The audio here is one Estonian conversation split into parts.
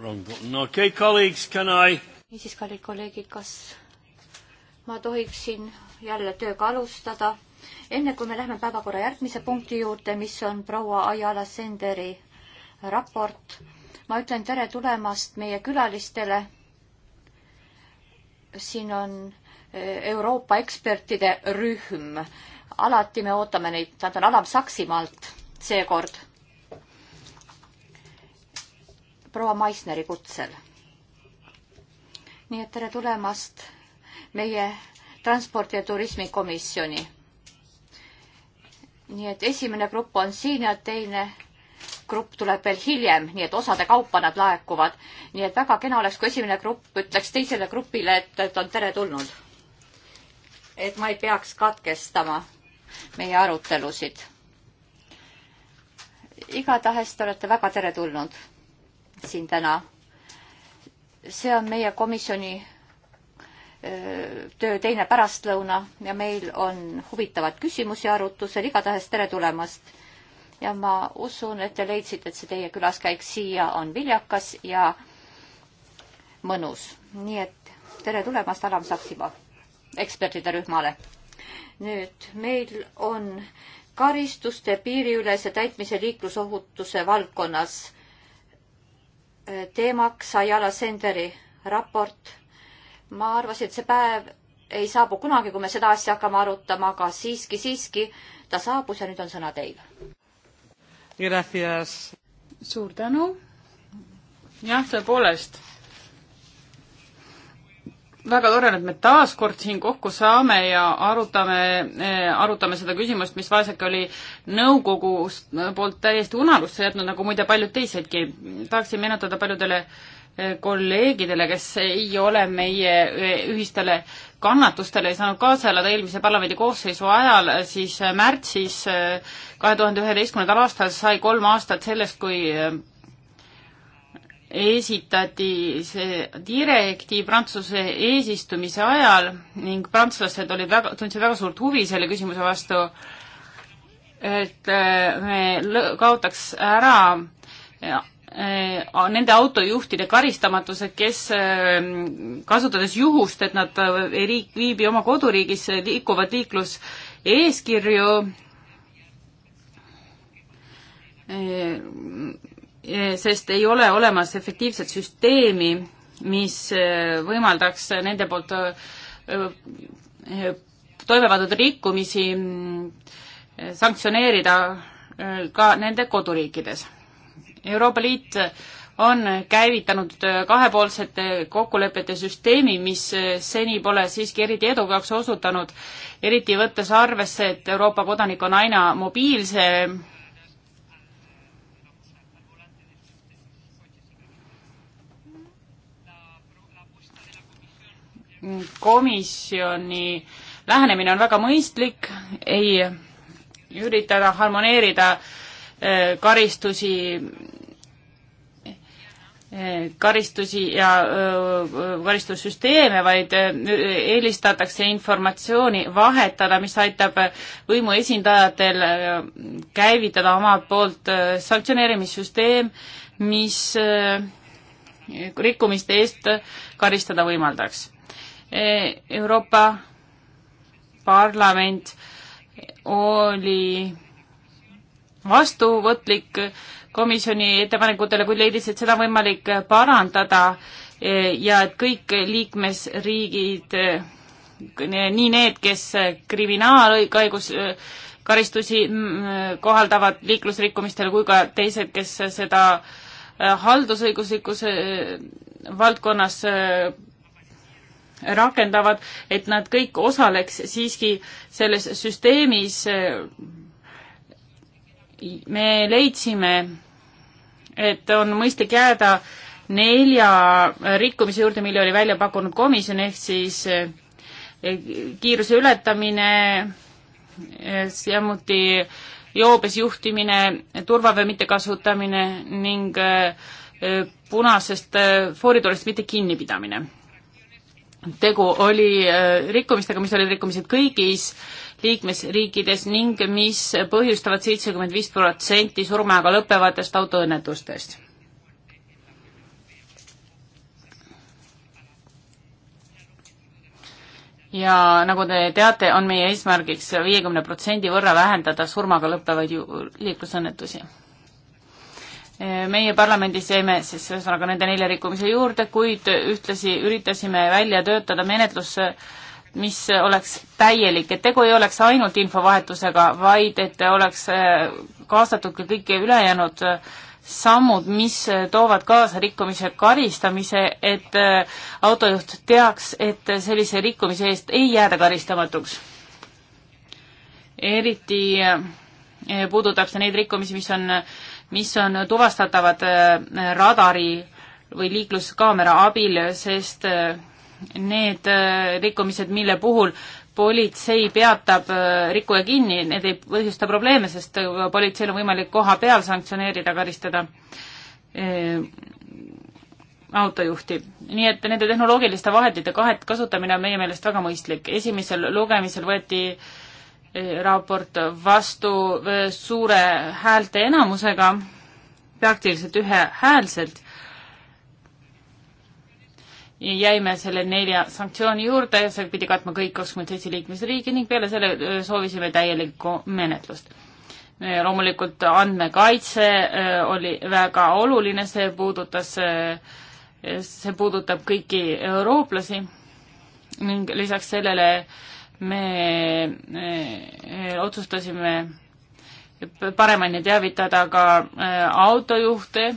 Wrong button. Okay, colleagues, can I? niisiis, kallid kolleegid, kas ma tohiksin jälle tööga alustada? enne kui me läheme päevakorra järgmise punkti juurde, mis on proua Ayala Senderi raport, ma ütlen tere tulemast meie külalistele. siin on e, Euroopa ekspertide rühm. alati me ootame neid, nad on Alam-Saksimaalt seekord proua Maisneri kutsel. nii et tere tulemast meie transpordi- ja turismikomisjoni. nii et esimene grupp on siin ja teine grupp tuleb veel hiljem, nii et osade kaupa nad laekuvad. nii et väga kena oleks, kui esimene grupp ütleks teisele grupile, et, et on teretulnud. et ma ei peaks katkestama meie arutelusid. igatahes te olete väga teretulnud siin täna. see on meie komisjoni töö teine pärastlõuna ja meil on huvitavad küsimusi arutlusel, igatahes tere tulemast. ja ma usun, et te leidsite, et see teie külaskäik siia on viljakas ja mõnus, nii et tere tulemast Alam Saksimaa ekspertide rühmale. nüüd meil on karistuste piiriülese täitmise liiklusohutuse valdkonnas teemaks Ayala Senderi raport. ma arvasin, et see päev ei saabu kunagi, kui me seda asja hakkame arutama, aga siiski, siiski ta saabus ja nüüd on sõna teil. suur tänu. jah, tõepoolest väga tore, et me taas kord siin kokku saame ja arutame, eh, arutame seda küsimust, mis vaeseke oli nõukogu eh, poolt täiesti unarusse jätnud, nagu muide paljud teisedki. tahaksin meenutada paljudele eh, kolleegidele, kes ei ole meie ühistele kannatustele ei saanud kaasa elada eelmise parlamendi koosseisu ajal, siis märtsis kahe tuhande üheteistkümnendal aastal sai kolm aastat sellest, kui esitati see direktiiv Prantsuse eesistumise ajal ning prantslased olid väga, tundsid väga suurt huvi selle küsimuse vastu, et äh, me kaotaks ära äh, nende autojuhtide karistamatuse, kes äh, kasutades juhust, et nad ei riik, viibi oma koduriigis, liikuvad liikluseeskirju Eh, sest ei ole olemas efektiivset süsteemi, mis eh, võimaldaks nende poolt eh, toime pandud rikkumisi sanktsioneerida ka nende koduriikides. Euroopa Liit on käivitanud kahepoolsete kokkulepete süsteemi, mis seni pole siiski eriti edukaks osutanud, eriti võttes arvesse, et Euroopa kodanik on aina mobiilsem komisjoni lähenemine on väga mõistlik, ei üritada harmoneerida eh, karistusi, eh, karistusi ja eh, karistussüsteeme, vaid eelistatakse informatsiooni vahetada, mis aitab võimu esindajatel käivitada omalt poolt sanktsioneerimissüsteem, mis rikkumiste eest karistada võimaldaks Euroopa Parlament oli vastuvõtlik komisjoni ettepanekutele, kuid leidis, et seda on võimalik parandada e, ja et kõik liikmesriigid, e, nii need, kes kriminaalõigaigus e, karistusi kohaldavad liiklusrikkumistele kui ka teised, kes seda haldusõiguslikkuse valdkonnas rakendavad, et nad kõik osaleks siiski selles süsteemis. me leidsime, et on mõistlik jääda nelja rikkumise juurde, mille oli välja pakkunud komisjon, ehk siis eh, kiiruse ületamine, eh, samuti joobes juhtimine, turvavöö mittekasutamine ning eh, punasest fooritoolist mitte kinnipidamine tegu oli äh, rikkumistega, mis olid rikkumised kõigis liikmesriikides ning mis põhjustavad seitsekümmend viis protsenti surmaga lõppevatest autoõnnetustest. ja nagu te teate, on meie eesmärgiks viiekümne protsendi võrra vähendada surmaga lõppevaid liiklusõnnetusi meie parlamendis jäime siis ühesõnaga nende nelja rikkumise juurde, kuid ühtlasi üritasime välja töötada menetlus, mis oleks täielik, et tegu ei oleks ainult infovahetusega, vaid et oleks äh, kaasatud ka kõik ülejäänud äh, sammud, mis äh, toovad kaasa rikkumise karistamise, et autojuht teaks, et sellise rikkumise eest ei jääda karistamatuks. eriti puudutab see neid rikkumisi, mis on äh, mis on tuvastatavad äh, radari või liikluskaamera abil, sest äh, need äh, rikkumised, mille puhul politsei peatab rikkuja kinni, need ei põhjusta probleeme, sest politseil on võimalik koha peal sanktsioneerida, karistada autojuhti. nii et nende tehnoloogiliste vahendite kahet kasutamine on meie meelest väga mõistlik. esimesel lugemisel võeti äh, raport vastu eh, suure häälte enamusega, praktiliselt ühehäälselt, jäime selle nelja sanktsiooni juurde ja see pidi katma kõik kakskümmend seitse liikmesriigi ning peale selle eh, soovisime täielikku menetlust eh, loomulikult andmekaitse oli väga oluline, see puudutas, see puudutab kõiki eurooplasi ning lisaks sellele me eh, eh, otsustasime paremini teavitada ka eh, autojuhte,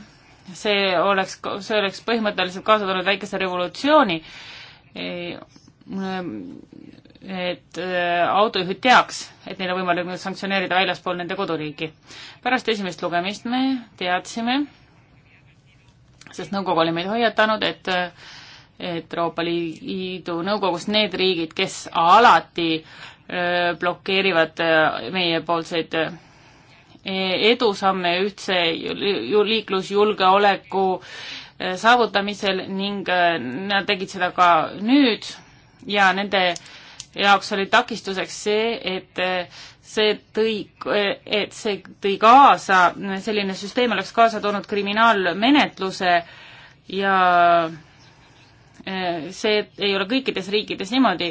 see oleks, see oleks põhimõtteliselt kaasa toonud väikese revolutsiooni, et autojuhid teaks, et neil on võimalik sanktsioneerida väljaspool nende koduriiki. pärast esimest lugemist me teadsime, sest nõukogu oli meid hoiatanud, et äh, et Euroopa Liidu Nõukogus need riigid, kes alati blokeerivad meiepoolseid edusamme ühtse liiklusjulgeoleku saavutamisel ning nad tegid seda ka nüüd ja nende jaoks oli takistuseks see, et see tõi, et see tõi kaasa, selline süsteem oleks kaasa toonud kriminaalmenetluse ja äh, Eh, see ei ole kõikides riikides niimoodi.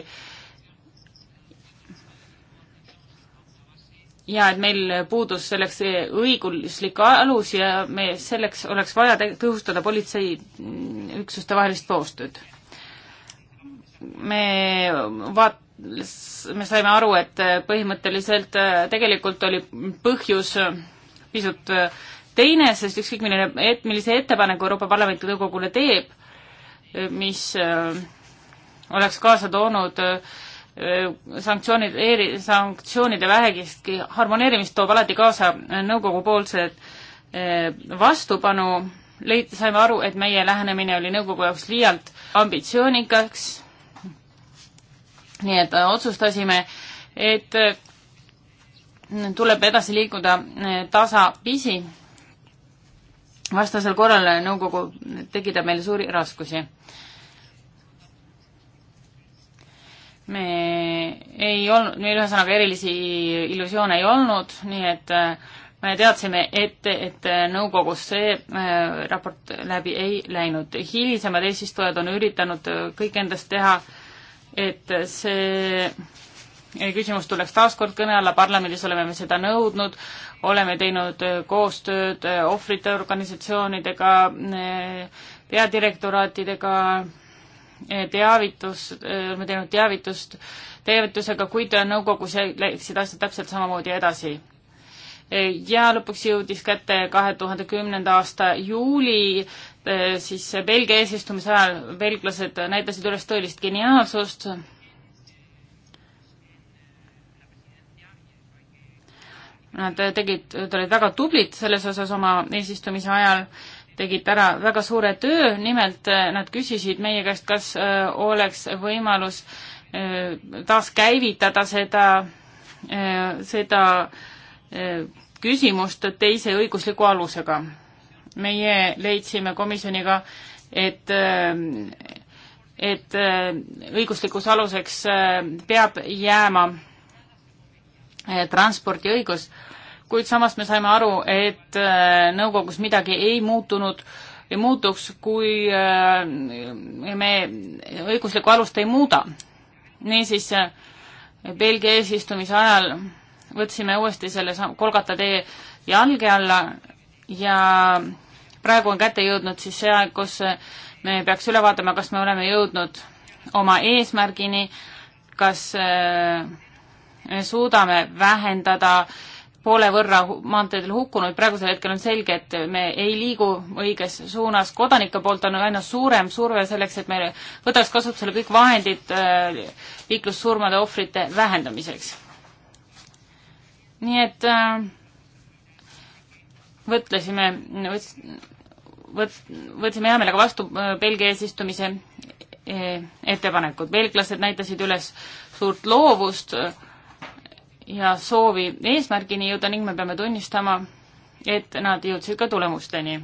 ja et meil puudus selleks õiguslik alus ja me selleks oleks vaja tõhustada politseiüksuste vahelist koostööd. me vaat-, me saime aru, et põhimõtteliselt eh, tegelikult oli põhjus pisut eh, teine, sest ükskõik milline et,, millise ettepaneku Euroopa Parlamenti nõukogule teeb, mis äh, oleks kaasa toonud äh, sanktsioonid, sanktsioonide vähegistki harmoneerimist toob alati kaasa nõukogu poolsed äh, vastupanu, leid-, saime aru, et meie lähenemine oli nõukogu jaoks liialt ambitsioonikaks, nii et otsustasime, et tuleb edasi liikuda tasapisi vastasel korral nõukogu tekitab meile suuri raskusi. me ei olnud, meil ühesõnaga erilisi illusioone ei olnud, nii et äh, me teadsime ette, et äh, nõukogus see äh, raport läbi ei läinud. hilisemad eesistujad on üritanud kõik endast teha, et see küsimus tuleks taas kord kõne alla, parlamendis oleme me seda nõudnud, oleme teinud äh, koostööd äh, ohvrite organisatsioonidega, äh, peadirektoraatidega, teavitus, oleme teinud teavitust, teavitusega, kuid nõukogus läksid asjad täpselt samamoodi edasi. ja lõpuks jõudis kätte kahe tuhande kümnenda aasta juuli siis Belgia eesistumise ajal belglased näitasid üles tõelist geniaalsust Nad tegid, nad olid väga tublid selles osas oma eesistumise ajal, tegid ära väga suure töö, nimelt äh, nad küsisid meie käest, kas äh, oleks võimalus äh, taaskäivitada seda, seda küsimust teise õigusliku alusega. meie leidsime komisjoniga, et, et õiguslikuks aluseks peab jääma Eh, transpordiõigus, kuid samas me saime aru, et eh, nõukogus midagi ei muutunud ei muutuks, kui eh, me õiguslikku alust ei muuda. niisiis Belgia eesistumise ajal võtsime uuesti selle Kolgata tee jalge alla ja praegu on kätte jõudnud siis see aeg, kus me peaks üle vaatama, kas me oleme jõudnud oma eesmärgini, kas äh, suudame vähendada poole võrra maanteedel hukkunuid, praegusel hetkel on selge, et me ei liigu õiges suunas, kodanike poolt on aina suurem surve selleks, et me võtaks kasutusele kõik vahendid äh, liiklussurmade ohvrite vähendamiseks. nii et äh, võtlesime, võt-, võtsime hea meelega vastu äh, Belgia eesistumise ettepanekud, belglased näitasid üles suurt loovust, ja soovi eesmärgini jõuda ning me peame tunnistama, et nad jõudsid ka tulemusteni.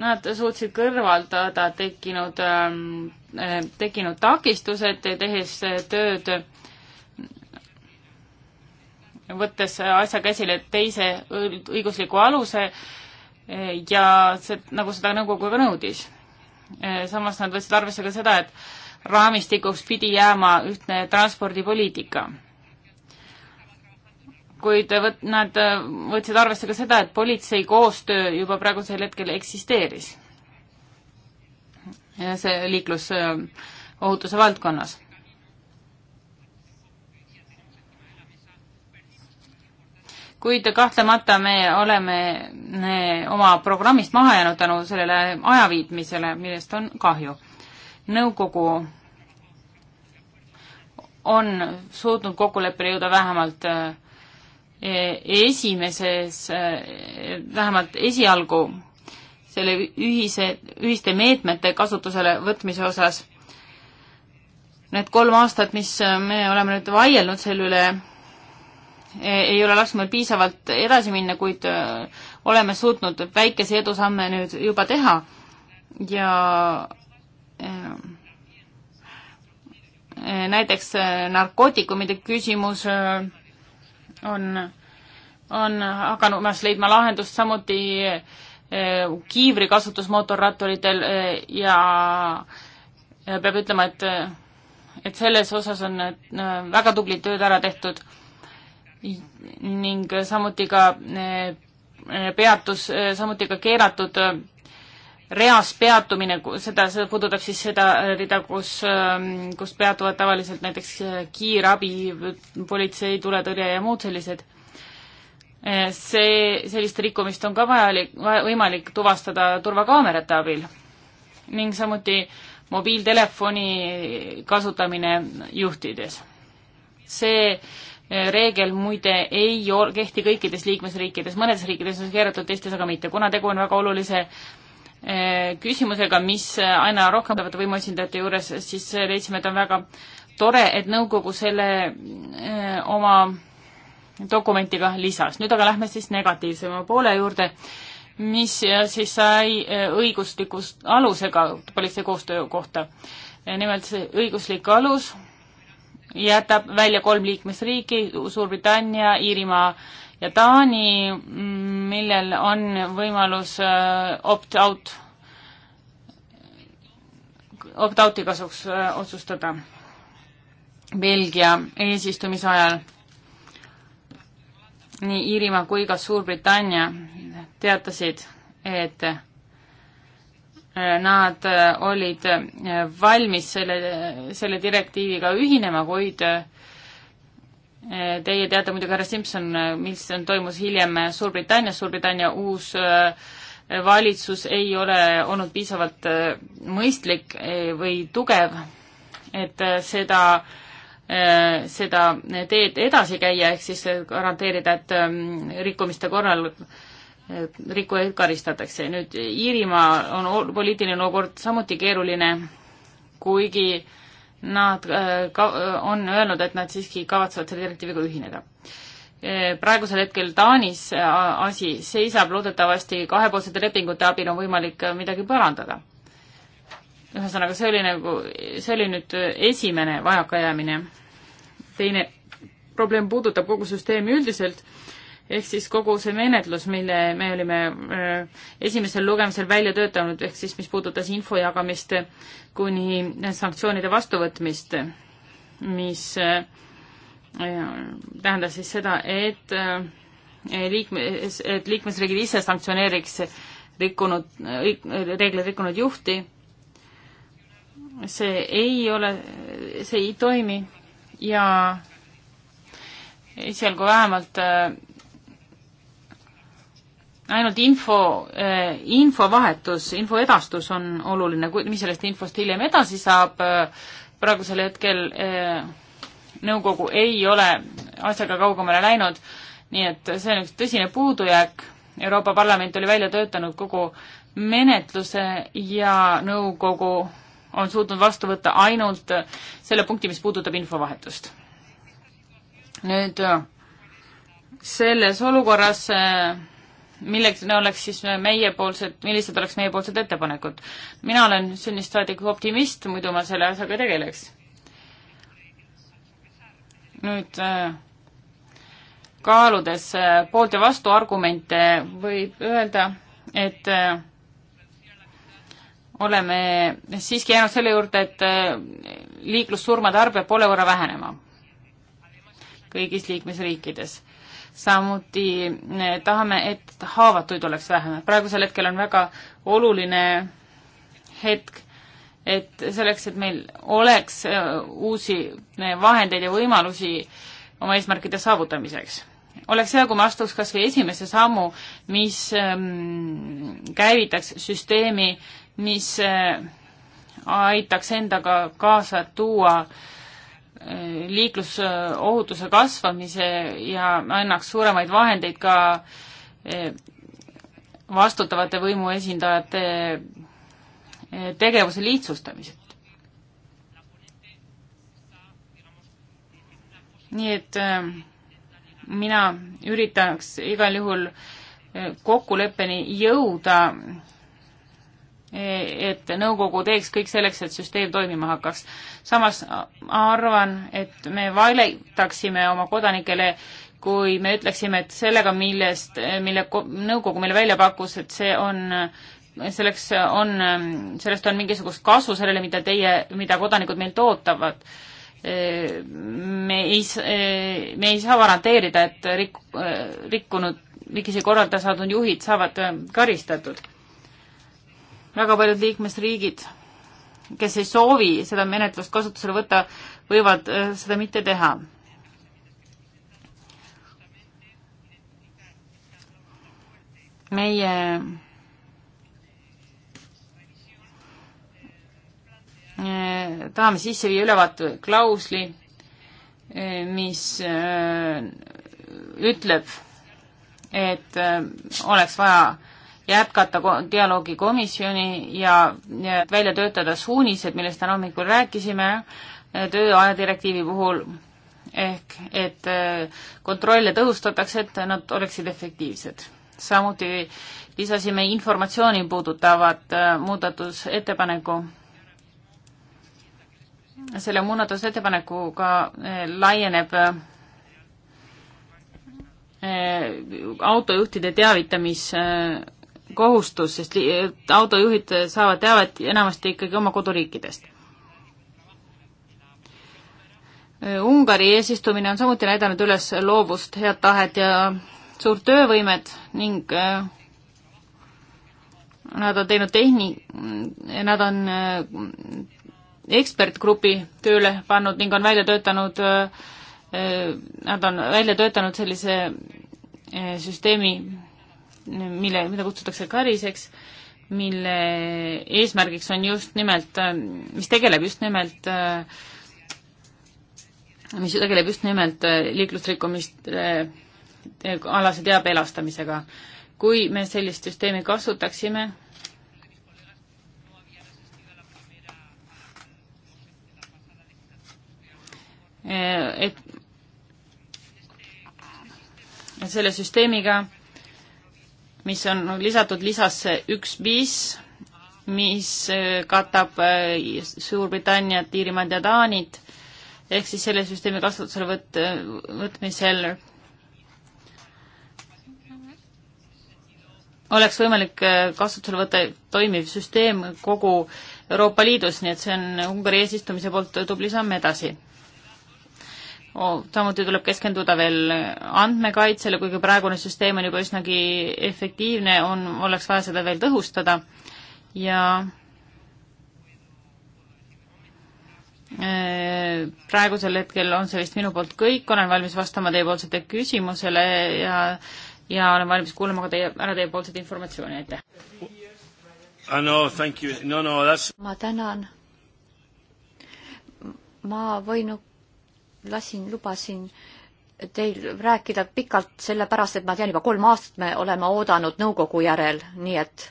Nad suutsid kõrvaldada tekkinud, ähm, äh, tekkinud takistused, tehes tööd, võttes asja käsile teise õigusliku aluse äh, ja see, nagu seda nõukogu ka nõudis. Äh, samas nad võtsid arvesse ka seda, et raamistikuks pidi jääma ühtne transpordipoliitika kuid võt-, nad äh, võtsid arvesse ka seda, et politsei koostöö juba praegusel hetkel eksisteeris. see liiklusohutuse äh, valdkonnas. kuid kahtlemata me oleme me oma programmist maha jäänud tänu sellele ajaviitmisele, millest on kahju. nõukogu on suutnud kokkuleppele jõuda vähemalt äh, esimeses, vähemalt esialgu selle ühise, ühiste meetmete kasutusele võtmise osas. Need kolm aastat, mis me oleme nüüd vaielnud selle üle, ei ole lasknud meil piisavalt edasi minna, kuid äh, oleme suutnud väikese edusamme nüüd juba teha ja äh, näiteks äh, narkootikumide küsimus äh, on, on hakamas leidma lahendust samuti eh, kiivri kasutus mootorratturitel ja, eh, ja peab ütlema, et et selles osas on eh, väga tublid tööd ära tehtud ning samuti ka peatus, samuti ka keeratud reas peatumine, seda, see puudutab siis seda rida, kus, ähm, kus peatuvad tavaliselt näiteks äh, kiirabi, politsei, tuletõrje ja muud sellised. Äh, see, sellist rikkumist on ka vajalik, võimalik tuvastada turvakaamerate abil ning samuti mobiiltelefoni kasutamine juhtides. see äh, reegel muide ei kehti kõikides liikmesriikides, mõnedes riikides on see keeratud, teistes aga mitte, kuna tegu on väga olulise Eh, küsimusega, mis aina rohkem tulevad võimuesindajate juures, siis eh, leidsime, et on väga tore, et nõukogu selle eh, oma dokumentiga lisas. nüüd aga lähme siis negatiivsema poole juurde, mis siis sai õiguslikust alusega politsei koostöö kohta. nimelt see õiguslik alus jätab välja kolm liikmesriiki, Suurbritannia, Iirimaa ja Taani, millel on võimalus äh, opt-out, opt-out'i kasuks äh, otsustada Belgia eesistumise ajal. nii Iirimaa kui ka Suurbritannia teatasid, et nad äh, olid äh, valmis selle, selle direktiiviga ühinema, kuid äh, teie teate muidugi, härra Simson, mis on, toimus hiljem Suurbritannias, Suurbritannia uus valitsus ei ole olnud piisavalt mõistlik või tugev, et seda, seda teed edasi käia, ehk siis garanteerida, et ähm, rikkumiste korral rikkujaid karistatakse. nüüd Iirimaa on poliitiline olukord samuti keeruline, kuigi nad äh, ka-, on öelnud, et nad siiski kavatsevad selle direktiiviga ühineda. Äh, praegusel hetkel Taanis äh, asi seisab, loodetavasti kahepoolsete lepingute abil on võimalik midagi parandada. ühesõnaga, see oli nagu, see oli nüüd esimene vajakajäämine. teine probleem puudutab kogu süsteemi üldiselt ehk siis kogu see menetlus, mille me olime äh, esimesel lugemisel välja töötanud, ehk siis mis puudutas info jagamist kuni sanktsioonide vastuvõtmist, mis äh, äh, tähendas siis seda, et liikme, et liikmesriigid ise sanktsioneeriks rikkunud, reegleid rikkunud juhti. see ei ole, see ei toimi ja esialgu vähemalt ainult info, eh, infovahetus, info edastus on oluline, mis sellest infost hiljem edasi saab, eh, praegusel hetkel eh, nõukogu ei ole asjaga kaugemale läinud, nii et see on üks tõsine puudujääk, Euroopa Parlament oli välja töötanud kogu menetluse ja nõukogu on suutnud vastu võtta ainult selle punkti, mis puudutab infovahetust. nüüd selles olukorras milleks oleks siis meiepoolsed, millised oleks meiepoolsed ettepanekud. mina olen sünnist saadik optimist, muidu ma selle asjaga ei tegeleks. nüüd äh, kaaludes äh, poolt ja vastu argumente, võib öelda, et äh, oleme siiski jäänud selle juurde, et liiklussurmade arv peab poole võrra vähenema kõigis liikmesriikides samuti eh, tahame, et haavatuid oleks vähem. praegusel hetkel on väga oluline hetk, et selleks, et meil oleks eh, uusi eh, vahendeid ja võimalusi oma eesmärkide saavutamiseks. oleks hea, kui me astuks kas või esimese sammu, mis ehm, käivitaks süsteemi, mis aitaks endaga kaasa tuua äh, liiklusohutuse kasvamise ja annaks suuremaid vahendeid ka eh, vastutavate võimuesindajate eh, tegevuse lihtsustamisel. nii et eh, mina üritaks igal juhul kokkuleppeni jõuda et nõukogu teeks kõik selleks, et süsteem toimima hakkaks. samas arvan, et me valetaksime oma kodanikele, kui me ütleksime, et sellega, millest, mille nõukogu meile välja pakkus, et see on selleks on, sellest on mingisugust kasu sellele, mida teie, mida kodanikud meilt ootavad me ei, me ei saa garanteerida, et rik-, rikkunud, rikkise korraldaja saadud juhid saavad karistatud väga paljud liikmesriigid, kes ei soovi seda menetlust kasutusele võtta, võivad äh, seda mitte teha. meie äh, tahame sisse viia ülevaate klausli, äh, mis ütleb, et oleks vaja jätkata dialoogi komisjoni ja, ja välja töötada suunised, millest täna hommikul rääkisime eh, tööaja direktiivi puhul, ehk et eh, kontrolle tõhustatakse, et nad oleksid efektiivsed. samuti lisasime informatsiooni puudutavat eh, muudatusettepaneku. selle muudatusettepanekuga laieneb autojuhtide teavitamis kohustus, sest autojuhid saavad teavet enamasti ikkagi oma koduriikidest. Ungari eesistumine on samuti näidanud üles loovust, head tahet ja suurt töövõimet ning äh, nad on teinud tehni-, nad on äh, ekspertgrupi tööle pannud ning on välja töötanud, äh, nad on välja töötanud sellise süsteemi mille, mida kutsutakse kariseks, mille eesmärgiks on just nimelt, mis tegeleb just nimelt mis tegeleb just nimelt liiklusrikkumiste alase teabe elastamisega. kui me sellist süsteemi kasutaksime, et selle süsteemiga mis on lisatud lisasse üks bis, mis äh, katab äh, Suurbritanniat, Iirimaad ja Taanit, ehk siis selle süsteemi kasutusele võt-, võtmisel oleks võimalik äh, kasutusele võtta toimiv süsteem kogu Euroopa Liidus, nii et see on Ungari eesistumise poolt tubli samm edasi Oh, samuti tuleb keskenduda veel andmekaitsele, kuigi praegune süsteem on juba üsnagi efektiivne, on, oleks vaja seda veel tõhustada ja äh, praegusel hetkel on see vist minu poolt kõik, olen valmis vastama teiepoolsete küsimusele ja ja olen valmis kuulama ka teie, ära teiepoolset informatsiooni, aitäh! ma tänan. ma võin lasin, lubasin teil rääkida pikalt, sellepärast et ma tean, juba kolm aastat me oleme oodanud nõukogu järel, nii et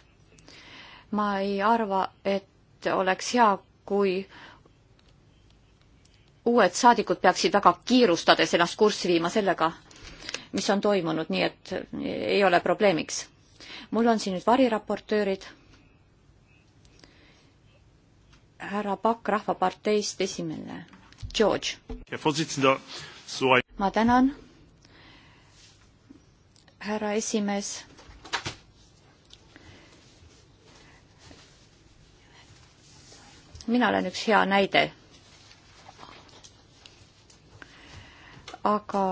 ma ei arva, et oleks hea, kui uued saadikud peaksid väga kiirustades ennast kurssi viima sellega, mis on toimunud, nii et ei ole probleemiks. mul on siin nüüd variraportöörid. härra Pakk Rahvaparteist esimene George. ma tänan, härra esimees. mina olen üks hea näide. aga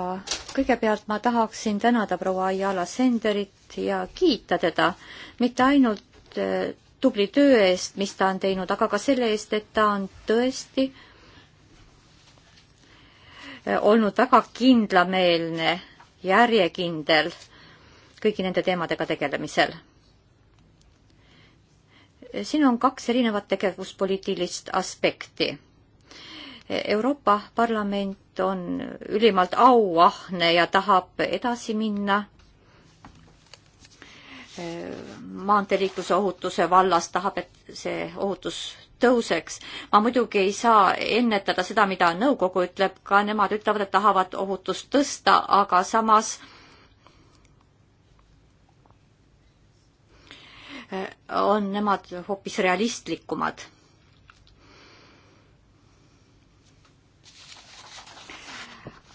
kõigepealt ma tahaksin tänada proua Ayala Senderit ja kiita teda mitte ainult eh, tubli töö eest, mis ta on teinud, aga ka selle eest, et ta on tõesti äh, olnud väga kindlameelne, järjekindel kõigi nende teemadega tegelemisel. siin on kaks erinevat tegevuspoliitilist aspekti. Euroopa Parlament on ülimalt auahne ja tahab edasi minna maanteeliikluse ohutuse vallas, tahab, et see ohutus tõuseks. ma muidugi ei saa ennetada seda, mida nõukogu ütleb, ka nemad ütlevad, et tahavad ohutust tõsta, aga samas äh, on nemad hoopis realistlikumad.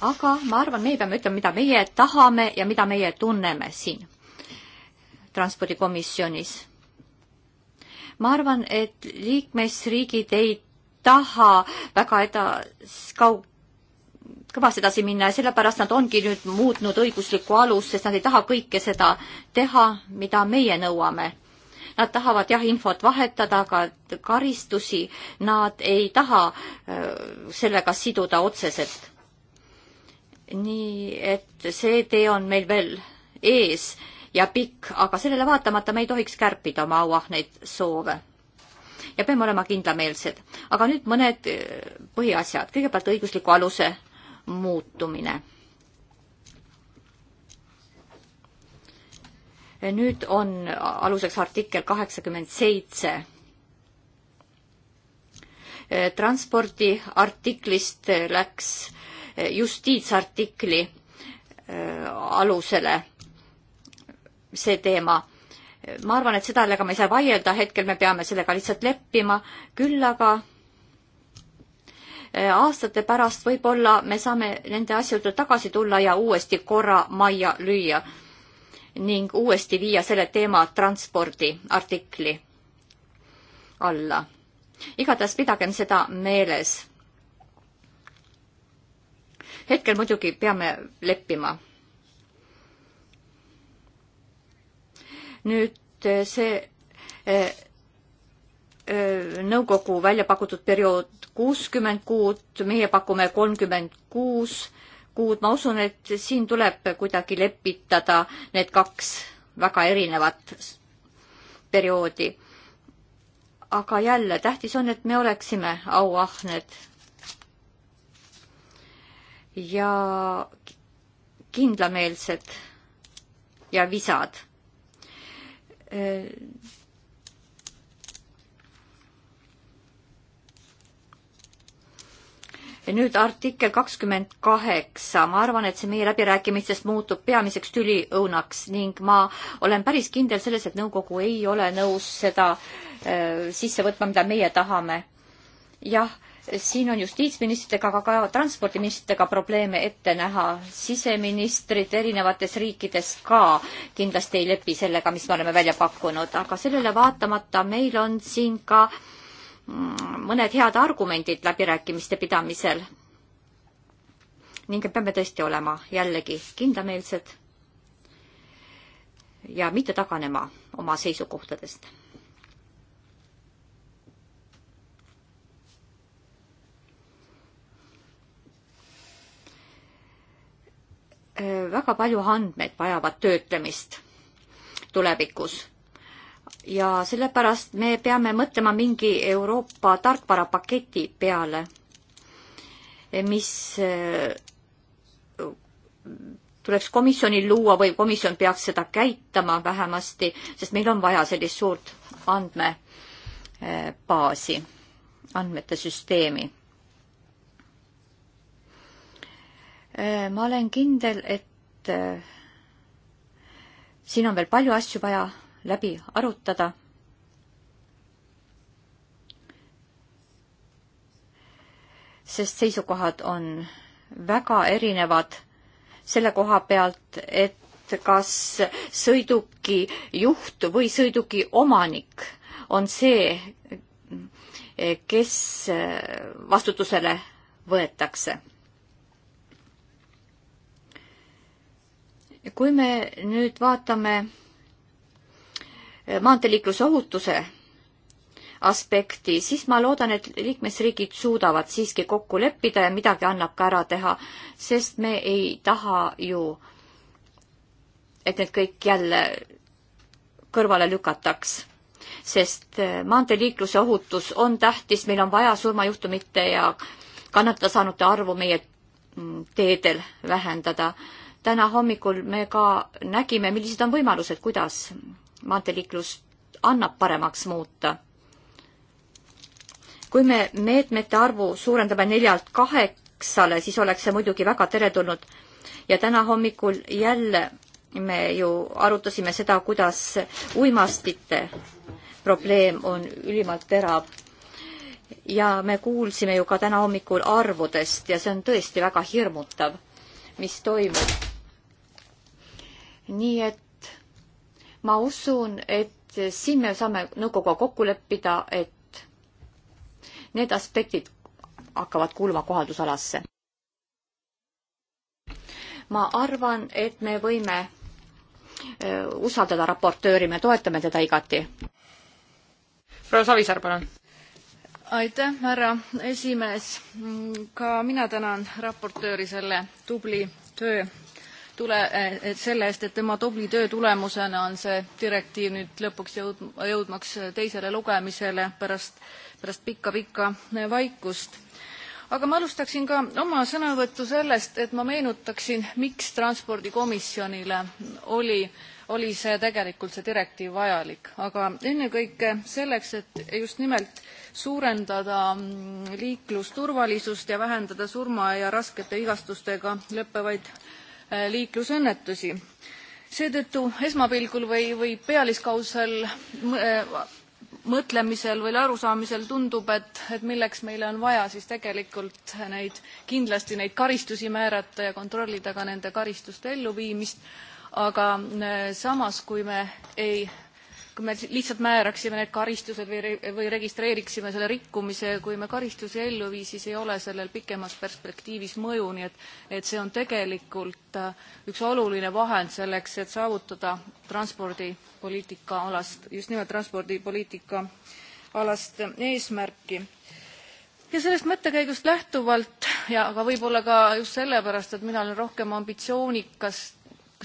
aga ma arvan, meie peame ütlema, mida meie tahame ja mida meie tunneme siin transpordikomisjonis ma arvan, et liikmesriigid ei taha väga edas-, kaug-, kõvasti edasi minna ja sellepärast nad ongi nüüd muutnud õiguslikku alust, sest nad ei taha kõike seda teha, mida meie nõuame. Nad tahavad jah, infot vahetada, aga karistusi nad ei taha äh, sellega siduda otseselt. nii et see tee on meil veel ees ja pikk, aga sellele vaatamata me ei tohiks kärpida oma auahneid soove. ja peame olema kindlameelsed. aga nüüd mõned äh, põhiasjad. kõigepealt õigusliku aluse muutumine. nüüd on aluseks artikkel kaheksakümmend seitse äh, transpordiartiklist läks äh, justiitsartikli alusele see teema. ma arvan, et seda, millega me ei saa vaielda, hetkel me peame sellega lihtsalt leppima, küll aga eh, aastate pärast võib-olla me saame nende asjade tagasi tulla ja uuesti korra majja lüüa ning uuesti viia selle teema transpordi artikli alla. igatahes pidagem seda meeles. hetkel muidugi peame leppima nüüd eh, see eh, eh, nõukogu välja pakutud periood kuuskümmend kuud, meie pakume kolmkümmend kuus kuud, ma usun, et siin tuleb kuidagi lepitada need kaks väga erinevat perioodi. aga jälle, tähtis on, et me oleksime auahned. ja kindlameelsed ja visad ja äh, nüüd artikkel kakskümmend kaheksa, ma arvan, et see meie läbirääkimistest muutub peamiseks tüliõunaks ning ma olen päris kindel selles, et nõukogu ei ole nõus seda äh, sisse võtma, mida meie tahame. jah siin on justiitsministritega, aga ka transpordiministritega probleeme ette näha. siseministrid erinevates riikides ka kindlasti ei lepi sellega, mis me oleme välja pakkunud, aga sellele vaatamata meil on siin ka mm, mõned head argumendid läbirääkimiste pidamisel. ning peame tõesti olema jällegi kindlameelsed ja mitte taganema oma seisukohtadest Äh, väga palju andmeid vajavad töötlemist tulevikus. ja sellepärast me peame mõtlema mingi Euroopa tarkvarapaketi peale, mis äh, tuleks komisjonil luua või komisjon peaks seda käitama vähemasti, sest meil on vaja sellist suurt andmebaasi, andmete süsteemi Äh, ma olen kindel, et äh, siin on veel palju asju vaja läbi arutada. sest seisukohad on väga erinevad selle koha pealt, et kas sõiduki juht või sõiduki omanik on see, kes äh, vastutusele võetakse kui me nüüd vaatame eh, maanteeliikluse ohutuse aspekti, siis ma loodan, et liikmesriigid suudavad siiski kokku leppida ja midagi annab ka ära teha, sest me ei taha ju, et need kõik jälle kõrvale lükataks. sest eh, maanteeliikluse ohutus on tähtis, meil on vaja surmajuhtumite ja kannatada saanute arvu meie mm, teedel vähendada täna hommikul me ka nägime, millised on võimalused, kuidas maanteeliiklust annab paremaks muuta. kui me meetmete arvu suurendame neljalt kaheksale, siis oleks see muidugi väga teretulnud. ja täna hommikul jälle me ju arutasime seda, kuidas uimastite probleem on ülimalt terav. ja me kuulsime ju ka täna hommikul arvudest ja see on tõesti väga hirmutav, mis toimub nii et ma usun, et siin me saame nõukoguga kokku leppida, et need aspektid hakkavad kuuluma kohaldusalasse. ma arvan, et me võime äh, usaldada raportööri, me toetame teda igati. proua Savisaar, palun. aitäh, härra esimees. ka mina tänan raportööri selle tubli töö tule, eh, selle eest, et tema tubli töö tulemusena on see direktiiv nüüd lõpuks jõud-, jõudmaks eh, teisele lugemisele pärast, pärast pikka-pikka eh, vaikust. aga ma alustaksin ka oma sõnavõttu sellest, et ma meenutaksin, miks Transpordikomisjonile oli oli see tegelikult, see direktiiv vajalik, aga ennekõike selleks, et just nimelt suurendada mm, liiklusturvalisust ja vähendada surma ja raskete vigastustega lõppevaid liiklusõnnetusi. seetõttu esmapilgul või, või pealiskaudsel äh, mõtlemisel või arusaamisel tundub, et, et milleks meile on vaja siis tegelikult neid, kindlasti neid karistusi määrata ja kontrollida ka nende karistuste elluviimist, aga äh, samas, kui me ei kui me lihtsalt määraksime need karistused või, või registreeriksime selle rikkumise, kui me karistusi ellu vii, siis ei ole sellel pikemas perspektiivis mõju, nii et, et see on tegelikult äh, üks oluline vahend selleks, et saavutada transpordipoliitika alast, just nimelt transpordipoliitika alast äh, eesmärki. ja sellest mõttekäigust lähtuvalt ja aga võib-olla ka just sellepärast, et mina olen rohkem ambitsioonikas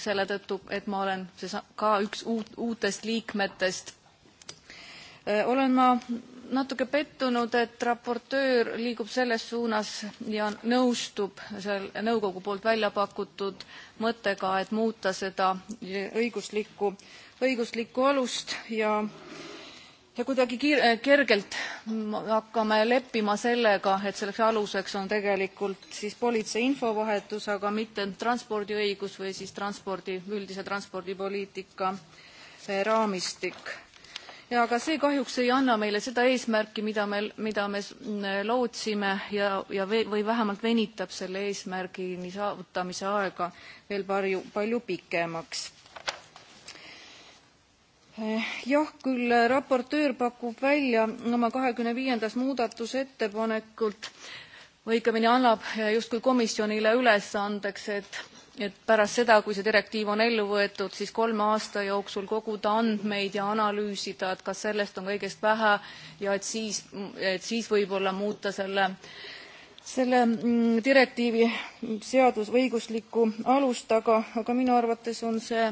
selle tõttu, et ma olen see ka üks uut, uutest liikmetest. Äh, olen ma natuke pettunud, et raportöör liigub selles suunas ja nõustub seal nõukogu poolt välja pakutud mõttega, et muuta seda õiguslikku, õiguslikku alust ja äh, ja kuidagi kiir-, äh, kergelt hakkame leppima sellega, et selleks aluseks on tegelikult siis politsei infovahetus, aga mitte transpordiõigus või siis transpordi, üldise transpordipoliitika äh, raamistik. ja ka see kahjuks ei anna meile seda eesmärki, mida me, mida me äh, lootsime ja, ja või, või vähemalt venitab selle eesmärgini saavutamise aega veel palju, palju pikemaks Eh, jah küll äh, raportöör pakub välja oma kahekümne viiendas muudatusettepanekult õigemini annab äh, justkui komisjonile ülesandeks et et pärast seda kui see direktiiv on ellu võetud siis kolme aasta jooksul koguda andmeid ja analüüsida et kas sellest on kõigest vähe ja et siis et siis võibolla muuta selle selle mm, direktiivi seadus või õiguslikku alust aga aga minu arvates on see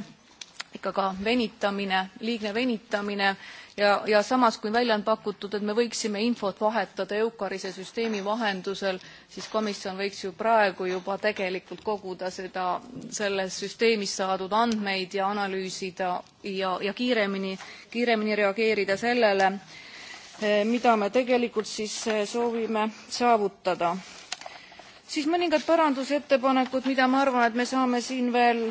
poliitikaga venitamine, liigne venitamine ja, ja samas, kui välja on pakutud, et me võiksime infot vahetada EUCARise süsteemi vahendusel, siis komisjon võiks ju praegu juba tegelikult koguda seda, selles süsteemis saadud andmeid ja analüüsida ja, ja kiiremini, kiiremini reageerida sellele, eh, mida me tegelikult siis eh, soovime saavutada. siis mõningad parandusettepanekud, mida ma arvan, et me saame siin veel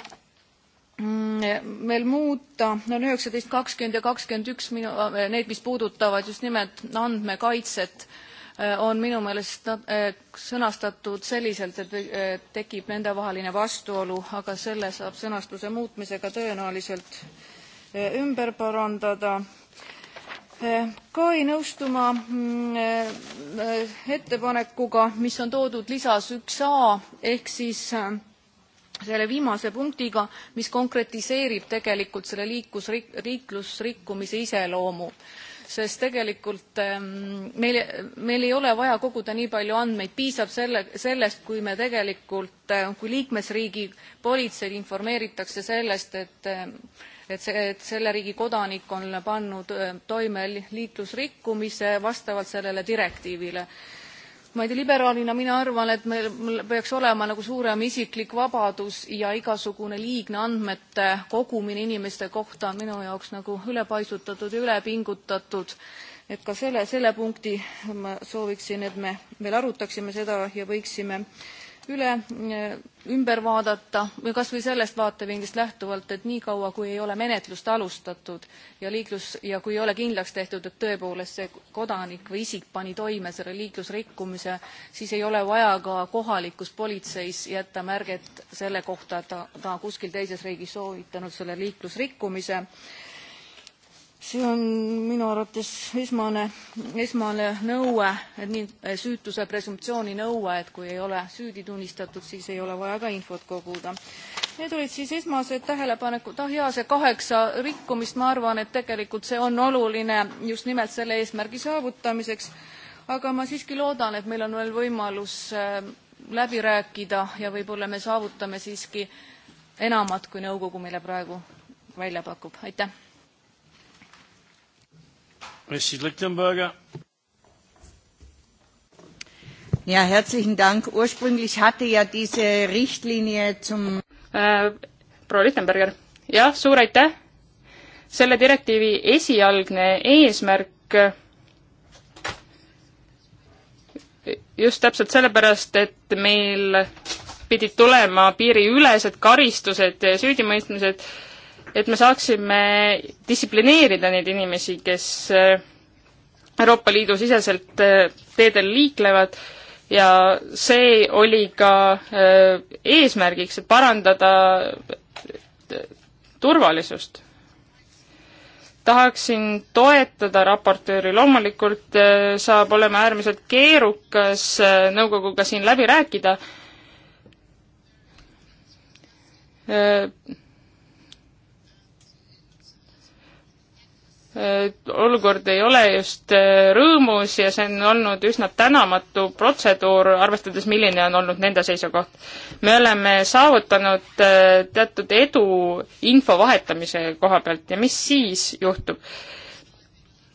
Mm, veel muuta on üheksateist kakskümmend ja kakskümmend üks minu äh, need mis puudutavad just nimelt andmekaitset äh, on minu meelest äh, sõnastatud selliselt et tekib nendevaheline vastuolu aga selle saab sõnastuse muutmisega tõenäoliselt ümber parandada ka ei nõustu ma mm, ettepanekuga mis on toodud lisas üks a ehk siis selle viimase punktiga, mis konkretiseerib tegelikult selle liiklus, liiklusrikkumise iseloomu sest tegelikult ehm, meil, meil ei ole vaja koguda nii palju andmeid, piisab selle, sellest, kui me tegelikult, ehm, kui liikmesriigi politseid informeeritakse sellest, et ehm, et see, et selle riigi kodanik on pannud toime liiklusrikkumise vastavalt sellele direktiivile ma ei tea, liberaalina mina arvan, et meil, meil peaks olema nagu suurem isiklik vabadus ja igasugune liigne andmete kogumine inimeste kohta on minu jaoks nagu ülepaisutatud ja ülepingutatud. et ka selle, selle punkti ma sooviksin, et me veel arutaksime seda ja võiksime äh, üle, eh, ümber vaadata või kas või sellest vaatevinklist lähtuvalt, et niikaua, kui ei ole menetlust alustatud ja liiklus ja kui ei ole kindlaks tehtud, et tõepoolest see kodanik või isik pani toime selle liiklusrikkumise, siis ei ole vaja ka kohalikus politseis jätta märget selle kohta, et ta, ta kuskil teises riigis sooritanud selle liiklusrikkumise see on minu arvates esmane, esmane nõue, et nii eh, süütuse presumptsiooni nõue, et kui ei ole süüdi tunnistatud, siis ei ole vaja ka infot koguda. Need olid siis esmased tähelepanekud, ah jaa, see kaheksa rikkumist, ma arvan, et tegelikult see on oluline just nimelt selle eesmärgi saavutamiseks, aga ma siiski loodan, et meil on veel võimalus eh, läbi rääkida ja võib-olla me saavutame siiski enamat kui nõukogu meile praegu välja pakub, aitäh! Mrs. Lichtenberger. Ja, herzlichen Dank. Ursprünglich hatte ja diese Richtlinie zum äh, proua Lichtenberger, jah, suur aitäh! selle direktiivi esialgne eesmärk just täpselt sellepärast, et meil pidid tulema piiriülesed karistused, süüdimõistmised et me saaksime distsiplineerida neid inimesi, kes äh, Euroopa Liidu siseselt äh, teedel liiklevad ja see oli ka äh, eesmärgiks, et parandada turvalisust. tahaksin toetada raportööri, loomulikult saab olema äärmiselt keerukas nõukoguga siin läbi rääkida olukord ei ole just äh, rõõmus ja see on olnud üsna tänamatu protseduur, arvestades, milline on olnud nende seisukoht. me oleme saavutanud äh, teatud edu info vahetamise koha pealt ja mis siis juhtub?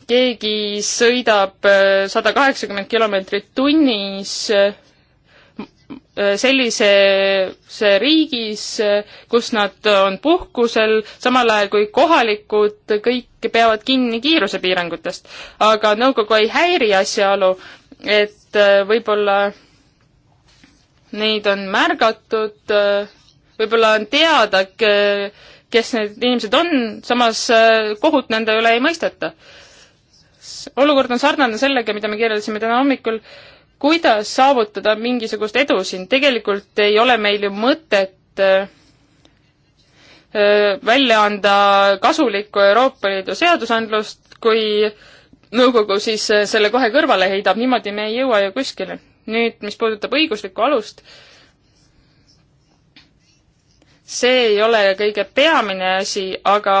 keegi sõidab äh, sada kaheksakümmend kilomeetrit tunnis Äh, sellises riigis, äh, kus nad on puhkusel, samal ajal kui kohalikud kõik peavad kinni kiirusepiirangutest. aga nõukogu ei häiri asjaolu, et äh, võib-olla neid on märgatud, võib-olla on teada, kes need inimesed on, samas kohut nende üle ei mõisteta. olukord on sarnane sellega, mida me kirjeldasime täna hommikul äh, kuidas saavutada mingisugust edu siin, tegelikult ei ole meil ju mõtet äh, äh, välja anda kasulikku Euroopa Liidu seadusandlust, kui nõukogu siis äh, selle kohe kõrvale heidab, niimoodi me ei jõua ju kuskile. nüüd, mis puudutab õiguslikku alust, see ei ole kõige peamine asi, aga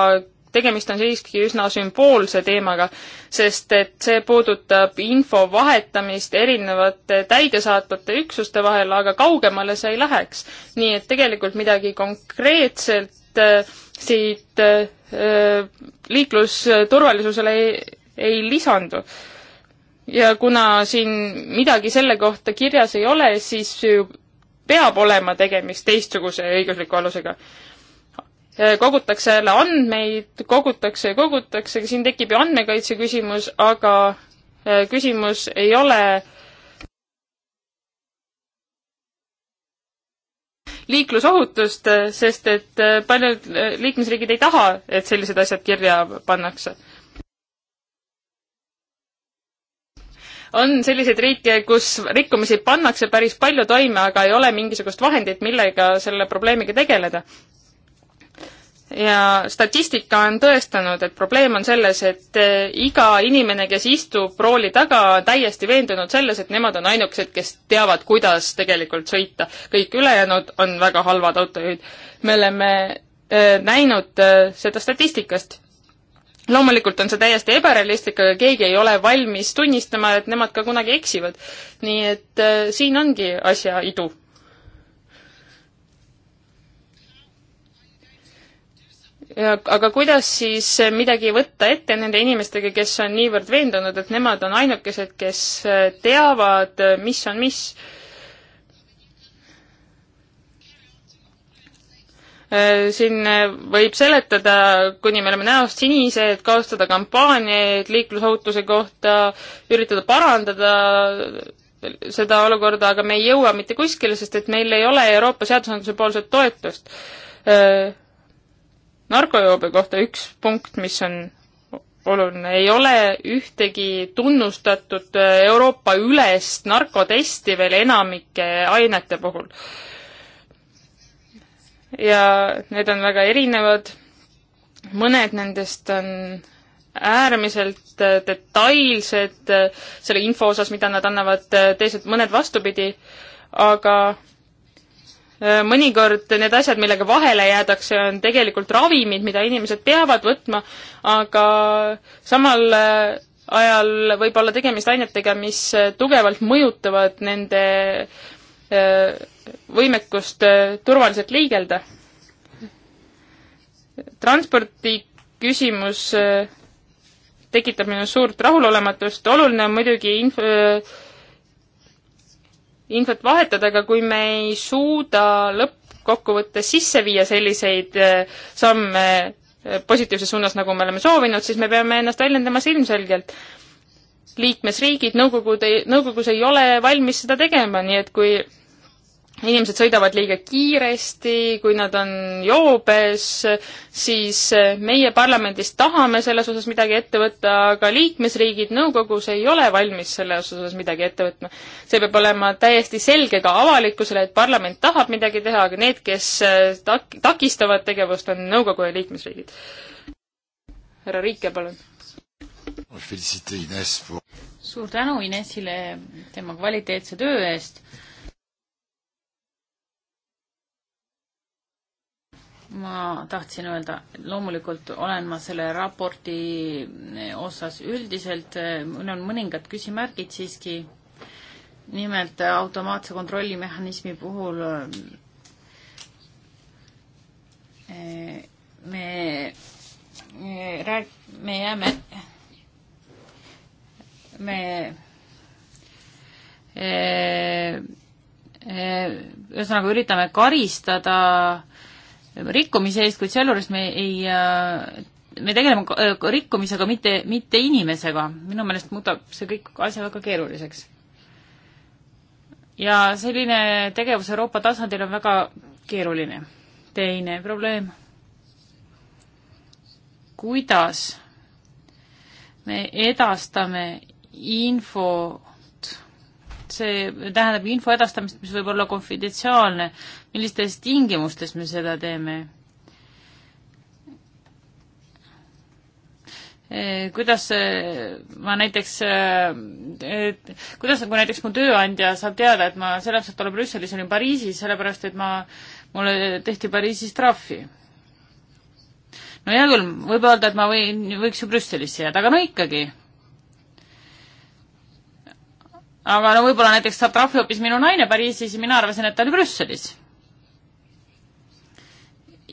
tegemist on siiski üsna sümboolse teemaga, sest et see puudutab info vahetamist erinevate täidesaatvate üksuste vahel, aga kaugemale see ei läheks. nii et tegelikult midagi konkreetselt äh, siit äh, liiklusturvalisusele ei, ei lisandu. ja kuna siin midagi selle kohta kirjas ei ole, siis peab olema tegemist teistsuguse õigusliku alusega Äh, kogutakse jälle andmeid, kogutakse ja kogutakse, siin tekib ju andmekaitse küsimus, aga äh, küsimus ei ole liiklusohutust, äh, sest et paljud liikmesriigid ei taha, et sellised asjad kirja pannakse. on selliseid riike, kus rikkumisi pannakse päris palju toime, aga ei ole mingisugust vahendit, millega selle probleemiga tegeleda ja statistika on tõestanud, et probleem on selles, et eh, iga inimene, kes istub rooli taga, on täiesti veendunud selles, et nemad on ainukesed, kes teavad, kuidas tegelikult sõita. kõik ülejäänud on väga halvad autojuhid. me oleme eh, näinud eh, seda statistikast. loomulikult on see täiesti ebarealistlik, aga keegi ei ole valmis tunnistama, et nemad ka kunagi eksivad. nii et siin ongi asja idu aga kuidas siis midagi võtta ette nende inimestega, kes on niivõrd veendunud, et nemad on ainukesed, kes äh, teavad, äh, mis on mis? Äh, siin võib seletada, kuni me oleme näost sinised, kaotada kampaaniaid liiklusohutuse kohta, üritada parandada seda olukorda, aga me ei jõua mitte kuskile, sest et meil ei ole Euroopa seadusandluse poolset toetust narkojoobe kohta üks punkt, mis on oluline, ei ole ühtegi tunnustatud äh, Euroopa ülest narkotesti veel enamike ainete puhul. ja need on väga erinevad, mõned nendest on äärmiselt äh, detailsed äh, selle info osas, mida nad annavad, teised mõned vastupidi, aga Äh, mõnikord need asjad, millega vahele jäädakse, on tegelikult ravimid, mida inimesed peavad võtma, aga samal äh, ajal võib olla tegemist ainetega, mis äh, tugevalt mõjutavad nende võimekust turvaliselt liigelda. transporti küsimus tekitab minus suurt rahulolematust, oluline on muidugi inf-, infot vahetada, aga kui me ei suuda lõppkokkuvõttes sisse viia selliseid äh, samme äh, positiivses suunas, nagu me oleme soovinud, siis me peame ennast väljendama silmselgelt. liikmesriigid, nõukogud, nõukogus ei ole valmis seda tegema, nii et kui inimesed sõidavad liiga kiiresti, kui nad on joobes, siis eh, meie parlamendis tahame selles osas midagi ette võtta, aga liikmesriigid nõukogus ei ole valmis selles osas midagi ette võtma. see peab olema täiesti selge ka avalikkusele, et parlament tahab midagi teha, aga need, kes eh, tak-, takistavad tegevust, on nõukogu ja liikmesriigid. härra Riike, palun. suur tänu Inesile tema kvaliteetse töö eest ma tahtsin öelda, loomulikult olen ma selle raporti eh, osas üldiselt, mul eh, on mõningad küsimärgid siiski. nimelt eh, automaatse kontrollimehhanismi puhul me rääg-, me jääme, me ühesõnaga üritame karistada äh, rikkumise eest, kuid sealjuures me ei, äh, me tegeleme äh, rikkumisega, mitte, mitte inimesega. minu meelest muudab see kõik asja väga keeruliseks. ja selline tegevus Euroopa tasandil on väga keeruline. teine probleem. kuidas me edastame infot see tähendab info edastamist, mis võib olla konfidentsiaalne millistes tingimustes me seda teeme? Eh, kuidas eh, ma näiteks, eh, kuidas, kui nagu näiteks mu tööandja saab teada, et ma selleks, et olla Brüsselis, olin Pariisis, sellepärast et ma, mulle tehti Pariisis trahvi. no hea küll, võib öelda, et ma võin, võiks ju Brüsselisse jääda, aga no ikkagi aga no võib-olla näiteks saab trahvi hoopis minu naine Pariisis ja mina arvasin, et ta oli Brüsselis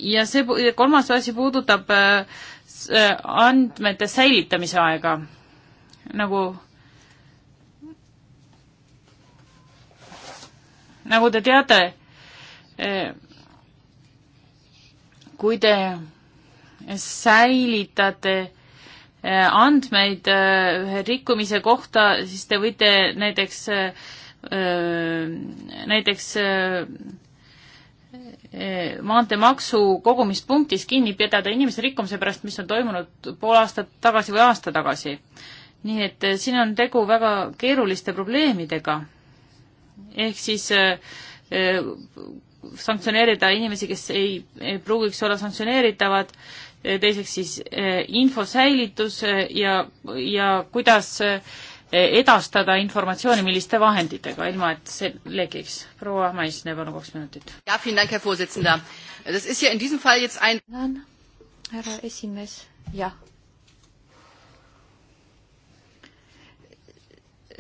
ja see kolmas asi puudutab äh, äh, andmete säilitamise aega, nagu nagu te teate, äh, kui te säilitate andmeid ühe rikkumise kohta, siis te võite näiteks, näiteks Eh, maanteemaksu kogumispunktis kinni pidada inimese rikkumise pärast, mis on toimunud pool aastat tagasi või aasta tagasi. nii et eh, siin on tegu väga keeruliste probleemidega. ehk siis eh, eh, sanktsioneerida inimesi, kes ei, ei pruugiks olla sanktsioneeritavad, eh, teiseks siis eh, info säilitus ja, ja kuidas eh, edastada informatsiooni, milliste vahenditega, ilma et see lekiks. proua Maisne, palun kaks minutit. tänan, härra esimees, jah.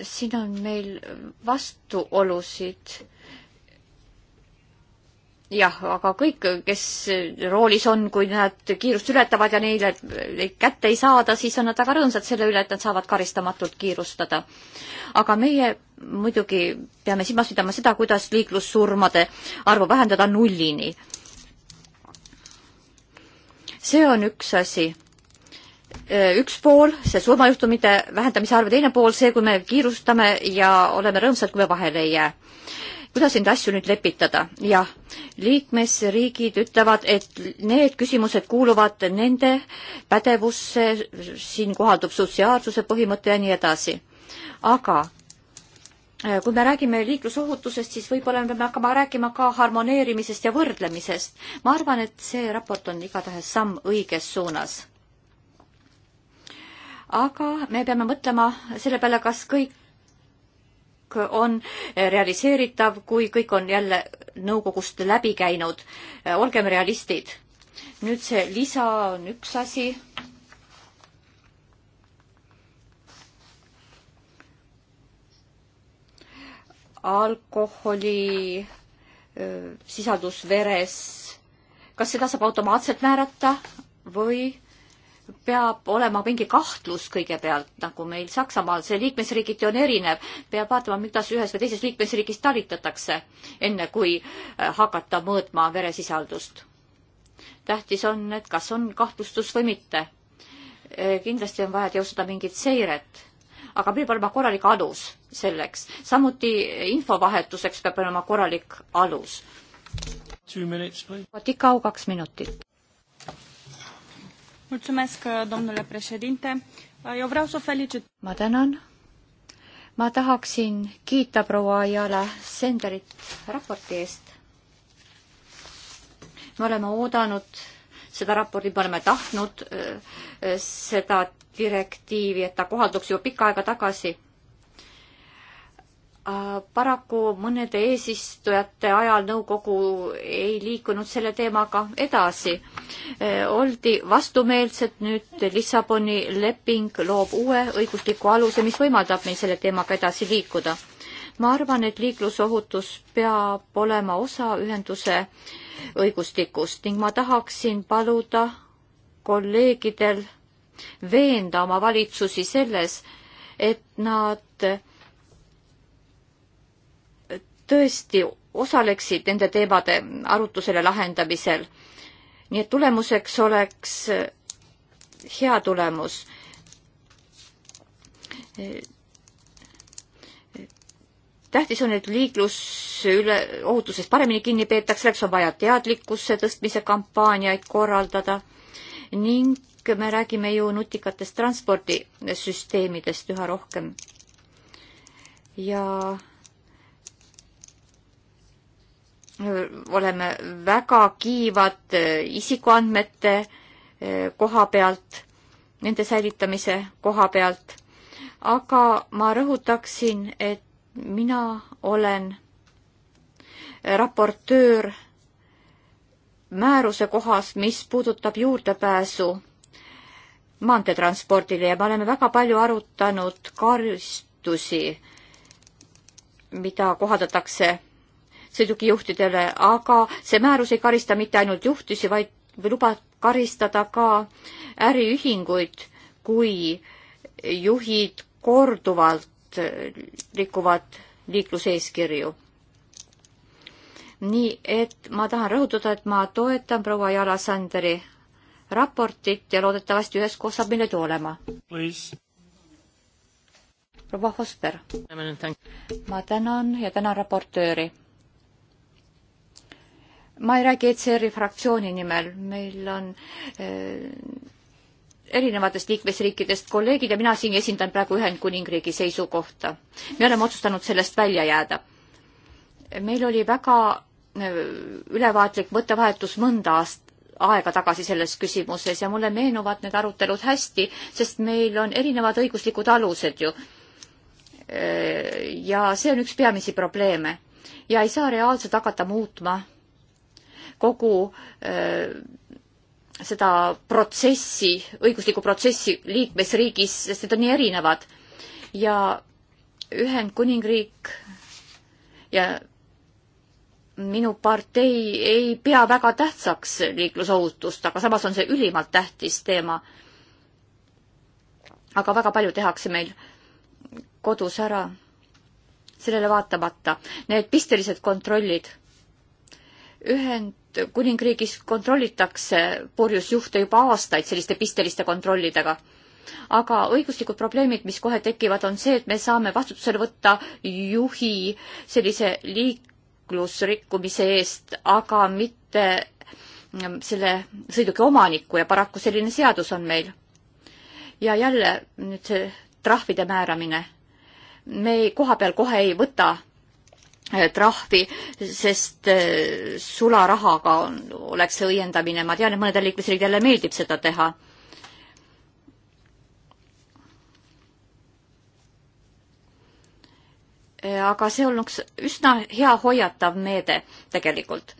siin on meil vastuolusid jah, aga kõik, kes roolis on, kui nad kiirust ületavad ja neile neid kätte ei saada, siis on nad väga rõõmsad selle üle, et nad saavad karistamatult kiirustada. aga meie muidugi peame silmas pidama seda, kuidas liiklussurmade arvu vähendada nullini. see on üks asi. üks pool, see surmajuhtumite vähendamise arv, teine pool see, kui me kiirustame ja oleme rõõmsad, kui me vahele ei jää kuidas neid asju nüüd lepitada? jah, liikmesriigid ütlevad, et need küsimused kuuluvad nende pädevusse, siin kohaldub sotsiaalsuse põhimõte ja nii edasi. aga äh, kui me räägime liiklusohutusest, siis võib-olla me peame hakkama rääkima ka harmoneerimisest ja võrdlemisest. ma arvan, et see raport on igatahes samm õiges suunas. aga me peame mõtlema selle peale, kas kõik on realiseeritav, kui kõik on jälle nõukogust läbi käinud. olgem realistid. nüüd see lisa on üks asi. alkoholi sisaldus veres, kas seda saab automaatselt määrata või peab olema mingi kahtlus kõigepealt, nagu meil Saksamaal, see liikmesriigiti on erinev, peab vaatama, kuidas ühes või teises liikmesriigis talitatakse, enne kui äh, hakata mõõtma veresisaldust. tähtis on, et kas on kahtlustus või mitte. Äh, kindlasti on vaja teostada mingit seiret, aga peab olema korralik alus selleks. samuti infovahetuseks peab olema korralik alus. vot ikka au kaks minutit. Mulțumesc, domnule președinte. Eu vreau să felicit. Ma tänan. Ma tahaksin kiita proua Ajala Senderit raporti eest. Me oleme oodanud seda raporti, me oleme tahtnud eh, eh, seda direktiivi, et ta kohalduks juba pikka aega tagasi Äh, paraku mõnede eesistujate ajal nõukogu ei liikunud selle teemaga edasi. Äh, oldi vastumeelsed, nüüd Lissaboni leping loob uue õigusliku aluse, mis võimaldab meil selle teemaga edasi liikuda. ma arvan, et liiklusohutus peab olema osa ühenduse õigustikust ning ma tahaksin paluda kolleegidel veenda oma valitsusi selles, et nad tõesti osaleksid nende teemade arutusele lahendamisel. nii et tulemuseks oleks hea tulemus. tähtis on, et liiklusüle, ohutusest paremini kinni peetaks, selleks on vaja teadlikkuse tõstmise kampaaniaid korraldada ning me räägime ju nutikatest transpordisüsteemidest üha rohkem. ja oleme väga kiivad eh, isikuandmete eh, koha pealt, nende säilitamise koha pealt. aga ma rõhutaksin, et mina olen raportöör määruse kohas, mis puudutab juurdepääsu maanteetranspordile ja me oleme väga palju arutanud karistusi, mida kohaldatakse sõidukijuhtidele, aga see määrus ei karista mitte ainult juhtusi, vaid lubab karistada ka äriühinguid, kui juhid korduvalt rikuvad liikluseeskirju. nii et ma tahan rõhutada, et ma toetan proua Jala Sanderi raportit ja loodetavasti üheskoos saab meil edu olema. proua Foster. ma tänan ja tänan raportööri ma ei räägi ECR-i fraktsiooni nimel, meil on äh, erinevatest liikmesriikidest kolleegid ja mina siin esindan praegu Ühendkuningriigi seisukohta. me oleme otsustanud sellest välja jääda. meil oli väga äh, ülevaatlik mõttevahetus mõnda aast-, aega tagasi selles küsimuses ja mulle meenuvad need arutelud hästi, sest meil on erinevad õiguslikud alused ju äh,. ja see on üks peamisi probleeme ja ei saa reaalselt hakata muutma kogu äh, seda protsessi, õiguslikku protsessi liikmesriigis, sest need on nii erinevad. ja Ühendkuningriik ja minu partei ei pea väga tähtsaks liiklusohutust, aga samas on see ülimalt tähtis teema. aga väga palju tehakse meil kodus ära, sellele vaatamata. Need pistelised kontrollid, ühend et kuningriigis kontrollitakse purjusjuhte juba aastaid selliste pisteliste kontrollidega. aga õiguslikud probleemid, mis kohe tekivad, on see, et me saame vastutusele võtta juhi sellise liiklusrikkumise eest, aga mitte mm, selle sõiduki omanikku ja paraku selline seadus on meil. ja jälle nüüd see trahvide määramine. me ei, koha peal kohe ei võta Eh, trahvi, sest eh, sularahaga on, oleks see õiendamine, ma tean, et mõnedele liikmesriikidele meeldib seda teha. Eh, aga see olnuks üsna hea hoiatav meede tegelikult,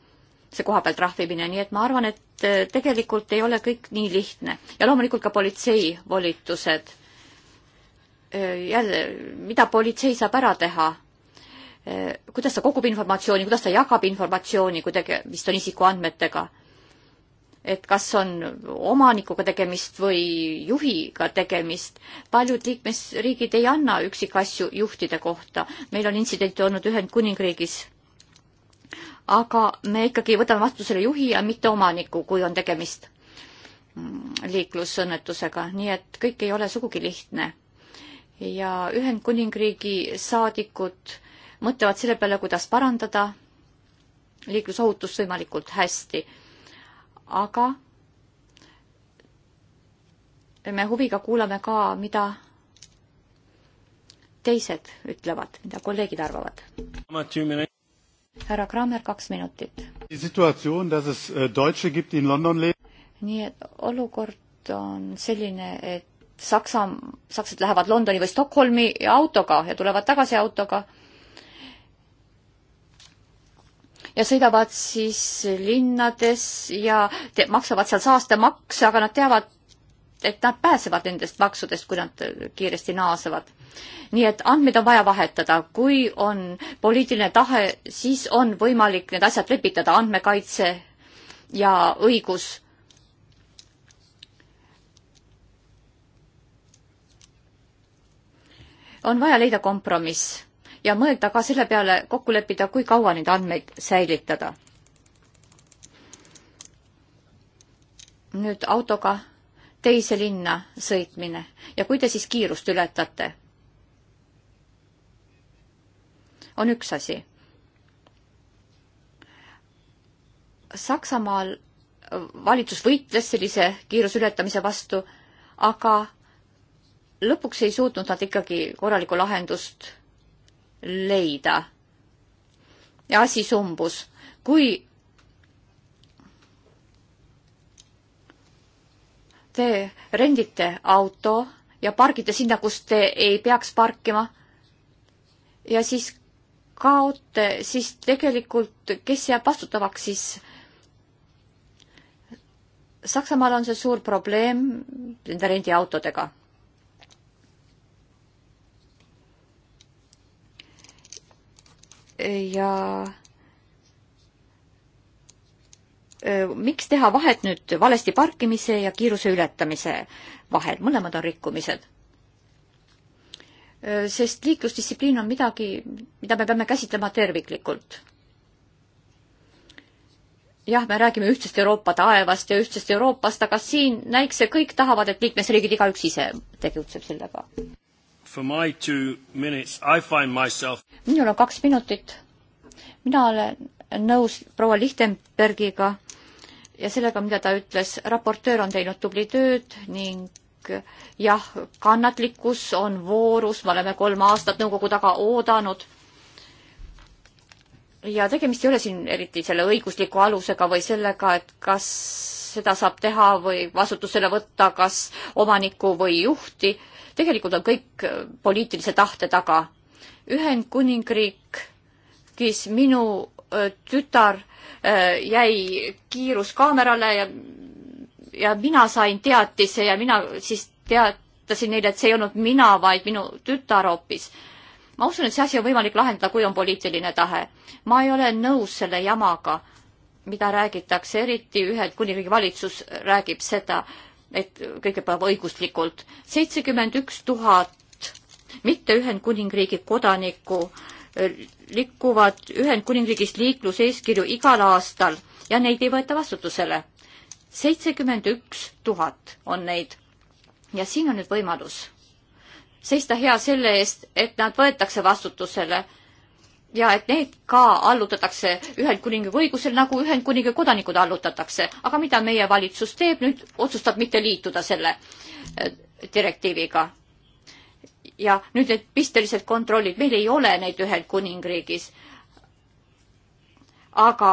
see koha peal trahvimine, nii et ma arvan, et tegelikult ei ole kõik nii lihtne ja loomulikult ka politsei volitused. jälle, mida politsei saab ära teha Eh, kuidas ta kogub informatsiooni, kuidas ta jagab informatsiooni, kui tegemist on isikuandmetega. et kas on omanikuga tegemist või juhiga tegemist. paljud liikmesriigid ei anna üksikasju juhtide kohta. meil on intsidente olnud Ühendkuningriigis aga me ikkagi võtame vastutusele juhi ja mitte omaniku, kui on tegemist mm, liiklusõnnetusega, nii et kõik ei ole sugugi lihtne. ja Ühendkuningriigi saadikud mõtlevad selle peale, kuidas parandada liiklusohutust võimalikult hästi. aga me huviga kuulame ka, mida teised ütlevad, mida kolleegid arvavad. härra Kramer, kaks minutit. Äh, nii et olukord on selline, et Saksa, sakslased lähevad Londoni või Stockholmi autoga ja tulevad tagasi autoga ja sõidavad siis linnades ja te, maksavad seal saastemakse, aga nad teavad, et nad pääsevad nendest maksudest, kui nad kiiresti naasevad. nii et andmeid on vaja vahetada, kui on poliitiline tahe, siis on võimalik need asjad lepitada, andmekaitse ja õigus. on vaja leida kompromiss ja mõelda ka selle peale kokku leppida, kui kaua neid andmeid säilitada. nüüd autoga teise linna sõitmine ja kui te siis kiirust ületate, on üks asi. Saksamaal valitsus võitles sellise kiiruseületamise vastu, aga lõpuks ei suutnud nad ikkagi korralikku lahendust leida. ja asi sumbus. kui te rendite auto ja pargite sinna, kus te ei peaks parkima ja siis kaote, siis tegelikult, kes jääb vastutavaks siis? Saksamaal on see suur probleem nende rendiautodega. ja miks teha vahet nüüd valesti parkimise ja kiiruse ületamise vahel, mõlemad on rikkumised? sest liiklusdistsipliin on midagi, mida me peame käsitlema terviklikult. jah, me räägime ühtsest Euroopa taevast ja ühtsest Euroopast, aga siin näikse, kõik tahavad, et liikmesriigid igaüks ise tegutseb sellega. For my two minutes I find myself minul on kaks minutit. mina olen nõus proua Lichtenbergiga ja sellega, mida ta ütles, raportöör on teinud tubli tööd ning jah, kannatlikkus on voorus, me oleme kolm aastat nõukogu taga oodanud. ja tegemist ei ole siin eriti selle õigusliku alusega või sellega, et kas seda saab teha või vastutusele võtta, kas omanikku või juhti tegelikult on kõik äh, poliitilise tahte taga. Ühendkuningriik, kes minu äh, tütar äh, jäi kiiruskaamerale ja, ja mina sain teatise ja mina siis teatasin neile, et see ei olnud mina, vaid minu tütar hoopis. ma usun, et see asi on võimalik lahendada, kui on poliitiline tahe. ma ei ole nõus selle jamaga mida räägitakse, eriti Ühendkuningriigi valitsus räägib seda, et kõigepealt õiguslikult seitsekümmend üks tuhat mitte Ühendkuningriigi kodanikku likuvad äh, Ühendkuningriigis liikluseeskirju igal aastal ja neid ei võeta vastutusele. seitsekümmend üks tuhat on neid. ja siin on nüüd võimalus seista hea selle eest, et nad võetakse vastutusele ja et need ka allutatakse Ühendkuningi õigusel, nagu Ühendkuningi kodanikud allutatakse. aga mida meie valitsus teeb nüüd, otsustab mitte liituda selle äh, direktiiviga. ja nüüd need pistelised kontrollid, meil ei ole neid Ühendkuningriigis. aga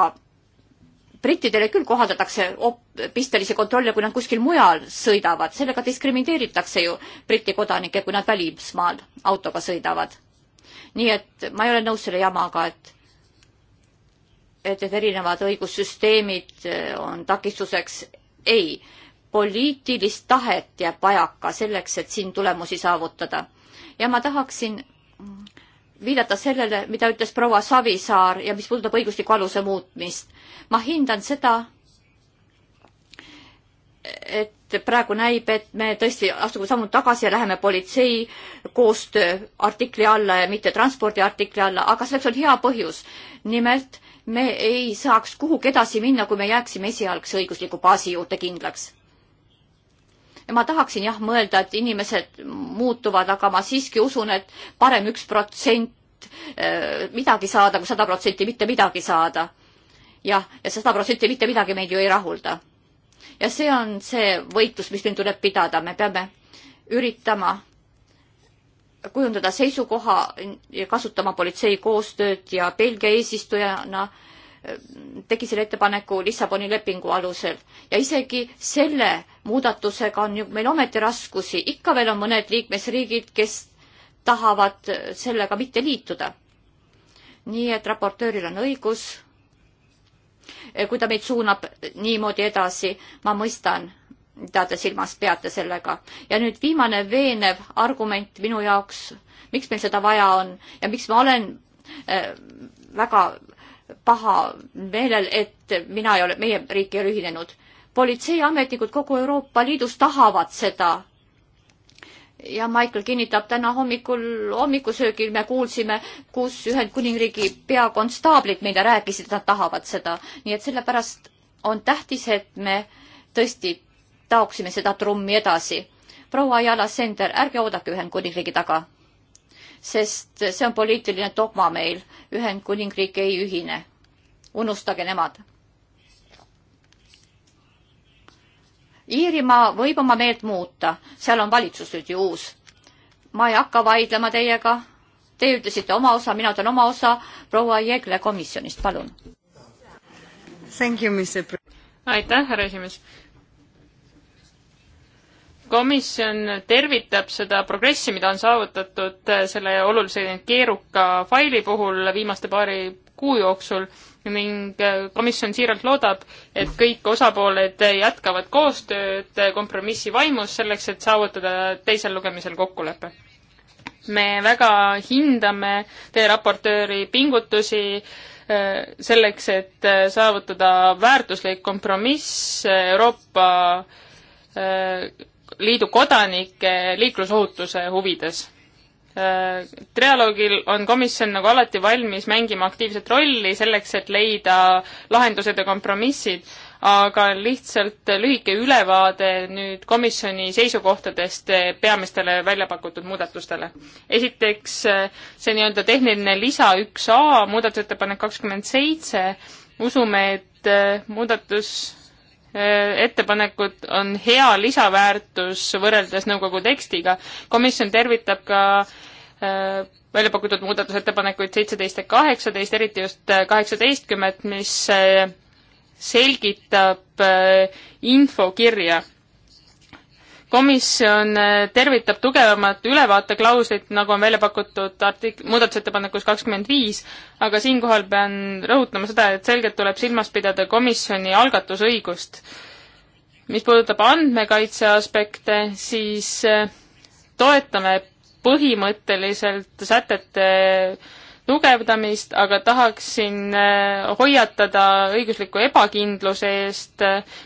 brittidele küll kohaldatakse pistelisi kontrolle, kui nad kuskil mujal sõidavad, sellega diskrimineeritakse ju Briti kodanikke, kui nad välismaal autoga sõidavad nii et ma ei ole nõus selle jamaga, et et, et erinevad õigussüsteemid eh, on takistuseks. ei, poliitilist tahet jääb vajaka selleks, et siin tulemusi saavutada. ja ma tahaksin viidata sellele, mida ütles proua Savisaar ja mis puudutab õigusliku aluse muutmist. ma hindan seda, et praegu näib, et me tõesti astume sammud tagasi ja läheme politsei koostöö artikli alla ja mitte transpordi artikli alla, aga selleks on hea põhjus. nimelt me ei saaks kuhugi edasi minna, kui me jääksime esialgse õigusliku baasi juurde kindlaks. ma tahaksin jah mõelda, et inimesed muutuvad, aga ma siiski usun, et parem üks protsent äh, midagi saada kui sada protsenti mitte midagi saada ja, ja. jah, ja sada protsenti mitte midagi meid ju ei rahulda ja see on see võitlus, mis meil tuleb pidada, me peame üritama kujundada seisukoha ja kasutama politsei koostööd ja Belgia eesistujana äh, tegi selle ettepaneku Lissaboni lepingu alusel ja isegi selle muudatusega on ju meil ometi raskusi, ikka veel on mõned liikmesriigid, kes tahavad sellega mitte liituda. nii et raportööril on õigus Eh, kui ta meid suunab niimoodi edasi, ma mõistan, mida te silmas peate sellega. ja nüüd viimane veenev argument minu jaoks, miks meil seda vaja on ja miks ma olen eh, väga paha meelel, et mina ei ole, meie riik ei ole ühinenud. politseiametnikud kogu Euroopa Liidus tahavad seda ja Michael kinnitab täna hommikul, hommikusöögil me kuulsime, kus Ühendkuningriigi peakonstaablid meile rääkisid, et nad tahavad seda. nii et sellepärast on tähtis, et me tõesti taoksime seda trummi edasi. proua Ayala Sender, ärge oodake Ühendkuningriigi taga, sest see on poliitiline dogma meil. Ühendkuningriik ei ühine. unustage nemad Iirimaa võib oma meelt muuta, seal on valitsus nüüd ju uus. ma ei hakka vaidlema teiega. Te ütlesite oma osa, mina ütlen oma osa. proua Jeegle komisjonist, palun. aitäh, härra esimees. komisjon tervitab seda progressi, mida on saavutatud selle olulise keeruka faili puhul viimaste paari kuu jooksul ning äh, komisjon siiralt loodab, et kõik osapooled jätkavad koostööd kompromissi vaimus selleks, et saavutada teisel lugemisel kokkulepe. me väga hindame teie raportööri pingutusi äh, selleks, et äh, saavutada väärtuslik kompromiss Euroopa Liidu kodanike liiklusohutuse huvides Äh, trialoogil on komisjon nagu alati valmis mängima aktiivset rolli selleks, et leida lahendused ja kompromissid, aga lihtsalt lühike ülevaade nüüd komisjoni seisukohtadest eh, peamistele välja pakutud muudatustele. esiteks eh, see nii-öelda tehniline lisa üks A, muudatusettepanek kakskümmend seitse, usume, et eh, muudatus Äh, ettepanekud on hea lisaväärtus võrreldes nõukogu tekstiga. komisjon tervitab ka äh, välja pakutud muudatusettepanekuid seitseteist ja kaheksateist, eriti just äh, kaheksateistkümmet, mis selgitab infokirja komisjon eh, tervitab tugevamat ülevaateklauslit, nagu on välja pakutud artik-, muudatusettepanekus kakskümmend viis, aga siinkohal pean rõhutama seda, et selgelt tuleb silmas pidada komisjoni algatusõigust. mis puudutab andmekaitse aspekte, siis eh, toetame põhimõtteliselt sätete tugevdamist, aga tahaksin äh, hoiatada õigusliku ebakindluse eest.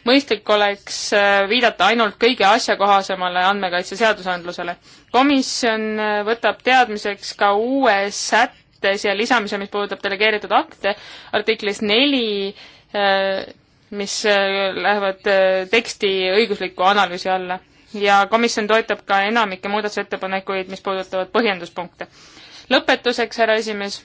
mõistlik oleks äh, viidata ainult kõige asjakohasemale andmekaitse seadusandlusele. komisjon äh, võtab teadmiseks ka uue sätte siia lisamise, mis puudutab delegeeritud akte artiklis neli, mis lähevad teksti õigusliku analüüsi alla ja komisjon toetab ka enamikke muudatusettepanekuid, mis puudutavad põhjenduspunkte lõpetuseks, härra esimees,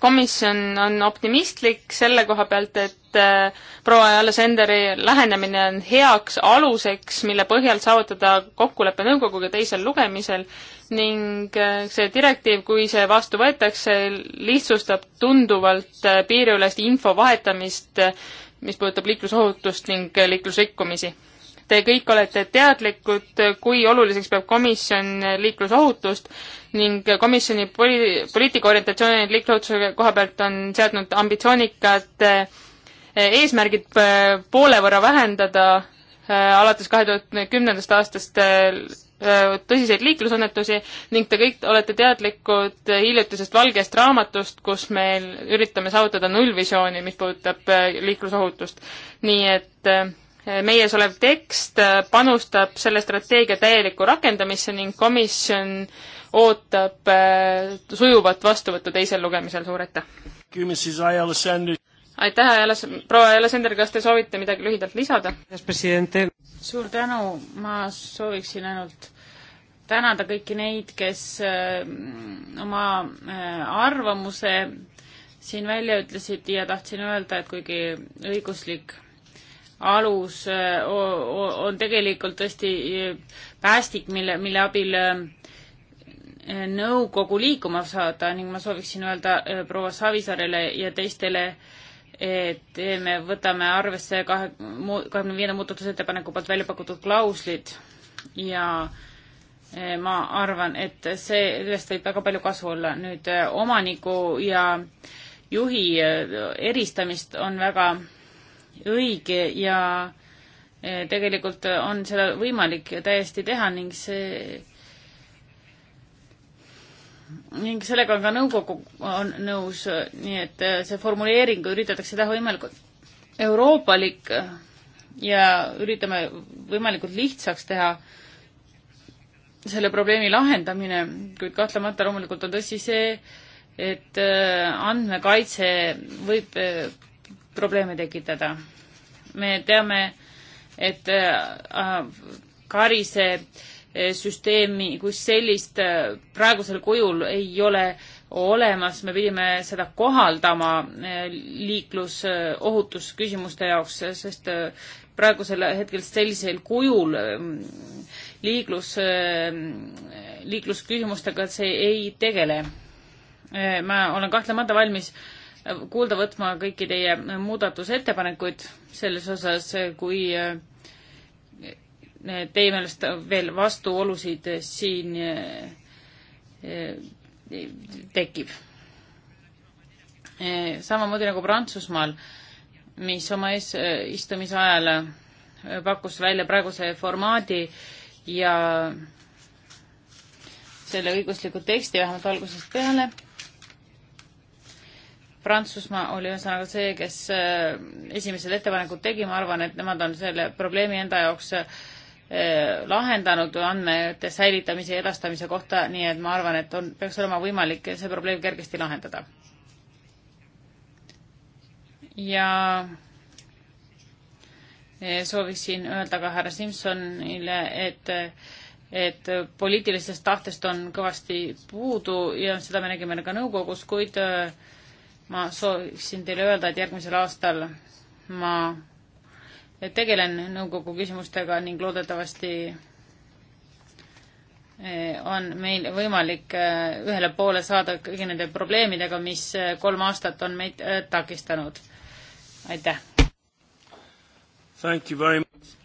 komisjon on optimistlik selle koha pealt, et äh, proua Alessanderi lähenemine on heaks aluseks, mille põhjal saavutada kokkulepe nõukoguga teisel lugemisel ning äh, see direktiiv, kui see vastu võetakse, lihtsustab tunduvalt äh, piiriülest info vahetamist, äh, mis puudutab liiklusohutust ning äh, liiklusrikkumisi te kõik olete teadlikud, äh, kui oluliseks peab komisjon liiklusohutust ning komisjoni poli-, poliitika orientatsiooni liiklusotsuse koha pealt on seadnud ambitsioonikad eh, eesmärgid eh, poole võrra vähendada eh, alates kahe tuhande kümnendast aastast tõsiseid liiklusõnnetusi ning te kõik olete teadlikud hiljutisest valgest raamatust, kus me üritame saavutada nullvisiooni, mis puudutab liiklusohutust. nii et meies olev tekst panustab selle strateegia täielikku rakendamisse ning komisjon äh, ootab äh, sujuvat vastuvõttu teisel lugemisel, suur aitäh! aitäh, proua Alessander, kas te soovite midagi lühidalt lisada? suur tänu, ma sooviksin ainult tänada kõiki neid, kes äh, oma äh, arvamuse siin välja ütlesid ja tahtsin öelda, et kuigi õiguslik alus on tegelikult tõesti päästik, mille, mille abil nõukogu liikuma saada ning ma sooviksin öelda äh, proua Savisaarele ja teistele, et äh, me võtame arvesse kahe, kahekümne viienda muudatusettepaneku poolt välja pakutud klauslid ja äh, ma arvan, et see, sellest võib väga palju kasu olla. nüüd omaniku ja juhi eristamist on väga õige ja tegelikult on seda võimalik täiesti teha ning see ning sellega on ka nõukogu on nõus, nii et äh, see formuleering üritatakse teha võimalikult euroopalik äh, ja üritame võimalikult lihtsaks teha selle probleemi lahendamine, kuid kahtlemata loomulikult on tõsi see, et äh, andmekaitse võib probleeme tekitada. me teame, et karise äh, Eh, süsteemi kui sellist eh, praegusel kujul ei ole olemas, me pidime seda kohaldama eh, liiklusohutusküsimuste jaoks, sest praegusel hetkel sellisel kujul liiklus, liiklusküsimustega see ei tegele. ma olen kahtlemata valmis kuulda võtma kõiki teie muudatusettepanekuid selles osas, kui teie meelest veel vastuolusid siin eh, eh, tekib. Eh, samamoodi nagu Prantsusmaal, mis oma eesistumise ajal pakkus välja praeguse formaadi ja selle õigusliku teksti vähemalt algusest peale. Prantsusmaa oli ühesõnaga see, kes esimesed ettepanekud tegi, ma arvan, et nemad on selle probleemi enda jaoks äh, Eh, lahendanud andmete säilitamise ja edastamise kohta, nii et ma arvan, et on, peaks olema võimalik see probleem kergesti lahendada. ja eh, sooviksin öelda ka härra Simsonile, et et poliitilisest tahtest on kõvasti puudu ja seda me nägime ka nõukogus, kuid eh, ma sooviksin teile öelda, et järgmisel aastal ma tegelen nõukogu küsimustega ning loodetavasti eh, on meil võimalik eh, ühele poole saada kõigi nende probleemidega, mis eh, kolm aastat on meid takistanud. aitäh!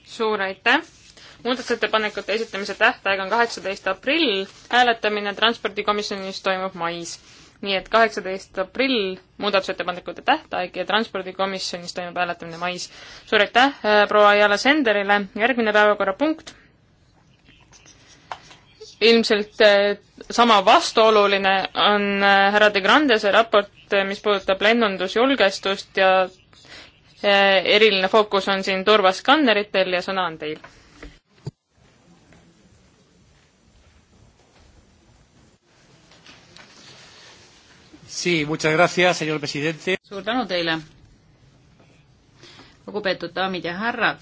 suur aitäh! muudatusettepanekute esitamise tähtaeg on kaheksateist aprill, hääletamine transpordikomisjonis toimub mais nii et kaheksateist aprill muudatusettepanekute tähtaeg ja transpordikomisjonis toimub hääletamine mais. suur aitäh äh, proua Jala Senderile, järgmine päevakorrapunkt. ilmselt äh, sama vastuoluline on äh, härra De Grandese raport, mis puudutab lennundusjulgestust ja eriline fookus on siin turvaskanneritel ja sõna on teil Sí, muchas gracias, señor presidente. suur tänu teile. lugupeetud daamid ja härrad.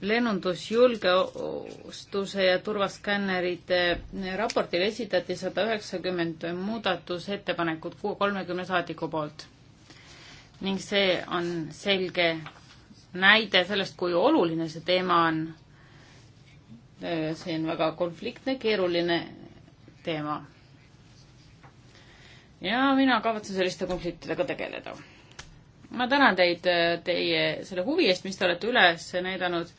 lennundusjulgeostuse ja turvaskännerite raportile esitati sada üheksakümmend muudatusettepanekut kuue kolmekümne saadiku poolt. ning see on selge näide sellest, kui oluline see teema on. see on väga konfliktne, keeruline teema ja mina kavatsen selliste konfliktidega tegeleda. ma tänan teid äh, teie selle huvi eest, mis te olete üles näidanud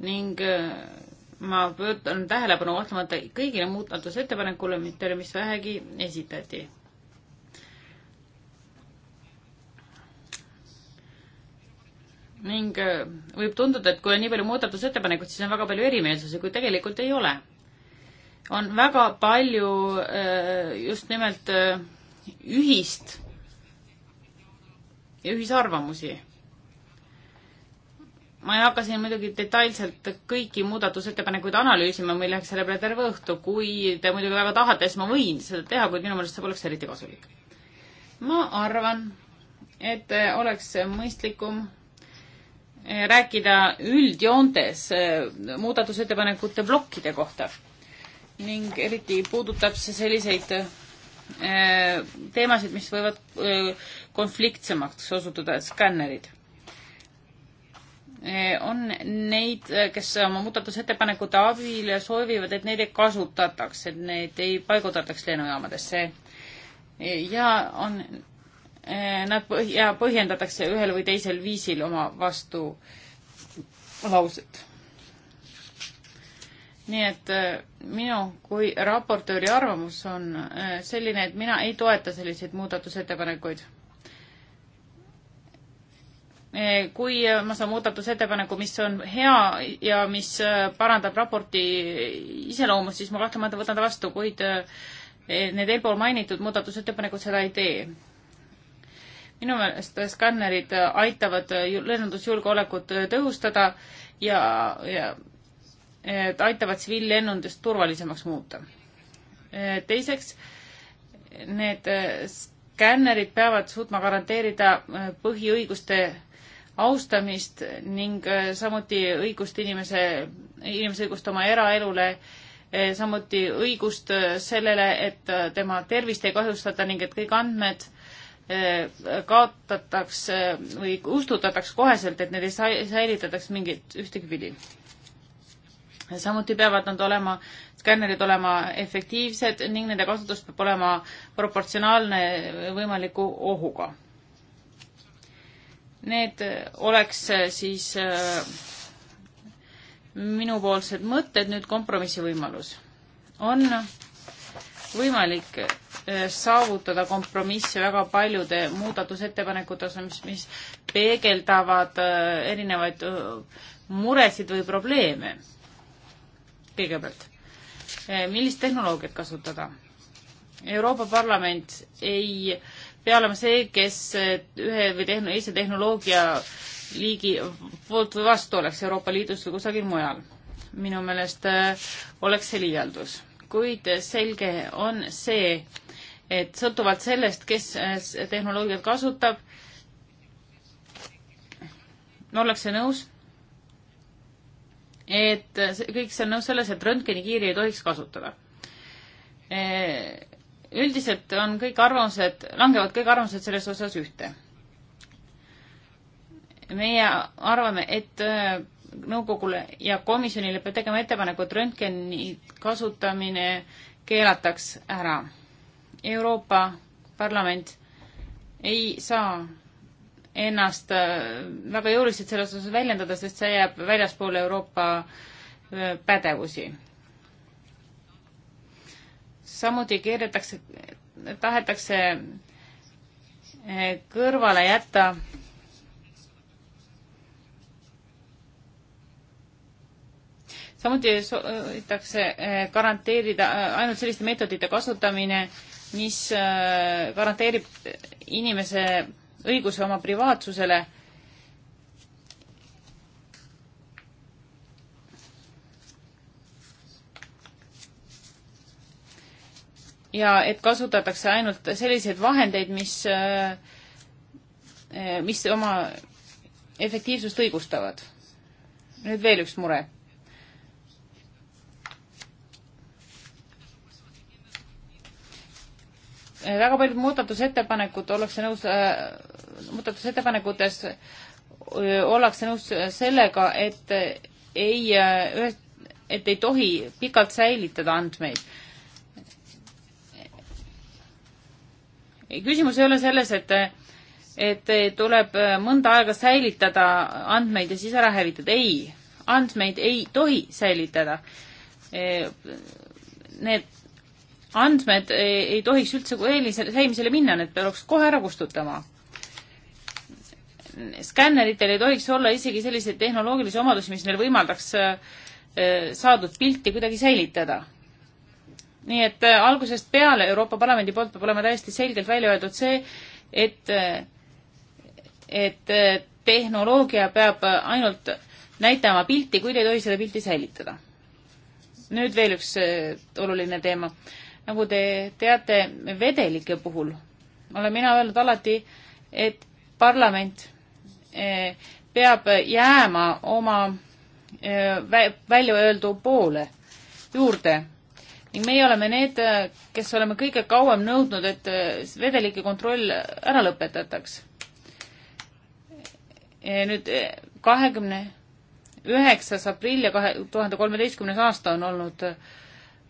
ning äh, ma pöördun tähelepanu kahtlemata kõigile muudatusettepanekule, mitte mis vähegi esitati. ning äh, võib tunduda, et kui on nii palju muudatusettepanekuid, siis on väga palju erimeelsusi, kuid tegelikult ei ole. on väga palju just nimelt ühist ja ühisarvamusi. ma ei hakka siin muidugi detailselt kõiki muudatusettepanekuid analüüsima, meil läheks selle peale terve õhtu, kui te muidugi väga tahate, siis ma võin seda teha, kuid minu meelest see poleks eriti kasulik. ma arvan, et oleks mõistlikum rääkida üldjoontes muudatusettepanekute plokkide kohta ning eriti puudutab see selliseid Äh, teemasid, mis võivad äh, konfliktsemaks osutuda, skännerid. Äh, on neid, kes oma muudatusettepanekute abil soovivad, et neid ei kasutataks, et neid ei paigutataks lennujaamadesse ja on Nad põh- ja põhjendatakse ühel või teisel viisil oma vastulauset nii et äh, minu kui raportööri arvamus on äh, selline, et mina ei toeta selliseid muudatusettepanekuid. Äh, kui ma saan muudatusettepaneku, mis on hea ja mis parandab raporti iseloomust, siis ma kahtlemata võtan ta vastu, kuid eh, need eelpool mainitud muudatusettepanekud seda ei tee. minu meelest skannerid aitavad lennundusjulgeolekut tõhustada ja, ja et aitavad tsiviillennundust turvalisemaks muuta. teiseks, need äh, skännerid peavad suutma garanteerida äh, põhiõiguste austamist ning äh, samuti õigust inimese, inimese õigust oma eraelule, samuti õigust sellele, et tema tervist ei kahjustada ning et kõik andmed kaotataks või kustutatakse koheselt, et need ei säilitataks mingit ühtegi pidi samuti peavad nad olema, skännerid olema efektiivsed ning nende kasutus peab olema proportsionaalne võimaliku ohuga. Need oleks äh, siis äh, minupoolsed mõtted, nüüd kompromissi võimalus. on võimalik äh, saavutada kompromisse väga paljude muudatusettepanekute osas, mis, mis peegeldavad erinevaid muresid või probleeme kõigepealt, eh, millist tehnoloogiat kasutada? Euroopa Parlament ei pea olema see, kes eh, ühe või tehn-, teise tehnoloogia liigi poolt või vastu oleks Euroopa Liidus või kusagil mujal. minu meelest eh, oleks see liialdus. kuid selge on see, et sõltuvalt sellest, kes tehnoloogiat kasutab, ollakse nõus et kõik see on nõus selles, et röntgenikiiri ei tohiks kasutada. E, üldiselt on kõik arvamused, langevad kõik arvamused selles osas ühte. meie arvame, et e, nõukogule ja komisjonile peab tegema ettepaneku, et röntgeni kasutamine keelataks ära. Euroopa Parlament ei saa ennast äh, väga jõuliselt selles osas väljendada, sest see jääb väljaspoole Euroopa äh, pädevusi. samuti keeratakse, tahetakse äh, kõrvale jätta samuti soovitakse garanteerida ainult selliste meetodite kasutamine, mis garanteerib inimese õiguse oma privaatsusele ja et kasutatakse ainult selliseid vahendeid, mis, eh, mis oma efektiivsust õigustavad. nüüd veel üks mure. väga paljud muudatusettepanekud ollakse nõus äh,, muudatusettepanekutes äh, ollakse nõus sellega, et ei, äh, et ei tohi pikalt säilitada andmeid. küsimus ei ole selles, et, et tuleb mõnda aega säilitada andmeid ja siis ära hävitada. ei, andmeid ei tohi säilitada. Need andmed ei, ei tohiks üldse eelmisele, eelmisele minna, need peaks kohe ära kustutama. skänneritel ei tohiks olla isegi selliseid tehnoloogilisi omadusi, mis neil võimaldaks äh, saadud pilti kuidagi säilitada. nii et äh, algusest peale Euroopa Parlamendi poolt peab olema täiesti selgelt välja öeldud see, et, äh, et tehnoloogia peab ainult näitama pilti, kuid ei tohi seda pilti säilitada. nüüd veel üks oluline teema nagu te teate, vedelike puhul olen mina öelnud alati, et parlament eh, peab jääma oma eh, välja öeldu poole juurde ning meie oleme need, kes oleme kõige kauem nõudnud, et eh, vedelike kontroll ära lõpetataks. nüüd kahekümne üheksas aprill ja kahe tuhande kolmeteistkümnes aasta on olnud äh,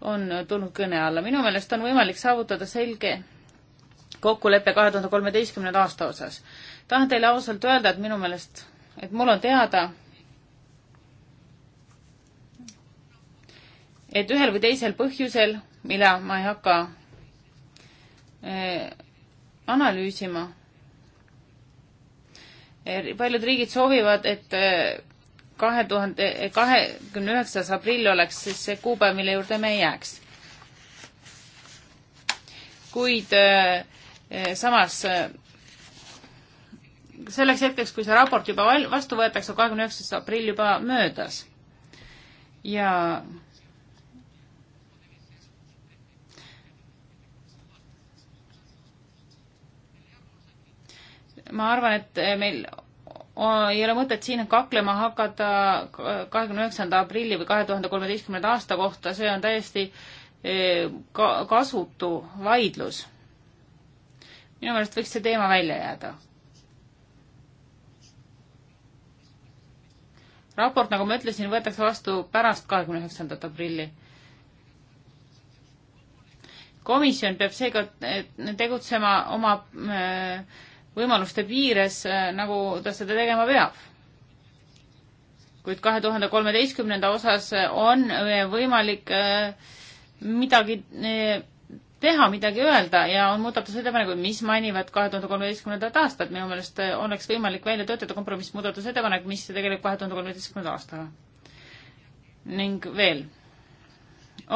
on tulnud kõne alla. minu meelest on võimalik saavutada selge kokkulepe kahe tuhande kolmeteistkümnenda aasta osas. tahan teile ausalt öelda, et minu meelest, et mul on teada, et ühel või teisel põhjusel, mille ma ei hakka eh, analüüsima, eh, paljud riigid soovivad, et eh, kahe tuhande kahekümne üheksas aprill oleks siis see kuupäev, mille juurde me ei jääks. kuid eh, samas eh, selleks hetkeks, kui see raport juba val-, vastu võetakse, on kahekümne üheksas aprill juba möödas. ja ma arvan, et meil ei ole mõtet siin kaklema hakata kahekümne üheksanda aprilli või kahe tuhande kolmeteistkümnenda aasta kohta, see on täiesti e, ka-, kasutu vaidlus. minu meelest võiks see teema välja jääda. raport, nagu ma ütlesin, võetakse vastu pärast kahekümne üheksandat aprilli. komisjon peab seega e, tegutsema oma äh, võimaluste piires, äh, nagu ta seda tegema peab. kuid kahe tuhande kolmeteistkümnenda osas äh, on äh, võimalik midagi teha, midagi öelda ja on muudatusettepanekuid, mis mainivad kahe tuhande kolmeteistkümnendat aastat. minu meelest oleks võimalik välja töötada kompromissmuudatusettepanek, mis tegeleb kahe tuhande kolmeteistkümnenda aastaga. ning veel,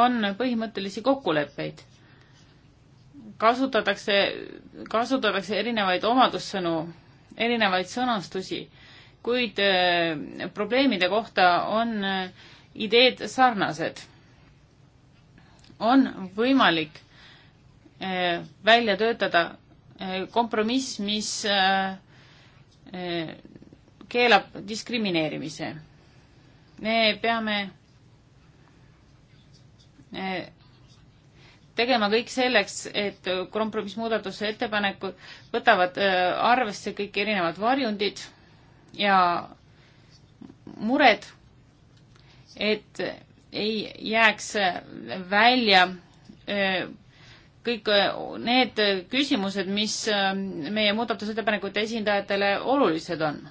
on põhimõttelisi kokkuleppeid kasutatakse, kasutatakse erinevaid omadussõnu, erinevaid sõnastusi, kuid äh, probleemide kohta on äh, ideed sarnased. on võimalik äh, välja töötada kompromiss, mis keelab diskrimineerimise. me peame tegema kõik selleks, et kompromissmuudatuse ettepanekud võtavad äh, arvesse kõik erinevad varjundid ja mured, et ei jääks välja äh, kõik äh, need küsimused, mis meie muudatusettepanekute esindajatele olulised on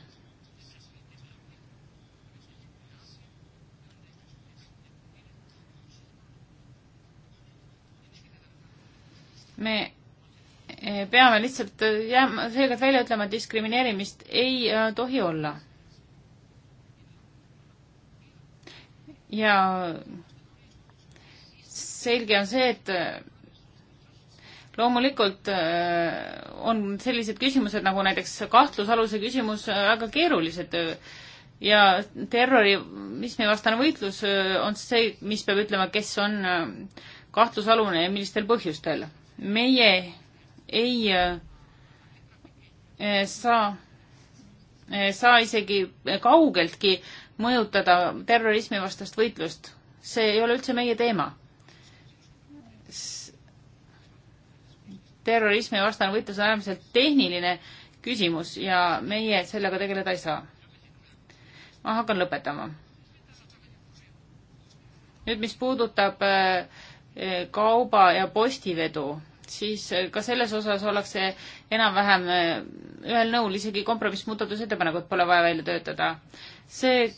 me eh, peame lihtsalt eh, jääma, selgelt välja ütlema, et diskrimineerimist ei eh, tohi olla. ja selge on see, et loomulikult on sellised küsimused nagu näiteks kahtlusaluse küsimus väga keerulised ja terrorismivastane võitlus on see, mis peab ütlema, kes on kahtlusalune ja millistel põhjustel meie ei äh, äh, saa, äh, saa isegi kaugeltki mõjutada terrorismivastast võitlust. see ei ole üldse meie teema. terrorismivastane võitlus on äärmiselt tehniline küsimus ja meie sellega tegeleda ei saa. ma hakkan lõpetama. nüüd, mis puudutab kauba ja postivedu siis äh, ka selles osas ollakse enam-vähem äh, ühel nõul, isegi kompromissmuudatusettepanekut pole vaja välja töötada. see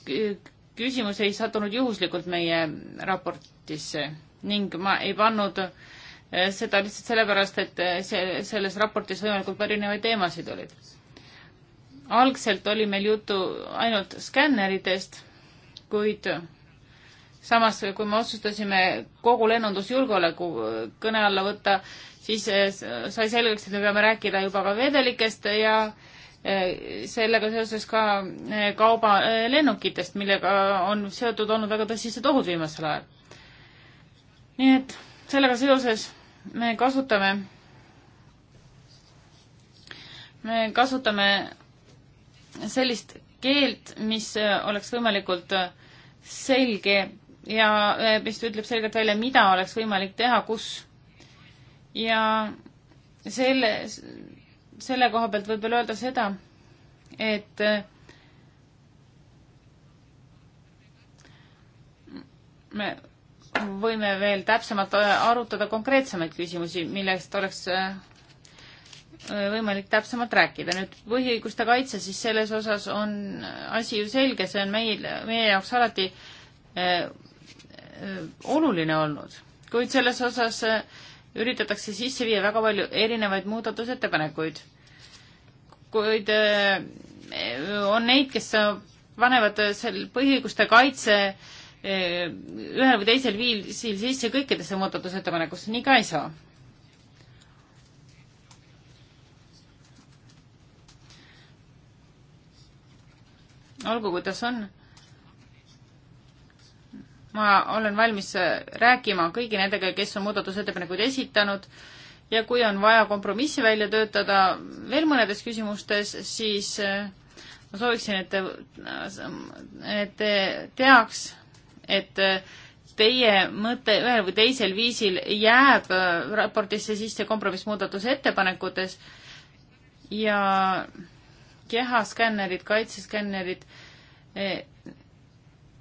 küsimus ei sattunud juhuslikult meie raportisse ning ma ei pannud äh, seda lihtsalt sellepärast, et see, selles raportis võimalikult erinevaid teemasid olid. algselt oli meil juttu ainult skänneritest, kuid samas, kui me otsustasime kogu lennundusjulgeoleku kõne alla võtta, siis eh, sai selgeks, et me peame rääkida juba ka vedelikest ja eh, sellega seoses ka eh, kaubalennukitest, millega on seotud olnud väga tõsised ohud viimasel ajal. nii et sellega seoses me kasutame, me kasutame sellist keelt, mis oleks võimalikult selge ja mis ütleb selgelt välja, mida oleks võimalik teha, kus ja selle, selle koha pealt võib veel öelda seda, et äh, me võime veel täpsemalt arutada konkreetsemaid küsimusi, millest oleks äh, äh, võimalik täpsemalt rääkida. nüüd põhiõiguste kaitse, siis selles osas on asi ju selge, see on meil, meie jaoks alati oluline olnud, kuid selles osas äh, üritatakse sisse viia väga palju erinevaid muudatusettepanekuid. kuid äh, on neid, kes panevad seal põhiõiguste kaitse äh, ühel või teisel viisil sisse kõikidesse muudatusettepanekusse, nii ka ei saa. olgu, kuidas on ma olen valmis äh, rääkima kõigi nendega, kes on muudatusettepanekuid esitanud ja kui on vaja kompromissi välja töötada veel mõnedes küsimustes, siis äh, ma sooviksin, et te, äh, et te teaks, et teie mõte ühel või teisel viisil jääb raportisse sisse kompromissmuudatuse ettepanekutes ja kehaskännerid, kaitseskännerid,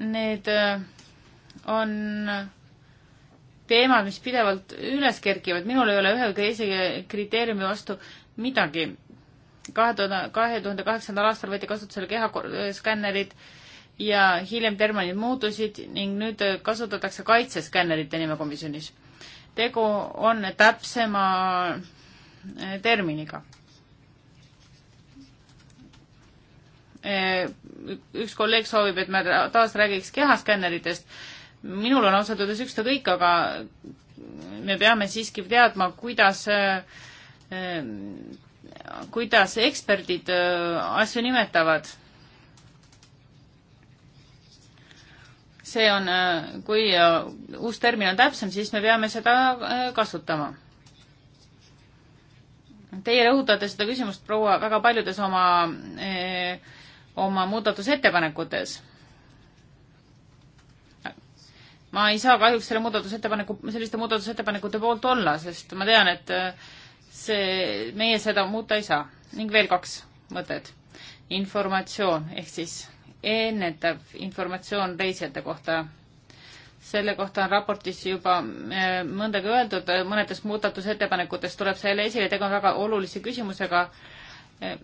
need on teemad, mis pidevalt üles kerkivad, minul ei ole ühegi teise kriteeriumi vastu midagi. kahe tuhande, kahe tuhande kaheksandal aastal võeti kasutusele kehaskännerid ja hiljem terminid muutusid ning nüüd kasutatakse kaitseskännerite nime komisjonis. tegu on täpsema eh, terminiga. Eh, üks kolleeg soovib, et me taas räägiks kehaskänneritest minul on ausalt öeldes ükskõik, aga me peame siiski teadma, kuidas, äh, kuidas eksperdid äh, asju nimetavad. see on, äh, kui uus termin on täpsem, siis me peame seda kasutama. Teie rõhutate seda küsimust, proua, väga paljudes oma, oma muudatusettepanekutes ma ei saa kahjuks selle muudatusettepaneku, selliste muudatusettepanekute poolt olla, sest ma tean, et äh, see, meie seda muuta ei saa. ning veel kaks mõtet. informatsioon ehk siis ennetav informatsioon reisijate kohta. selle kohta on raportis juba äh, mõndagi öeldud, mõnedest muudatusettepanekutest tuleb selle esile, tegu on väga olulise küsimusega. Äh,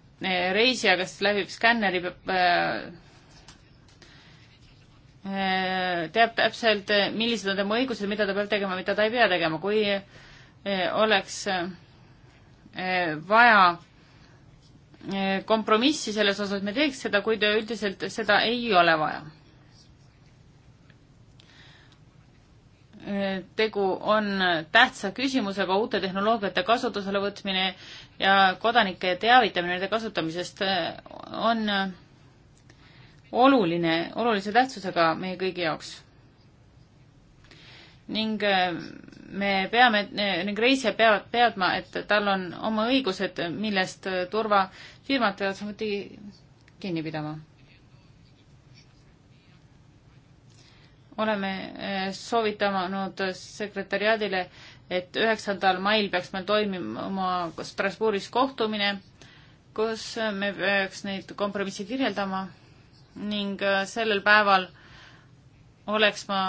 reisija, kes läbib skänneri, peab Äh, teab täpselt, äh, millised on tema õigused, mida ta peab tegema, mida ta ei pea tegema. kui äh, oleks vaja kompromissi selles osas, me teeks seda, kuid üldiselt seda ei ole vaja. tegu on tähtsa küsimusega uute tehnoloogiate kasutusele võtmine ja kodanike teavitamine nende kasutamisest on oluline, olulise tähtsusega meie kõigi jaoks. ning äh, me peame, ning reisijad peavad teadma, et tal on oma õigused, millest turvafirmad peavad samuti kinni pidama. oleme äh, soovitanud sekretäriaadile, et üheksandal mail peaks meil toimima Strasbourgis kohtumine, kus me peaks neid kompromisse kirjeldama ning äh, sellel päeval oleks ma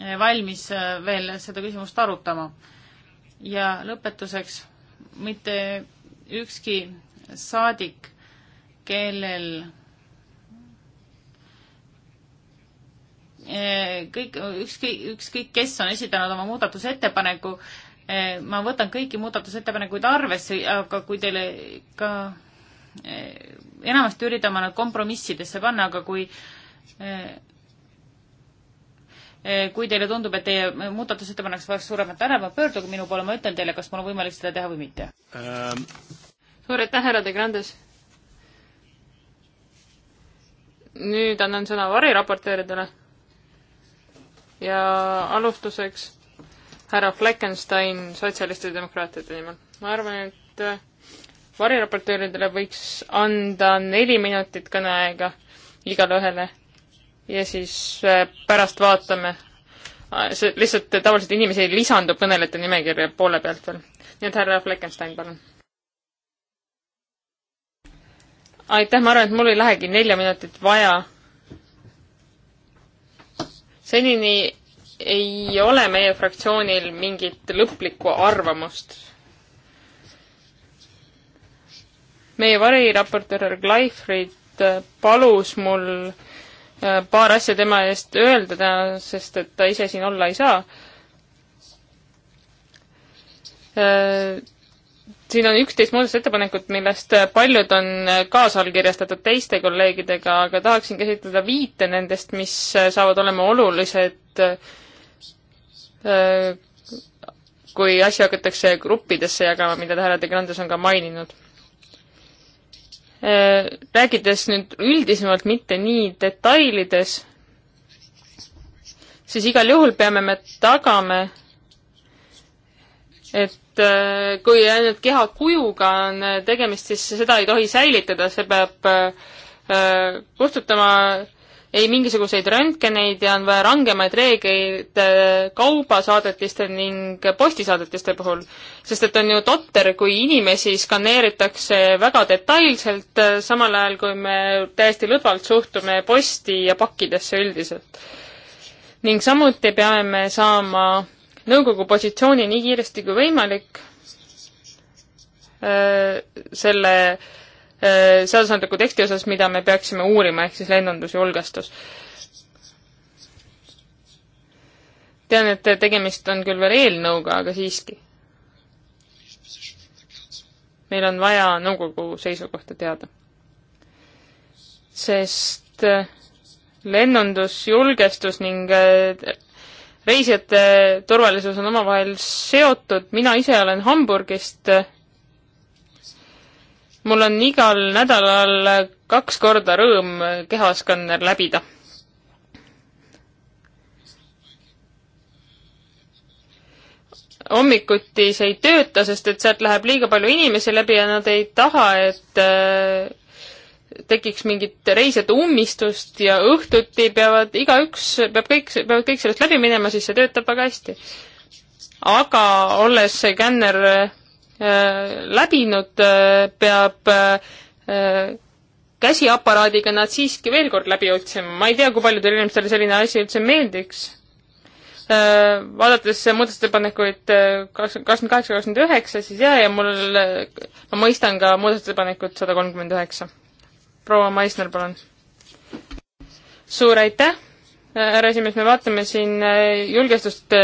äh, valmis äh, veel seda küsimust arutama. ja lõpetuseks, mitte ükski saadik, kellel kõik, ükski, ükskõik kes on esitanud oma muudatusettepaneku, ma võtan kõiki muudatusettepanekuid arvesse, aga kui teile ka enamasti üritame nad kompromissidesse panna, aga kui kui teile tundub, et teie muudatusettepanek vajaks suuremat tähelepanu, pöörduge minu poole, ma ütlen teile, kas mul on võimalik seda teha või mitte ähm.. suur aitäh, härra De Grandes! nüüd annan sõna variraportööridele. ja alustuseks härra Fleckenstein sotsialistide demokraatide nimel. ma arvan, et variraportööridele võiks anda neli minutit kõneaega igale ühele ja siis äh, pärast vaatame. Äh, see lihtsalt tavaliselt inimesi lisandub kõnelejate nimekirja poole pealt veel. nii et härra Fleckenstein, palun. aitäh, ma arvan, et mul ei lähegi nelja minutit vaja. senini ei ole meie fraktsioonil mingit lõplikku arvamust meie variraportöör Gleifrid äh, palus mul äh, paar asja tema eest öelda täna, sest et ta ise siin olla ei saa. Äh, siin on üksteist muudatusettepanekut, millest paljud on kaasallkirjastatud teiste kolleegidega, aga tahaksin käsitleda viite nendest, mis saavad olema olulised, kui asju hakatakse gruppidesse jagama, mida härra De Grandes on ka maininud Äh, rääkides nüüd üldisemalt, mitte nii detailides, siis igal juhul peame me tagame, et äh, kui ainult keha kujuga on äh, tegemist, siis seda ei tohi säilitada, see peab kustutama ei mingisuguseid röntgeneid ja on vaja rangemaid reegleid kaubasaadetiste ning postisaadetiste puhul sest et on ju totter, kui inimesi skaneeritakse väga detailselt, äh, samal ajal kui me täiesti lõdvalt suhtume posti ja pakkidesse üldiselt. ning samuti peame me saama nõukogu positsiooni nii kiiresti kui võimalik äh, selle äh, seadusandliku teksti osas, mida me peaksime uurima, ehk siis lennundusjulgestus. tean, et tegemist on küll veel eelnõuga, aga siiski meil on vaja nõukogu seisukohta teada. sest äh, lennundus, julgestus ning äh, reisijate turvalisus on omavahel seotud, mina ise olen Hamburgist, mul on igal nädalal kaks korda rõõm kehaskanner läbida hommikuti see ei tööta, sest et sealt läheb liiga palju inimesi läbi ja nad ei taha, et äh, tekiks mingit reisijate ummistust ja õhtuti peavad igaüks, peab kõik, peavad kõik sellest läbi minema, siis see töötab väga hästi. aga olles see känner äh, läbinud äh,, peab äh, käsiaparaadiga nad siiski veel kord läbi otsima, ma ei tea, kui paljudele inimestele selline asi üldse meeldiks vaadates äh, muudatusettepanekuid äh, kakskümmend kaheksa, kakskümmend üheksa, siis jah, ja mul, ma mõistan ka muudatusettepanekut sada kolmkümmend üheksa. proua Maisner, palun. suur aitäh, äh, härra esimees, me vaatame siin julgestust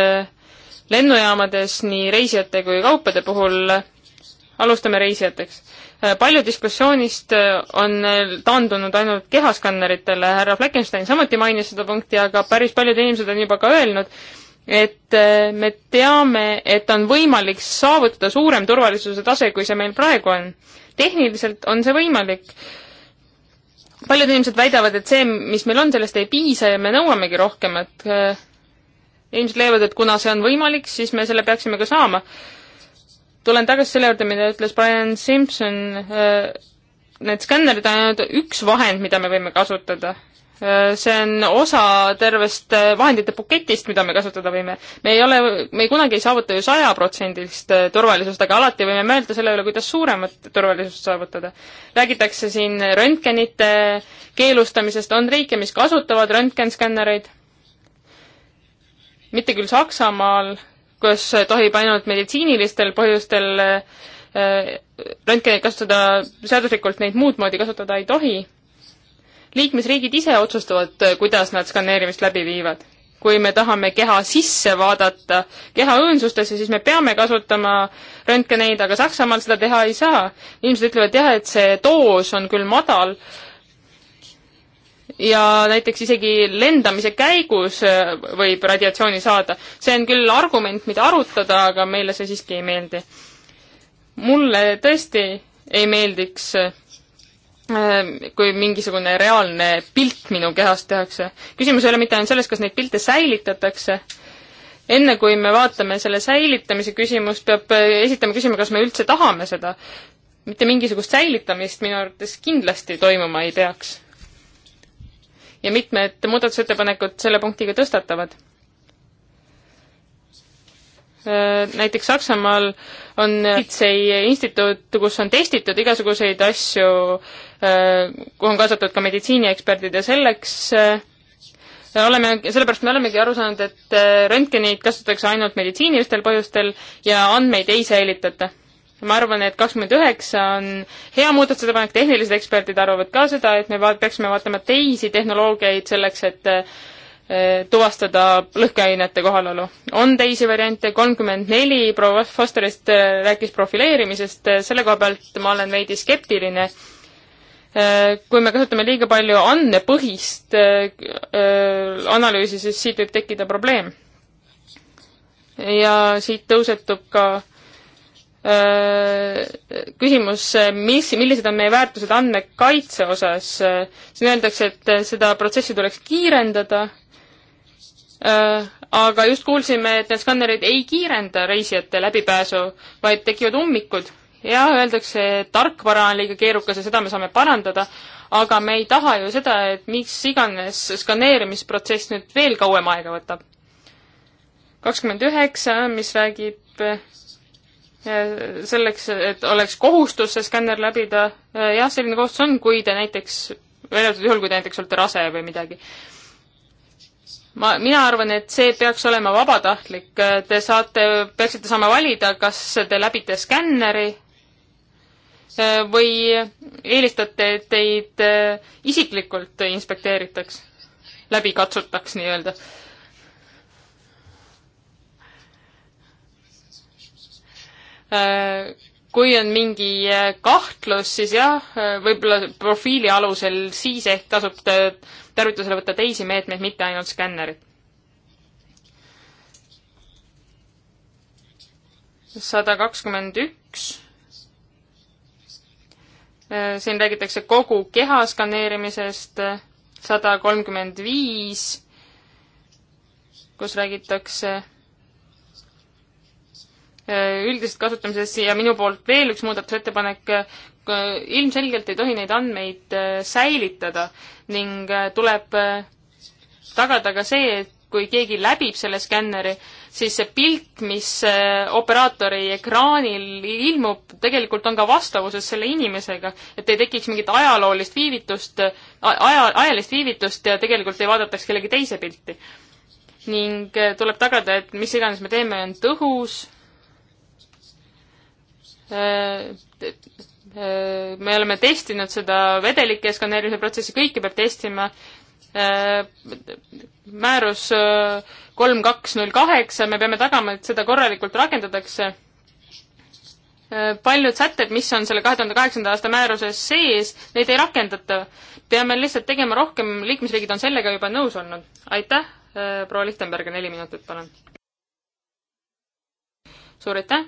lennujaamades nii reisijate kui kaupade puhul, alustame reisijateks Äh, palju diskussioonist äh, on äh, taandunud ainult kehaskanneritele, härra Fleckenstein samuti mainis seda punkti, aga päris paljud inimesed on juba ka öelnud, et me teame, et on võimalik saavutada suurem turvalisuse tase, kui see meil praegu on. tehniliselt on see võimalik. paljud inimesed väidavad, et see, mis meil on, sellest ei piisa ja me nõuamegi rohkem, et inimesed leiavad, et kuna see on võimalik, siis me selle peaksime ka saama tulen tagasi selle juurde, mida ütles Brian Simson, äh, need skännerid on ainult üks vahend, mida me võime kasutada. Äh, see on osa tervest äh, vahendite buketist, mida me kasutada võime. me ei ole, me ei kunagi ei saavuta ju sajaprotsendilist turvalisust, aga alati võime mõelda selle üle, kuidas suuremat turvalisust saavutada. räägitakse siin röntgenite keelustamisest, on riike, mis kasutavad röntgenskännereid, mitte küll Saksamaal, kus tohib ainult meditsiinilistel põhjustel äh, röntgeneid kasutada seaduslikult, neid muud moodi kasutada ei tohi. liikmesriigid ise otsustavad, kuidas nad skaneerimist läbi viivad. kui me tahame keha sisse vaadata keha õõnsustesse, siis me peame kasutama röntgeneid, aga Saksamaal seda teha ei saa. inimesed ütlevad jah, et see doos on küll madal, ja näiteks isegi lendamise käigus äh, võib radiatsiooni saada. see on küll argument, mida arutada, aga meile see siiski ei meeldi. mulle tõesti ei meeldiks, äh, kui mingisugune reaalne pilt minu kehast tehakse. küsimus ei ole mitte ainult selles, kas neid pilte säilitatakse, enne kui me vaatame selle säilitamise küsimust, peab äh, esitama küsima, kas me üldse tahame seda. mitte mingisugust säilitamist minu arvates kindlasti toimuma ei peaks ja mitmed muudatusettepanekud selle punktiga tõstatavad. Äh, näiteks Saksamaal on politsei instituut, kus on testitud igasuguseid asju, äh, kuhu on kaasatud ka meditsiinieksperdid ja selleks äh, oleme, sellepärast me olemegi aru saanud, et röntgenit kasutatakse ainult meditsiinilistel põhjustel ja andmeid ei säilitata ma arvan, et kakskümmend üheksa on hea muudatusettepanek, tehnilised eksperdid arvavad ka seda, et me va-, peaksime vaatama teisi tehnoloogiaid selleks, et eh, tuvastada lõhkeainete kohalolu. on teisi variante, kolmkümmend neli, proua Fosterist eh, rääkis profileerimisest, eh, selle koha pealt ma olen veidi skeptiline. Kui me kasutame liiga palju andmepõhist analüüsi, siis siit võib tekkida probleem. ja siit tõusetub ka küsimus, mis, millised on meie väärtused andmekaitse osas. siin öeldakse, et seda protsessi tuleks kiirendada, aga just kuulsime, et need skannerid ei kiirenda reisijate läbipääsu, vaid tekivad ummikud. jah, öeldakse, et tarkvara on liiga keerukas ja seda me saame parandada, aga me ei taha ju seda, et miks iganes skaneerimisprotsess nüüd veel kauem aega võtab. kakskümmend üheksa, mis räägib Äh, selleks, et oleks kohustus see skänner läbida, äh, jah, selline kohustus on, kui te näiteks, välja arvatud juhul, kui te näiteks olete rase või midagi. ma, mina arvan, et see peaks olema vabatahtlik, äh, te saate, peaksite saama valida, kas te läbite skänneri või eelistate, et teid isiklikult inspekteeritaks, läbi katsutaks nii-öelda kui on mingi äh, kahtlus, siis jah, äh, võib-olla profiili alusel, siis ehk tasub tarvitusele võtta teisi meetmeid, mitte ainult skännerit. sada kakskümmend üks. Äh, siin räägitakse kogu keha skaneerimisest, sada kolmkümmend viis, kus räägitakse Äh, üldisest kasutamisest ja minu poolt veel üks muudatusettepanek, äh, ilmselgelt ei tohi neid andmeid äh, säilitada ning tuleb tagada ka see, et kui keegi läbib selle skänneri, siis see pilt, mis operaatori ekraanil ilmub, tegelikult on ka vastavuses selle inimesega, et ei tekiks mingit ajaloolist viivitust, aja, ajalist viivitust ja tegelikult ei vaadataks kellegi teise pilti. ning tuleb tagada, et mis iganes me teeme, on tõhus, me oleme testinud seda vedelike skaneerimise protsessi, kõike peab testima. määrus kolm kaks null kaheksa, me peame tagama, et seda korralikult rakendatakse. paljud sätted, mis on selle kahe tuhande kaheksanda aasta määruses sees, neid ei rakendata. peame lihtsalt tegema rohkem, liikmesriigid on sellega juba nõus olnud. aitäh, proua Lichtenberg, neli minutit, palun. suur aitäh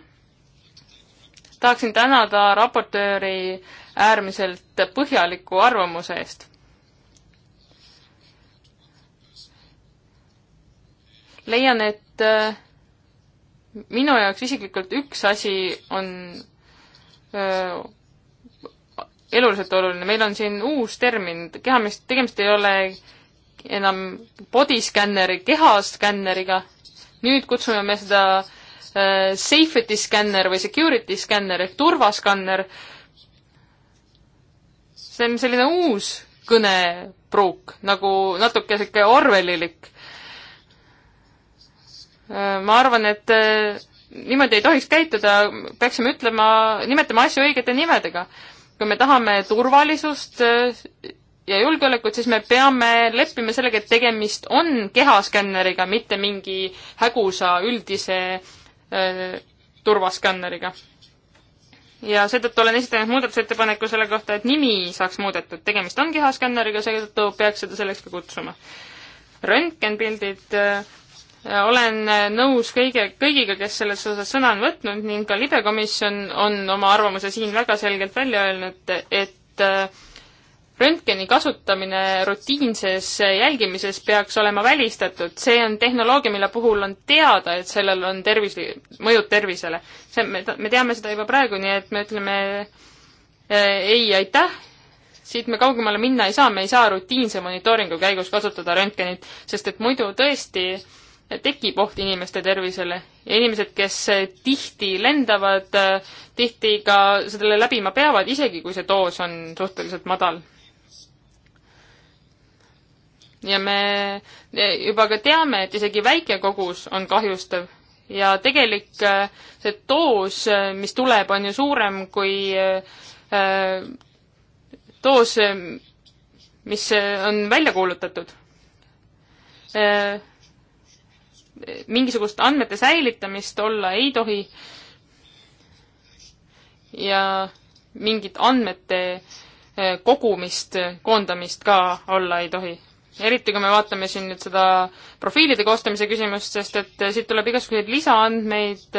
tahaksin tänada raportööri äärmiselt põhjaliku arvamuse eest. leian, et äh, minu jaoks isiklikult üks asi on öö, äh, eluliselt oluline, meil on siin uus termin, kehamist, tegemist ei ole enam body skänneri, kehaskänneriga, nüüd kutsume me seda Äh, safety skänner või security skänner ehk turvaskanner. see on selline uus kõnepruuk, nagu natuke sihuke orwellilik. Äh, ma arvan, et äh, niimoodi ei tohiks käituda, peaksime ütlema, nimetama asju õigete nimedega. kui me tahame turvalisust ja julgeolekut, siis me peame leppima sellega, et tegemist on kehaskanneriga, mitte mingi hägusa üldise äh, Äh, turvaskanneriga. ja seetõttu olen esitanud muudatusettepaneku selle kohta, et nimi saaks muudetud, tegemist on kehaskänneriga, seetõttu peaks seda selleks ka kutsuma. röntgenpildid äh, olen äh, nõus kõige, kõigiga, kes selles osas sõna on võtnud ning ka libekomisjon on oma arvamuse siin väga selgelt välja öelnud, et röntgeni kasutamine rutiinses jälgimises peaks olema välistatud, see on tehnoloogia, mille puhul on teada, et sellel on tervis, mõjud tervisele. see, me, me teame seda juba praegu, nii et me ütleme eh, ei, aitäh, siit me kaugemale minna ei saa, me ei saa rutiinse monitooringu käigus kasutada röntgenit, sest et muidu tõesti tekib oht inimeste tervisele ja inimesed, kes tihti lendavad, tihti ka sellele läbima peavad, isegi kui see doos on suhteliselt madal ja me juba ka teame, et isegi väike kogus on kahjustav ja tegelik äh, see doos, äh, mis tuleb, on ju suurem kui doos, äh, mis on välja kuulutatud. mingisugust andmete säilitamist olla ei tohi ja mingit andmete kogumist, koondamist ka olla ei tohi eriti kui me vaatame siin nüüd seda profiilide koostamise küsimust, sest et siit tuleb igasuguseid lisaandmeid,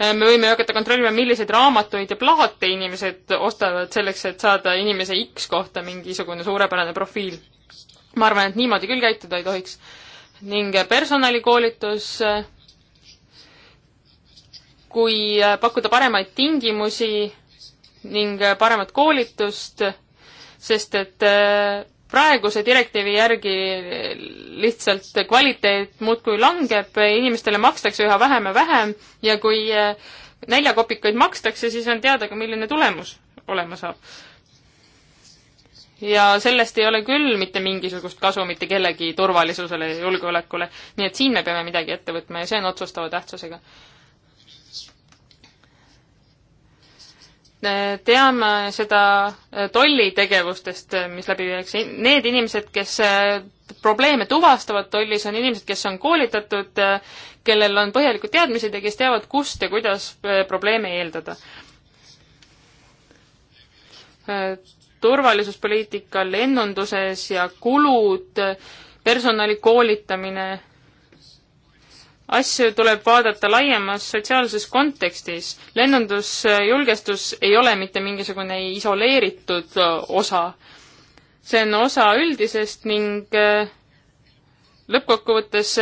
me võime hakata kontrollima, milliseid raamatuid ja plaate inimesed ostavad selleks, et saada inimese X kohta mingisugune suurepärane profiil. ma arvan, et niimoodi küll käituda ei tohiks. ning personalikoolitus, kui pakkuda paremaid tingimusi ning paremat koolitust, sest et praeguse direktiivi järgi lihtsalt kvaliteet muudkui langeb, inimestele makstakse üha vähem ja vähem ja kui eh, näljakopikaid makstakse, siis on teada ka, milline tulemus olema saab. ja sellest ei ole küll mitte mingisugust kasu mitte kellegi turvalisusele ja julgeolekule, nii et siin me peame midagi ette võtma ja see on otsustava tähtsusega teame seda äh, tollitegevustest, äh, mis läbi viiakse. Need inimesed, kes äh, probleeme tuvastavad tollis, on inimesed, kes on koolitatud, kellel on põhjalikud teadmised ja kes teavad, kust ja kuidas probleeme eeldada. turvalisuspoliitika lennunduses ja kulud, personali koolitamine asju tuleb vaadata laiemas sotsiaalses kontekstis. lennundusjulgestus ei ole mitte mingisugune isoleeritud osa. see on osa üldisest ning lõppkokkuvõttes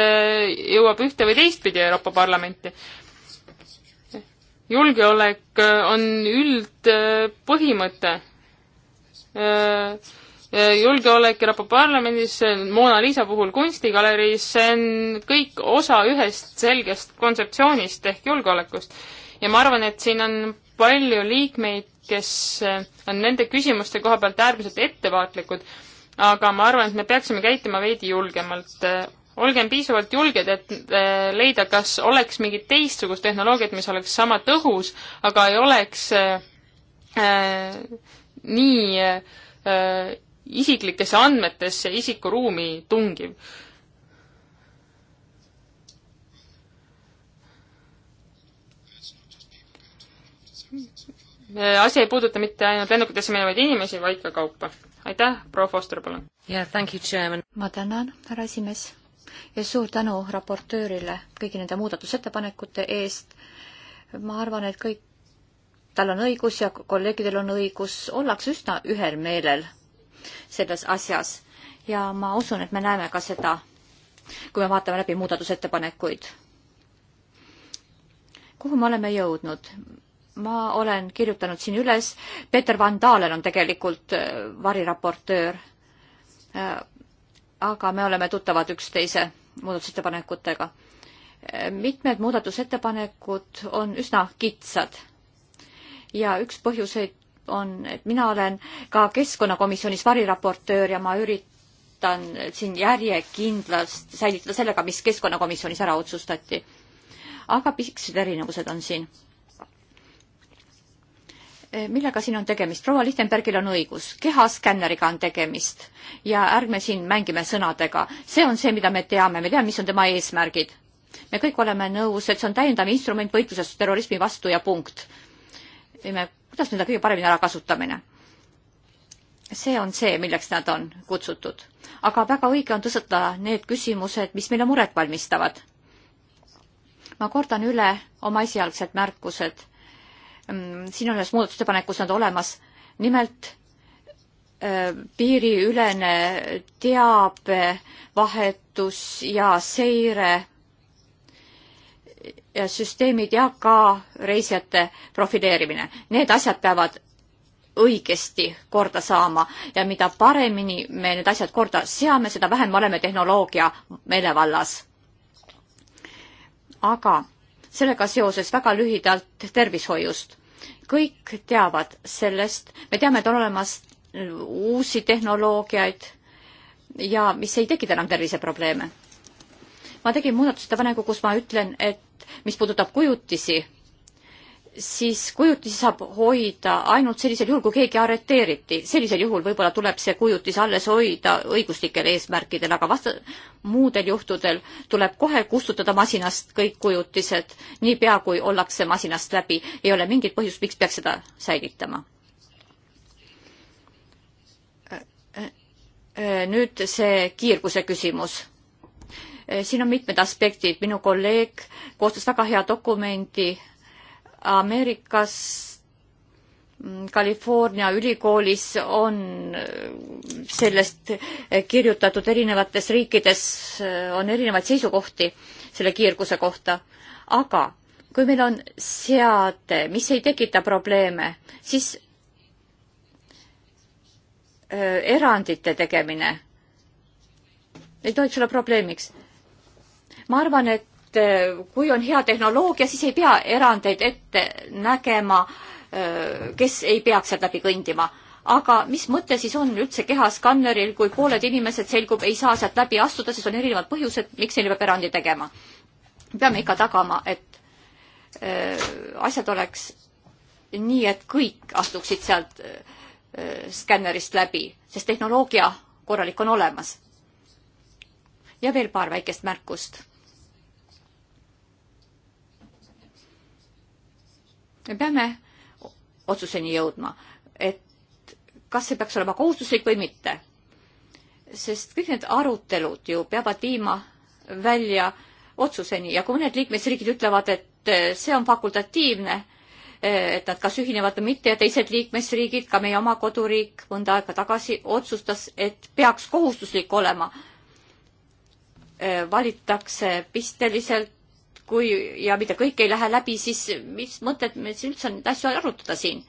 jõuab ühte või teistpidi Euroopa Parlamenti. julgeolek on üldpõhimõte Eh, julgeolek Euroopa Parlamendis, eh, Mona Lisa puhul kunstigaleriis, see on kõik osa ühest selgest kontseptsioonist ehk julgeolekust. ja ma arvan, et siin on palju liikmeid, kes eh, on nende küsimuste koha pealt äärmiselt ettevaatlikud, aga ma arvan, et me peaksime käituma veidi julgemalt. olgem piisavalt julged, et leida, kas oleks mingit teistsugust tehnoloogiat, mis oleks sama tõhus, aga ei oleks äh, nii äh, isiklikesse andmetesse isikuruumi tungiv. asi ei puuduta mitte ainult lennukitesse minevaid inimesi, vaid ka kaupa. aitäh, proua Foster, palun! jaa, thank you, chairman! ma tänan, härra esimees! ja suur tänu raportöörile kõigi nende muudatusettepanekute eest. ma arvan, et kõik, tal on õigus ja kolleegidel on õigus, ollakse üsna ühel meelel selles asjas ja ma usun, et me näeme ka seda, kui me vaatame läbi muudatusettepanekuid. kuhu me oleme jõudnud? ma olen kirjutanud siin üles, Peeter Van Dalen on tegelikult äh, variraportöör. Äh, aga me oleme tuttavad üksteise muudatusettepanekutega. Äh, mitmed muudatusettepanekud on üsna kitsad ja üks põhjuseid on, et mina olen ka keskkonnakomisjonis variraportöör ja ma üritan siin järjekindlast säilitada sellega, mis keskkonnakomisjonis ära otsustati. aga pisikesed erinevused on siin. E, millega siin on tegemist? proua Lichtenbergil on õigus, kehaskänneriga on tegemist ja ärme siin mängime sõnadega. see on see, mida me teame, me teame, mis on tema eesmärgid. me kõik oleme nõus, et see on täiendav instrument võitluses terrorismi vastu ja punkt e, me kuidas me seda kõige paremini ära kasutamine. see on see, milleks nad on kutsutud. aga väga õige on tõstatada need küsimused, mis meile muret valmistavad. ma kordan üle oma esialgsed märkused. Mm, siin on ühes muudatusettepanekus nad olemas. nimelt piiriülene teabevahetus ja seire ja süsteemid ja ka reisijate profileerimine. Need asjad peavad õigesti korda saama ja mida paremini me need asjad korda seame, seda vähem me oleme tehnoloogia meelevallas. aga sellega seoses väga lühidalt tervishoiust. kõik teavad sellest, me teame, et on olemas uusi tehnoloogiaid ja mis ei tekita enam terviseprobleeme. ma tegin muudatusettepaneku, kus ma ütlen, et mis puudutab kujutisi, siis kujutisi saab hoida ainult sellisel juhul, kui keegi arreteeriti. sellisel juhul võib-olla tuleb see kujutis alles hoida õiguslikel eesmärkidel, aga vasta-, muudel juhtudel tuleb kohe kustutada masinast kõik kujutised, niipea kui ollakse masinast läbi. ei ole mingit põhjust, miks peaks seda säilitama. nüüd see kiirguse küsimus Eh, siin on mitmed aspektid, minu kolleeg koostas väga hea dokumendi Ameerikas mm, California ülikoolis on eh, sellest eh, kirjutatud erinevates riikides, on erinevaid seisukohti selle kiirguse kohta, aga kui meil on seade, mis ei tekita probleeme, siis erandite tegemine ei tohiks olla probleemiks ma arvan, et äh, kui on hea tehnoloogia, siis ei pea erandeid ette nägema, äh, kes ei peaks sealt läbi kõndima. aga mis mõte siis on üldse kehaskanneril, kui pooled inimesed, selgub, ei saa sealt läbi astuda, siis on erinevad põhjused, miks neile peab erandi tegema. peame ikka tagama, et äh, asjad oleks nii, et kõik astuksid sealt skännerist läbi, sest tehnoloogia korralik on olemas ja veel paar väikest märkust. me peame otsuseni jõudma, et kas see peaks olema kohustuslik või mitte. sest kõik need arutelud ju peavad viima välja otsuseni ja kui mõned liikmesriigid ütlevad, et see on fakultatiivne, et nad kas ühinevad või mitte ja teised liikmesriigid, ka meie oma koduriik mõnda aega tagasi otsustas, et peaks kohustuslik olema Äh, valitakse pisteliselt, kui ja mitte kõik ei lähe läbi, siis mis mõtet meil siin üldse on neid asju arutada siin?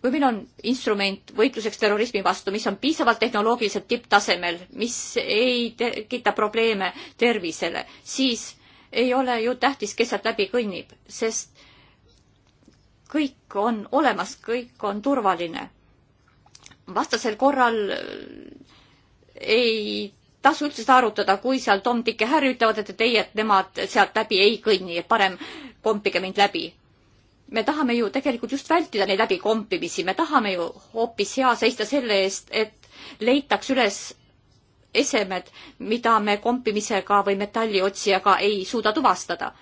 kui meil on instrument võitluseks terrorismi vastu, mis on piisavalt tehnoloogiliselt tipptasemel, mis ei tekita probleeme tervisele, siis ei ole ju tähtis, kes sealt läbi kõnnib, sest kõik on olemas, kõik on turvaline. vastasel korral ei tasu üldse seda arutada, kui seal Tom, Dick ja Harry ütlevad, et teie, et nemad sealt läbi ei kõnni, et parem kompige mind läbi. me tahame ju tegelikult just vältida neid läbikompimisi, me tahame ju hoopis hea seista selle eest, et leitaks üles esemed, mida me kompimisega või metalliotsijaga ei suuda tuvastada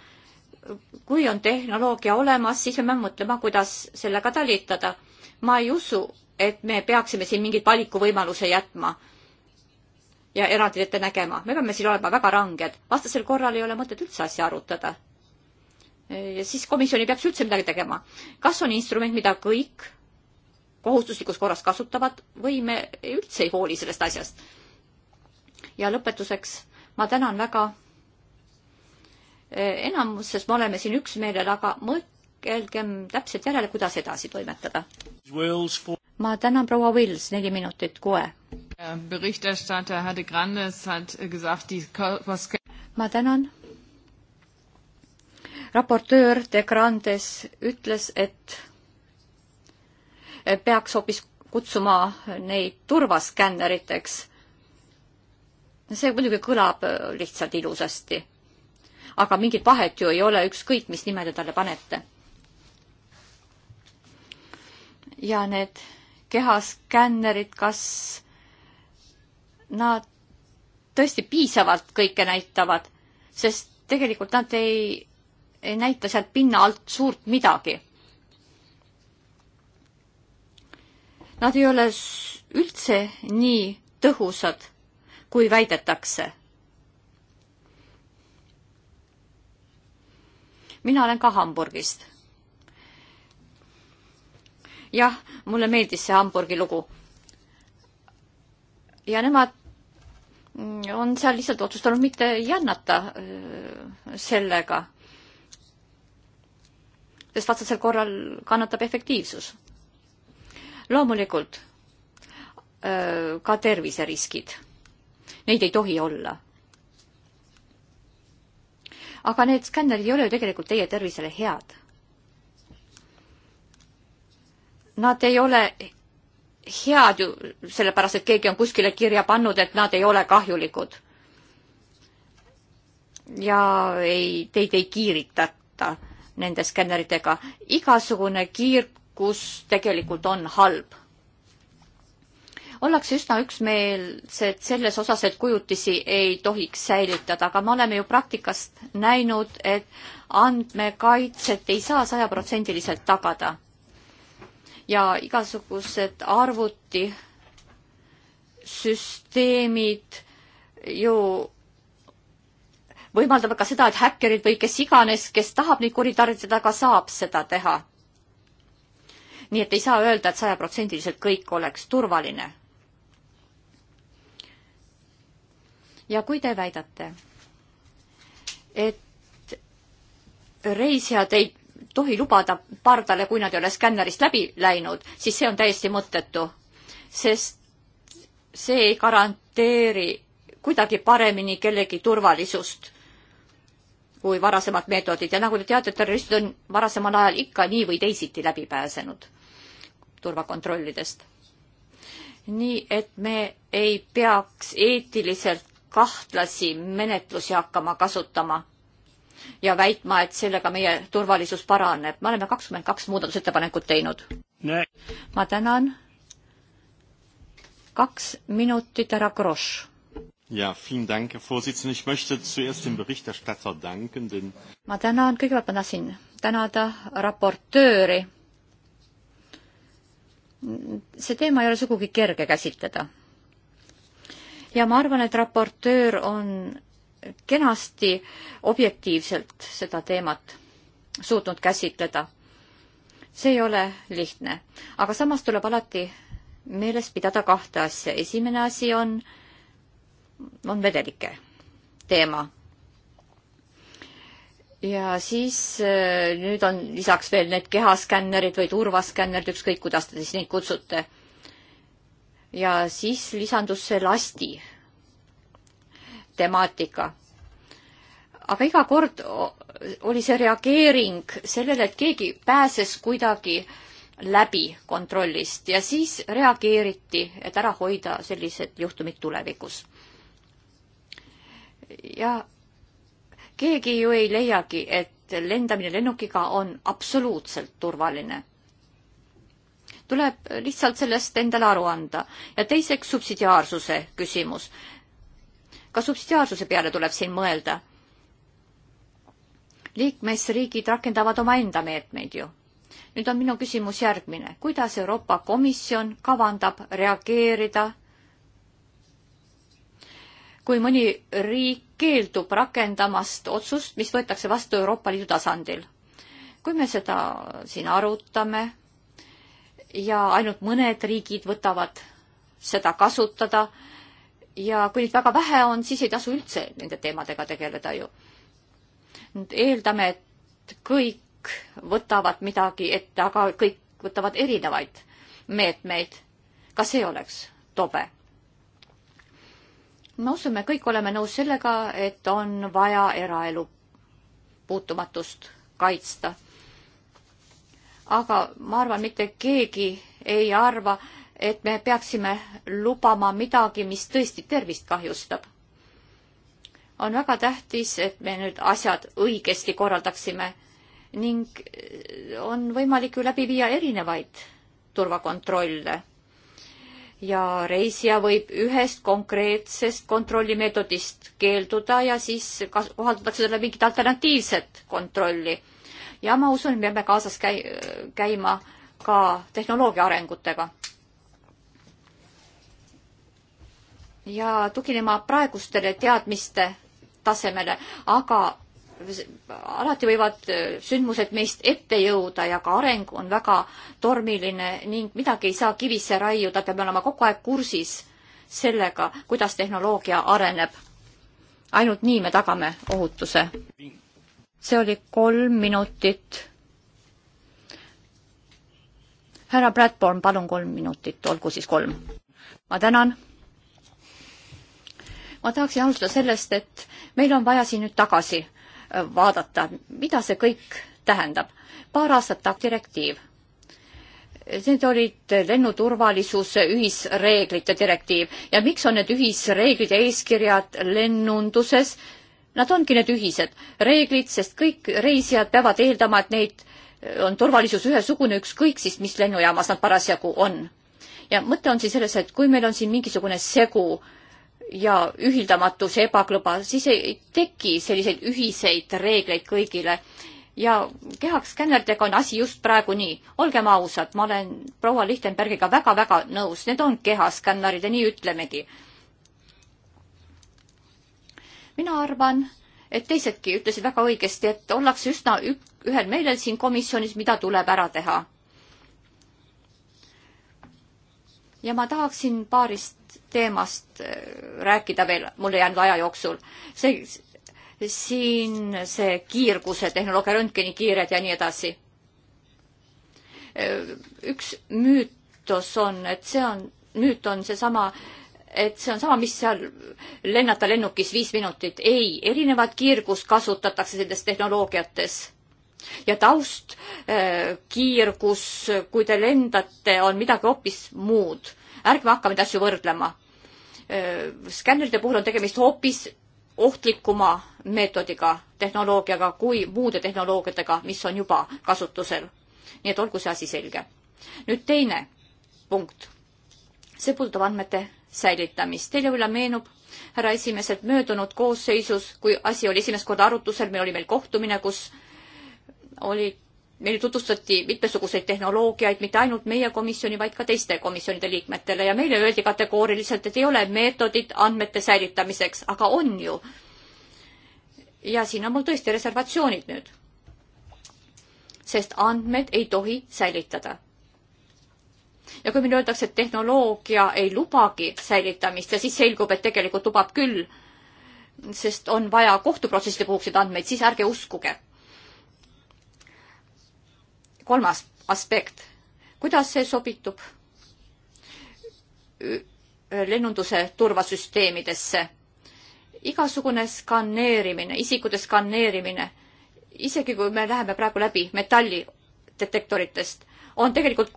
kui on tehnoloogia olemas, siis me peame mõtlema, kuidas sellega talitada. ma ei usu, et me peaksime siin mingeid valikuvõimaluse jätma ja erandid ette nägema. me peame siin olema väga ranged, vastasel korral ei ole mõtet üldse asja arutada. ja siis komisjon ei peaks üldse midagi tegema. kas on instrument, mida kõik kohustuslikus korras kasutavad või me üldse ei hooli sellest asjast? ja lõpetuseks ma tänan väga. enamuses me oleme siin üksmeelel, aga mõelgem täpselt järele, kuidas edasi toimetada ma tänan, proua Vils, neli minutit, kohe. ma tänan. raportöör De Grandes ütles, et eh, peaks hoopis kutsuma neid turvaskänneriteks. see muidugi kõlab eh, lihtsalt ilusasti. aga mingit vahet ju ei ole, ükskõik mis nime te talle panete. ja need kehaskännerid, kas nad tõesti piisavalt kõike näitavad, sest tegelikult nad ei, ei näita sealt pinna alt suurt midagi. Nad ei ole üldse nii tõhusad, kui väidetakse. mina olen ka Hamburgist jah, mulle meeldis see Hamburgi lugu. ja nemad on seal lihtsalt otsustanud mitte jännata äh, sellega. sest vastasel korral kannatab efektiivsus. loomulikult äh, ka terviseriskid. Neid ei tohi olla. aga need skännerid ei ole ju tegelikult teie tervisele head nad ei ole head ju sellepärast, et keegi on kuskile kirja pannud, et nad ei ole kahjulikud. ja ei, teid ei kiiritata nende skänneritega. igasugune kiirgus tegelikult on halb. ollakse üsna üksmeelsed selles osas, et kujutisi ei tohiks säilitada, aga me oleme ju praktikast näinud, et andmekaitset ei saa sajaprotsendiliselt tagada ja igasugused arvutisüsteemid ju võimaldavad ka seda, et häkkerid või kes iganes, kes tahab neid kuritarvitada, ka saab seda teha. nii et ei saa öelda et, et sajaprotsendiliselt kõik oleks turvaline. ja kui te väidate, et reisijad ei tohi lubada pardale, kui nad ei ole skännerist läbi läinud, siis see on täiesti mõttetu. sest see ei garanteeri kuidagi paremini kellegi turvalisust kui varasemad meetodid ja nagu te teate, terroristid on varasemal ajal ikka nii või teisiti läbi pääsenud turvakontrollidest. nii et me ei peaks eetiliselt kahtlasi menetlusi hakkama kasutama ja väitma, et sellega meie turvalisus paraneb. me oleme kakskümmend kaks muudatusettepanekut teinud. ma tänan. kaks minutit, härra Grosch. Ja, vielen Dank, Herr Vorsitzender. Ich möchte zuerst dem Berichterstatter danken, denn ma tänan, kõigepealt ma tahtsin tänada raportööri. see teema ei ole sugugi kerge käsitleda ja ma arvan, et raportöör on kenasti objektiivselt seda teemat suutnud käsitleda. see ei ole lihtne, aga samas tuleb alati meeles pidada kahte asja. esimene asi on, on vedelike teema. ja siis äh, nüüd on lisaks veel need kehaskännerid või turvaskännerid, ükskõik kuidas te siis neid kutsute. ja siis lisandus see lasti temaatika. aga iga kord oli see reageering sellele, et keegi pääses kuidagi läbi kontrollist ja siis reageeriti, et ära hoida sellised juhtumid tulevikus. ja keegi ju ei leiagi, et lendamine lennukiga on absoluutselt turvaline tuleb lihtsalt sellest endale aru anda. ja teiseks subsidiaarsuse küsimus ka subsidiaarsuse peale tuleb siin mõelda. liikmesriigid rakendavad omaenda meetmeid ju. nüüd on minu küsimus järgmine, kuidas Euroopa Komisjon kavandab reageerida kui mõni riik keeldub rakendamast otsust, mis võetakse vastu Euroopa Liidu tasandil. kui me seda siin arutame ja ainult mõned riigid võtavad seda kasutada, ja kui neid väga vähe on, siis ei tasu üldse nende teemadega tegeleda ju. eeldame, et kõik võtavad midagi ette, aga kõik võtavad erinevaid meetmeid. ka see oleks tobe. ma usun, me kõik oleme nõus sellega, et on vaja eraelu puutumatust kaitsta. aga ma arvan, mitte keegi ei arva, et me peaksime lubama midagi, mis tõesti tervist kahjustab. on väga tähtis, et me nüüd asjad õigesti korraldaksime ning on võimalik ju läbi viia erinevaid turvakontrolle. ja reisija võib ühest konkreetsest kontrollimeetodist keelduda ja siis kas-, kohaldatakse talle mingit alternatiivset kontrolli. ja ma usun, et me peame kaasas käi-, käima ka tehnoloogia arengutega ja tuginema praegustele teadmiste tasemele, aga alati võivad äh, sündmused meist ette jõuda ja ka areng on väga tormiline ning midagi ei saa kivisse raiuda, peame olema kogu aeg kursis sellega, kuidas tehnoloogia areneb. ainult nii me tagame ohutuse. see oli kolm minutit. härra Bradborn, palun kolm minutit, olgu siis kolm. ma tänan ma tahaksin alustada sellest, et meil on vaja siin nüüd tagasi äh, vaadata, mida see kõik tähendab. paar aastat tagasi direktiiv. Need olid lennuturvalisuse ühisreeglite direktiiv ja miks on need ühisreeglid ja eeskirjad lennunduses? Nad ongi need ühised reeglid, sest kõik reisijad peavad eeldama, et neid äh, on turvalisus ühesugune, ükskõik siis, mis lennujaamas nad parasjagu on. ja mõte on siis selles, et kui meil on siin mingisugune segu ja ühildamatus ja ebaklõba, siis ei teki selliseid ühiseid reegleid kõigile. ja kehakskännerdega on asi just praegu nii. olgem ausad, ma olen proua Lichtenbergiga väga-väga nõus, need on kehaskännerid ja nii ütlemegi. mina arvan, et teisedki ütlesid väga õigesti, et ollakse üsna ühel meelel siin komisjonis, mida tuleb ära teha. ja ma tahaksin paarist teemast äh, rääkida veel mulle jäänud aja jooksul. see, siin see kiirguse tehnoloogia, röntgenikiired ja nii edasi. Äh, üks müütos on, et see on, müüt on seesama, et see on sama, mis seal lennata lennukis viis minutit. ei, erinevat kiirgust kasutatakse nendes tehnoloogiates ja taust, äh, kiirgus, kui te lendate, on midagi hoopis muud ärgme hakkame neid asju võrdlema. skännerite puhul on tegemist hoopis ohtlikuma meetodiga, tehnoloogiaga kui muude tehnoloogiatega, mis on juba kasutusel. nii et olgu see asi selge. nüüd teine punkt. see puudutab andmete säilitamist. Teile võib-olla meenub, härra esimees, et möödunud koosseisus, kui asi oli esimest korda arutusel, meil oli meil kohtumine, kus olid meile tutvustati mitmesuguseid tehnoloogiaid, mitte ainult meie komisjoni, vaid ka teiste komisjonide liikmetele ja meile öeldi kategooriliselt, et ei ole meetodit andmete säilitamiseks, aga on ju. ja siin on mul tõesti reservatsioonid nüüd. sest andmed ei tohi säilitada. ja kui meile öeldakse, et tehnoloogia ei lubagi säilitamist ja siis selgub, et tegelikult lubab küll, sest on vaja kohtuprotsesside puhuks neid andmeid, siis ärge uskuge kolmas aspekt, kuidas see sobitub lennunduse turvasüsteemidesse? igasugune skaneerimine, isikute skaneerimine, isegi kui me läheme praegu läbi metallidetektoritest, on tegelikult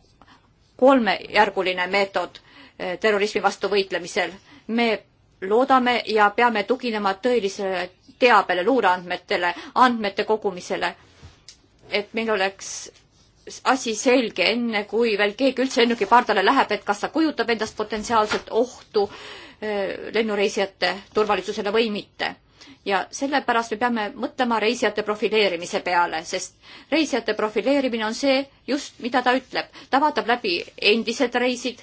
kolmejärguline meetod eh, terrorismi vastu võitlemisel. me loodame ja peame tuginema tõelisele teabele, luureandmetele, andmete kogumisele, et meil oleks asi selge, enne kui veel keegi üldse lennuki pardale läheb, et kas ta kujutab endast potentsiaalselt ohtu äh, lennureisijate turvalisusele või mitte. ja sellepärast me peame mõtlema reisijate profileerimise peale, sest reisijate profileerimine on see just, mida ta ütleb. ta vaatab läbi endised reisid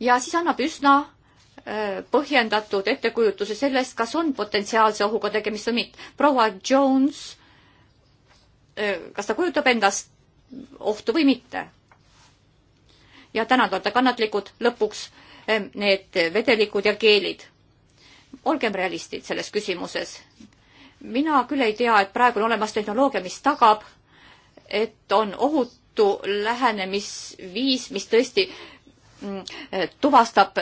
ja siis annab üsna äh, põhjendatud ettekujutuse sellest, kas on potentsiaalse ohuga tegemist või mitte. proua Jones kas ta kujutab endast ohtu või mitte. ja täna te olete kannatlikud, lõpuks need vedelikud ja keelid. olgem realistid selles küsimuses. mina küll ei tea, et praegu on olemas tehnoloogia, mis tagab, et on ohutu lähenemisviis, mis tõesti mm, tuvastab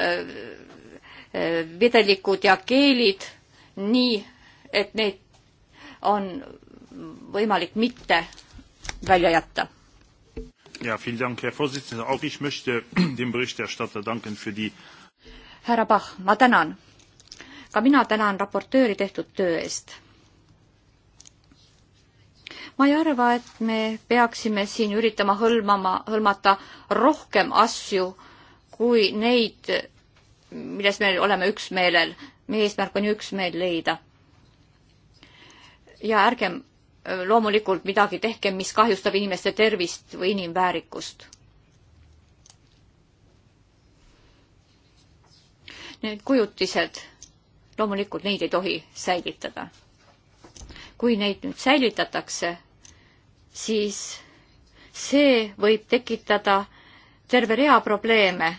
vedelikud ja keelid nii, et neid on võimalik mitte välja jätta. Ja, vielen Dank, Herr Vorsitzender. Auch ich möchte dem Berichterstatter danken für die härra Bach, ma tänan. ka mina tänan raportööri tehtud töö eest. ma ei arva, et me peaksime siin üritama hõlmama, hõlmata rohkem asju kui neid, milles me oleme üksmeelel. meie eesmärk on ju üksmeel leida. ja ärgem loomulikult midagi tehkem, mis kahjustab inimeste tervist või inimväärikust. Need kujutised, loomulikult neid ei tohi säilitada. kui neid nüüd säilitatakse, siis see võib tekitada terve rea probleeme.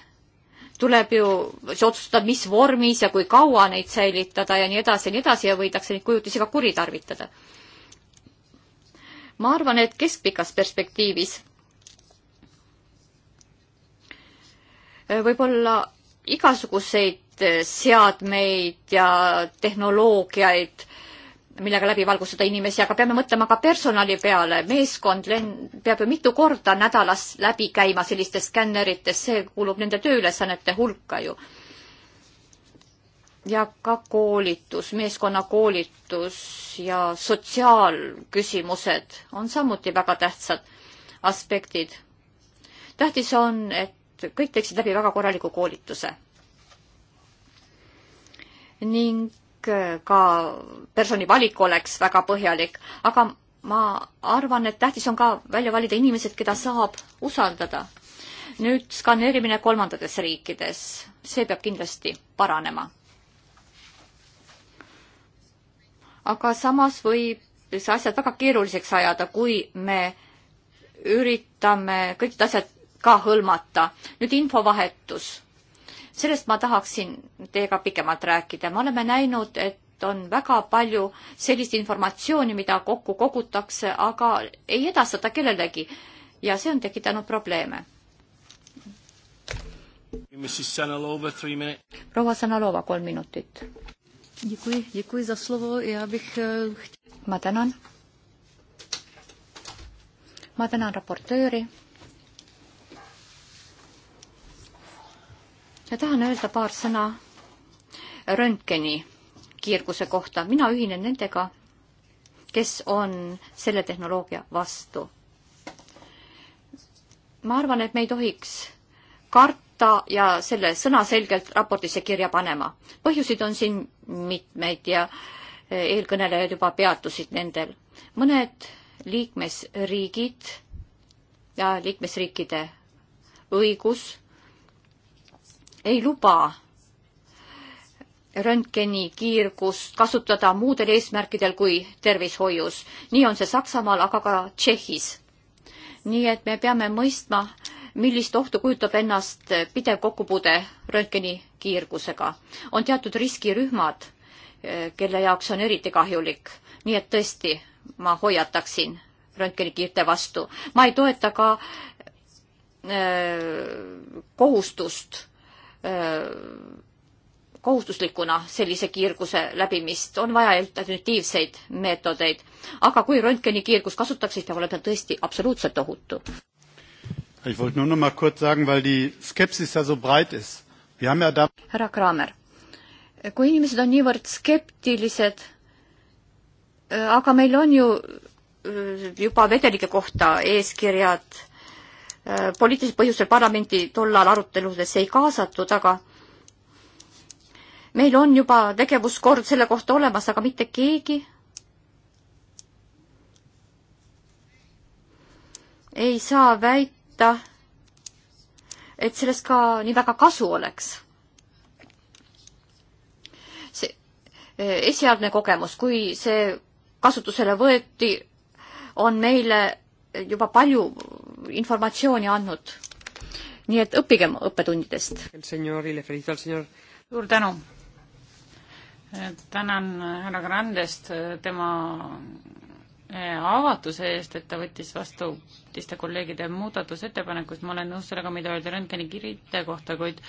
tuleb ju, see otsustab, mis vormis ja kui kaua neid säilitada ja nii edasi ja nii edasi ja võidakse neid kujutisi ka kuritarvitada ma arvan, et keskpikas perspektiivis võib-olla igasuguseid seadmeid ja tehnoloogiaid, millega läbi valgustada inimesi, aga peame mõtlema ka personali peale. meeskond lend-, peab ju mitu korda nädalas läbi käima sellistes skännerites, see kuulub nende tööülesannete hulka ju ja ka koolitus, meeskonnakoolitus ja sotsiaalküsimused on samuti väga tähtsad aspektid. tähtis on, et kõik teeksid läbi väga korraliku koolituse. ning äh, ka personi valik oleks väga põhjalik, aga ma arvan, et tähtis on ka välja valida inimesed, keda saab usaldada. nüüd skaneerimine kolmandates riikides, see peab kindlasti paranema aga samas võib see asjad väga keeruliseks ajada, kui me üritame kõik need asjad ka hõlmata. nüüd infovahetus. sellest ma tahaksin teiega pikemalt rääkida. me oleme näinud, et on väga palju sellist informatsiooni, mida kokku kogutakse, aga ei edastata kellelegi ja see on tekitanud probleeme. proua Sanalova, kolm minutit Děkuji, děkuji za slovo. Já bych... Eh, ma tänan. Ma tänan raportööri. ja tahan öelda paar sõna röntgeni kiirguse kohta. mina ühinen nendega, kes on selle tehnoloogia vastu. ma arvan, et me ei tohiks karta ja selle sõna selgelt raportisse kirja panema. põhjuseid on siin mitmeid ja eh, eelkõnelejad juba peatusid nendel. mõned liikmesriigid ja liikmesriikide õigus ei luba röntgeni kiirgust kasutada muudel eesmärkidel kui tervishoius. nii on see Saksamaal, aga ka Tšehhis. nii et me peame mõistma, millist ohtu kujutab ennast pidev kokkupuude röntgeni kiirgusega. on teatud riskirühmad, eh, kelle jaoks on eriti kahjulik. nii et tõesti, ma hoiataksin röntgenikiirte vastu. ma ei toeta ka öö, eh, kohustust öö, eh, kohustuslikuna sellise kiirguse läbimist, on vaja alternatiivseid meetodeid. aga kui röntgenikiirgus kasutatakse, siis peab olema tõesti absoluutselt ohutu. Ich wollte nur noch mal kurz sagen, weil die Skepsis ja so breit ist. Wir haben ja da härra Kramer, kui inimesed on niivõrd skeptilised, äh, aga meil on ju äh, juba vedelike kohta eeskirjad, äh, poliitilisel põhjusel parlamenti tollal aruteludesse ei kaasatud, aga meil on juba tegevuskord selle kohta olemas, aga mitte keegi ei saa väita, võtta, et sellest ka nii väga kasu oleks. see e, esialgne kogemus, kui see kasutusele võeti, on meile juba palju informatsiooni andnud. nii et õppigem õppetundidest. suur tänu. tänan härra Grandest tema avatuse eest, et ta võttis vastu teiste kolleegide muudatusettepanekud, ma olen nõus sellega, mida öeldi Röntgeni kirite kohta, kuid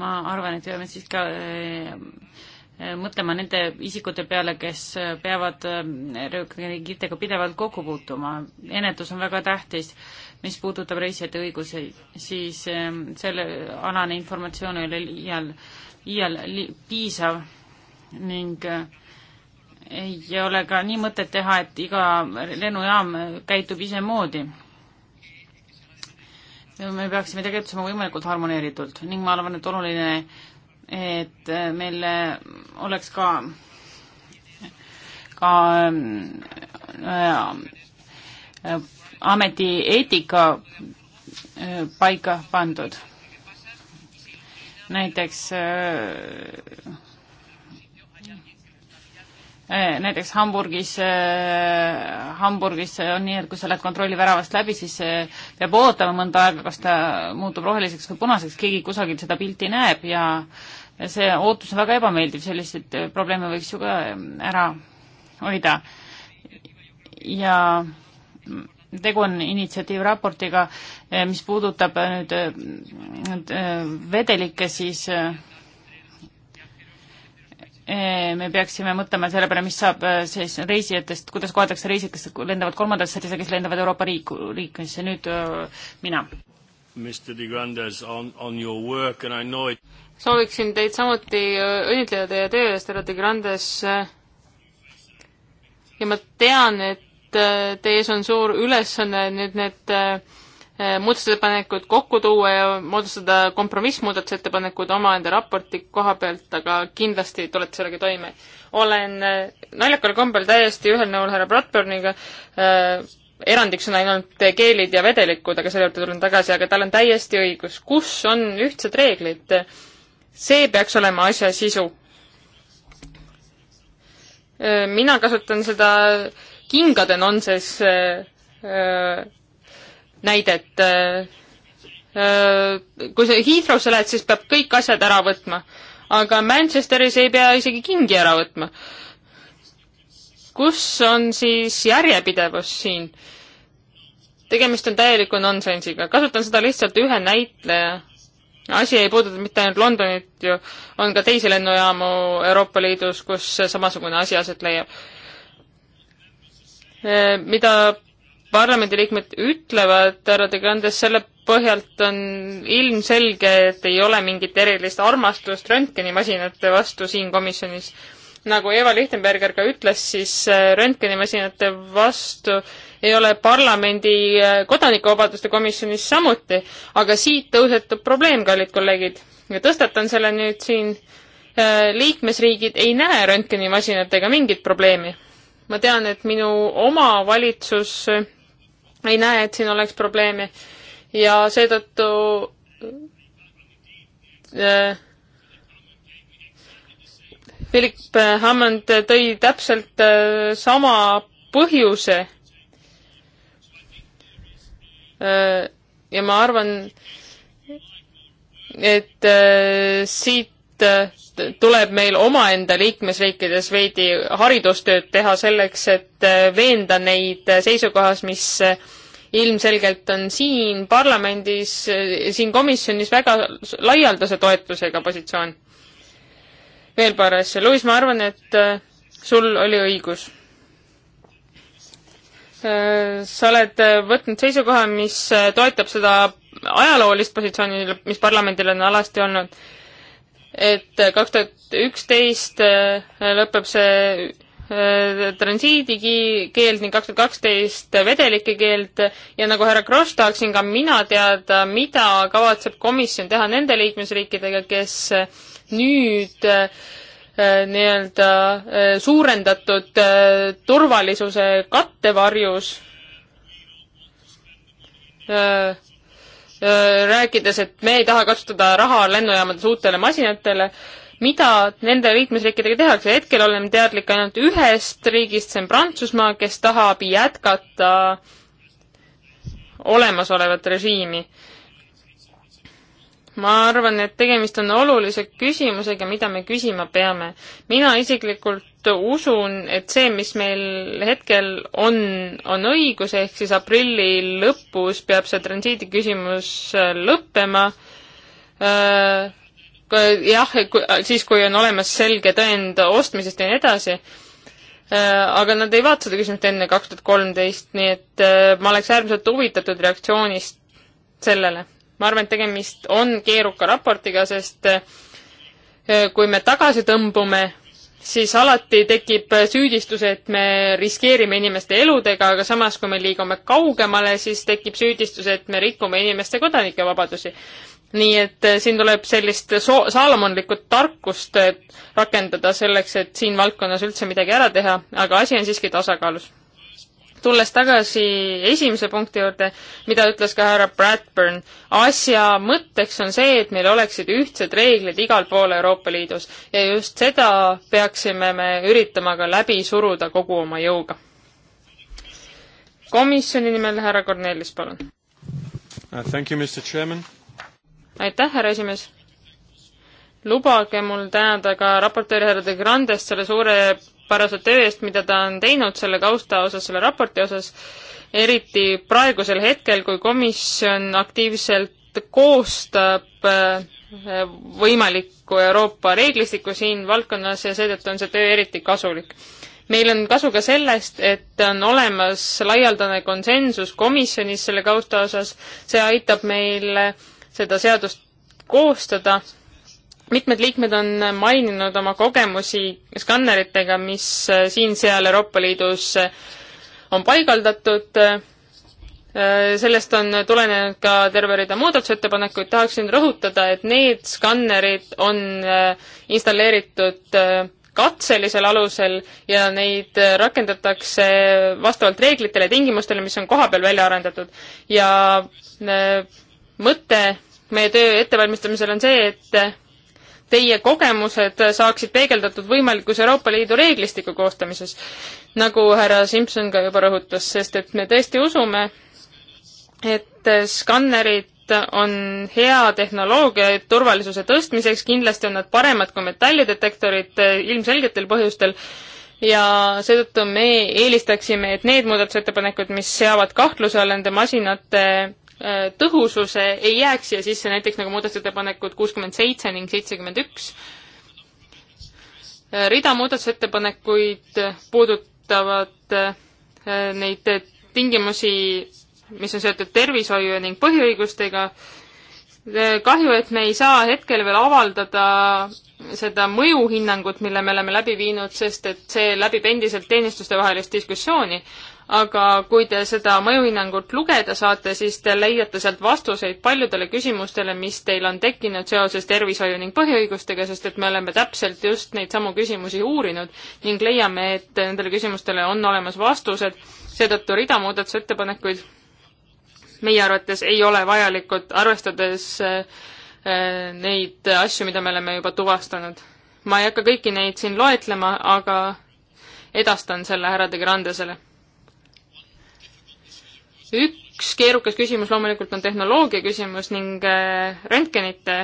ma arvan, et peame siis ka eh, eh, mõtlema nende isikute peale, kes peavad eh, rööknirigitega pidevalt kokku puutuma. ennetus on väga tähtis. mis puudutab reisijate õigusi, siis selle alane informatsioon ei ole iial, iial piisav ning äh, ei ole ka nii mõtet teha, et iga lennujaam käitub isemoodi. me peaksime tegutsema võimalikult harmoneeritult ning ma arvan, et oluline, et meil oleks ka, ka äh, ametieetika äh, paika pandud. näiteks äh, Eh, näiteks Hamburgis, eh, Hamburgis on nii, et kui sa lähed kontrolliväravast läbi, siis peab ootama mõnda aega, kas ta muutub roheliseks või punaseks, keegi kusagil seda pilti näeb ja see ootus on väga ebameeldiv, selliseid eh, probleeme võiks ju ka ära hoida. ja tegu on initsiatiivraportiga, mis puudutab nüüd, nüüd vedelikke, siis äh, Eh, me peaksime mõtlema selle peale, mis saab eh, siis reisijatest, kuidas koheldakse reisijaid, kes lendavad kolmandasse riiki, kes lendavad Euroopa riiku, riikidesse, nüüd eh, mina. sooviksin teid samuti õnnitleda teie töö eest, härra De Grandes. ja ma tean, et teie ees on suur ülesanne nüüd need, need Äh, muudatusettepanekud kokku tuua ja moodustada kompromissmuudatusettepanekud omaenda raporti koha pealt, aga kindlasti tulete sellega toime. olen äh, naljakal kombel täiesti ühel nõul härra Bradburniga äh,, erandiks on ainult keelid ja vedelikud, aga selle juurde tulen tagasi, aga tal on täiesti õigus. kus on ühtsed reeglid? see peaks olema asja sisu. Äh, mina kasutan seda kingade nonsense äh, näidet. Äh, äh, kui sa Heathrow'sse lähed, siis peab kõik asjad ära võtma, aga Manchesteris ei pea isegi kingi ära võtma. kus on siis järjepidevus siin? tegemist on täieliku nonsensiga, kasutan seda lihtsalt ühe näitleja asi ei puuduta mitte ainult Londonit ju, on ka teisi lennujaamu Euroopa Liidus, kus samasugune asi aset leiab. Äh, mida parlamendiliikmed ütlevad, härra De Grandes, selle põhjalt on ilmselge, et ei ole mingit erilist armastust röntgenimasinate vastu siin komisjonis. nagu Eva Lichtenberger ka ütles, siis äh, röntgenimasinate vastu ei ole parlamendi äh, kodanikuvabaduste komisjonis samuti, aga siit tõusetub probleem, kallid kolleegid. ja tõstatan selle nüüd siin, äh, liikmesriigid ei näe röntgenimasinatega mingit probleemi. ma tean, et minu oma valitsus ei näe, et siin oleks probleemi ja seetõttu äh, Philip Hammond tõi täpselt äh, sama põhjuse äh,. ja ma arvan, et äh, siit äh, tuleb meil omaenda liikmesriikides veidi haridustööd teha selleks, et äh, veenda neid seisukohas, mis äh, ilmselgelt on siin parlamendis, äh, siin komisjonis väga laialdase toetusega positsioon. veel paar asja. Luis, ma arvan, et sul oli õigus. sa oled võtnud seisukoha, mis toetab seda ajaloolist positsiooni, mis parlamendil on alati olnud et kaks tuhat üksteist äh, lõpeb see äh, transiidikeeld ning kaks tuhat kaksteist vedelike keeld ja nagu härra Kross tahaksin ka mina teada, mida kavatseb komisjon teha nende liikmesriikidega, kes äh, nüüd nii-öelda suurendatud turvalisuse kattevarjus rääkides, et me ei taha kasutada raha lennujaamades uutele masinatele, mida nende liikmesriikidega tehakse, hetkel oleme teadlik ainult ühest riigist, see on Prantsusmaa, kes tahab jätkata olemasolevat režiimi ma arvan, et tegemist on olulise küsimusega, mida me küsima peame. mina isiklikult usun, et see, mis meil hetkel on, on õigus, ehk siis aprilli lõpus peab see transiidi küsimus äh, lõppema. Äh, jah, siis kui on olemas selge tõend ostmisest ja nii edasi äh, aga nad ei vaata seda küsimust enne kaks tuhat kolmteist, nii et ma oleks äärmiselt huvitatud reaktsioonist sellele ma arvan, et tegemist on keeruka raportiga, sest eh, kui me tagasi tõmbume, siis alati tekib süüdistus, et me riskeerime inimeste eludega, aga samas, kui me liigume kaugemale, siis tekib süüdistus, et me rikume inimeste kodanikevabadusi. nii et eh, siin tuleb sellist so-, saalomonlikku tarkust eh, rakendada selleks, et siin valdkonnas üldse midagi ära teha, aga asi on siiski tasakaalus tulles tagasi esimese punkti juurde, mida ütles ka härra Bradburn, asja mõtteks on see, et meil oleksid ühtsed reeglid igal pool Euroopa Liidus ja just seda peaksime me üritama ka läbi suruda kogu oma jõuga. komisjoni nimel härra Kornelis, palun uh,. Thank you, Mr Chairman. aitäh, härra esimees lubage mul tänada ka raportööri härra De Grandest selle suure parase töö eest, mida ta on teinud selle kausta osas, selle raporti osas, eriti praegusel hetkel, kui komisjon aktiivselt koostab äh, võimalikku Euroopa reeglistikku siin valdkonnas ja seetõttu on see töö eriti kasulik. meil on kasu ka sellest, et on olemas laialdane konsensus komisjonis selle kausta osas, see aitab meil seda seadust koostada mitmed liikmed on maininud oma kogemusi skanneritega, mis äh, siin-seal Euroopa Liidus äh, on paigaldatud. Äh, sellest on tulenenud ka terve rida muudatusettepanekuid, tahaksin rõhutada, et need skannerid on installeeritud katselisel alusel ja neid rakendatakse vastavalt reeglitele ja tingimustele, mis on kohapeal välja arendatud. ja mõte meie töö ettevalmistamisel on see, et teie kogemused saaksid peegeldatud võimalikus Euroopa Liidu reeglistiku koostamises, nagu härra Simson ka juba rõhutas, sest et me tõesti usume, et skannerid on hea tehnoloogia turvalisuse tõstmiseks, kindlasti on nad paremad kui metallidetektorid eh, ilmselgetel põhjustel ja seetõttu me eelistaksime, et need muudatusettepanekud, mis seavad kahtluse alla nende masinate Äh, tõhususe ei jääks siia sisse, näiteks nagu muudatusettepanekud kuuskümmend seitse ning seitsekümmend üks. Äh, rida muudatusettepanekuid puudutavad äh, neid tingimusi, mis on seotud tervishoiu ning põhiõigustega. kahju, et me ei saa hetkel veel avaldada seda mõjuhinnangut, mille me oleme läbi viinud, sest et see läbib endiselt teenistustevahelist diskussiooni, aga kui te seda mõjuhinnangut lugeda saate, siis te leiate sealt vastuseid paljudele küsimustele, mis teil on tekkinud seoses tervishoiu ning põhiõigustega, sest et me oleme täpselt just neid samu küsimusi uurinud ning leiame, et nendele küsimustele on olemas vastused, seetõttu rida muudatusettepanekuid meie arvates ei ole vajalikud, arvestades äh, neid asju, mida me oleme juba tuvastanud. ma ei hakka kõiki neid siin loetlema, aga edastan selle härra De Grandesele üks keerukas küsimus loomulikult on tehnoloogia küsimus ning äh, röntgenite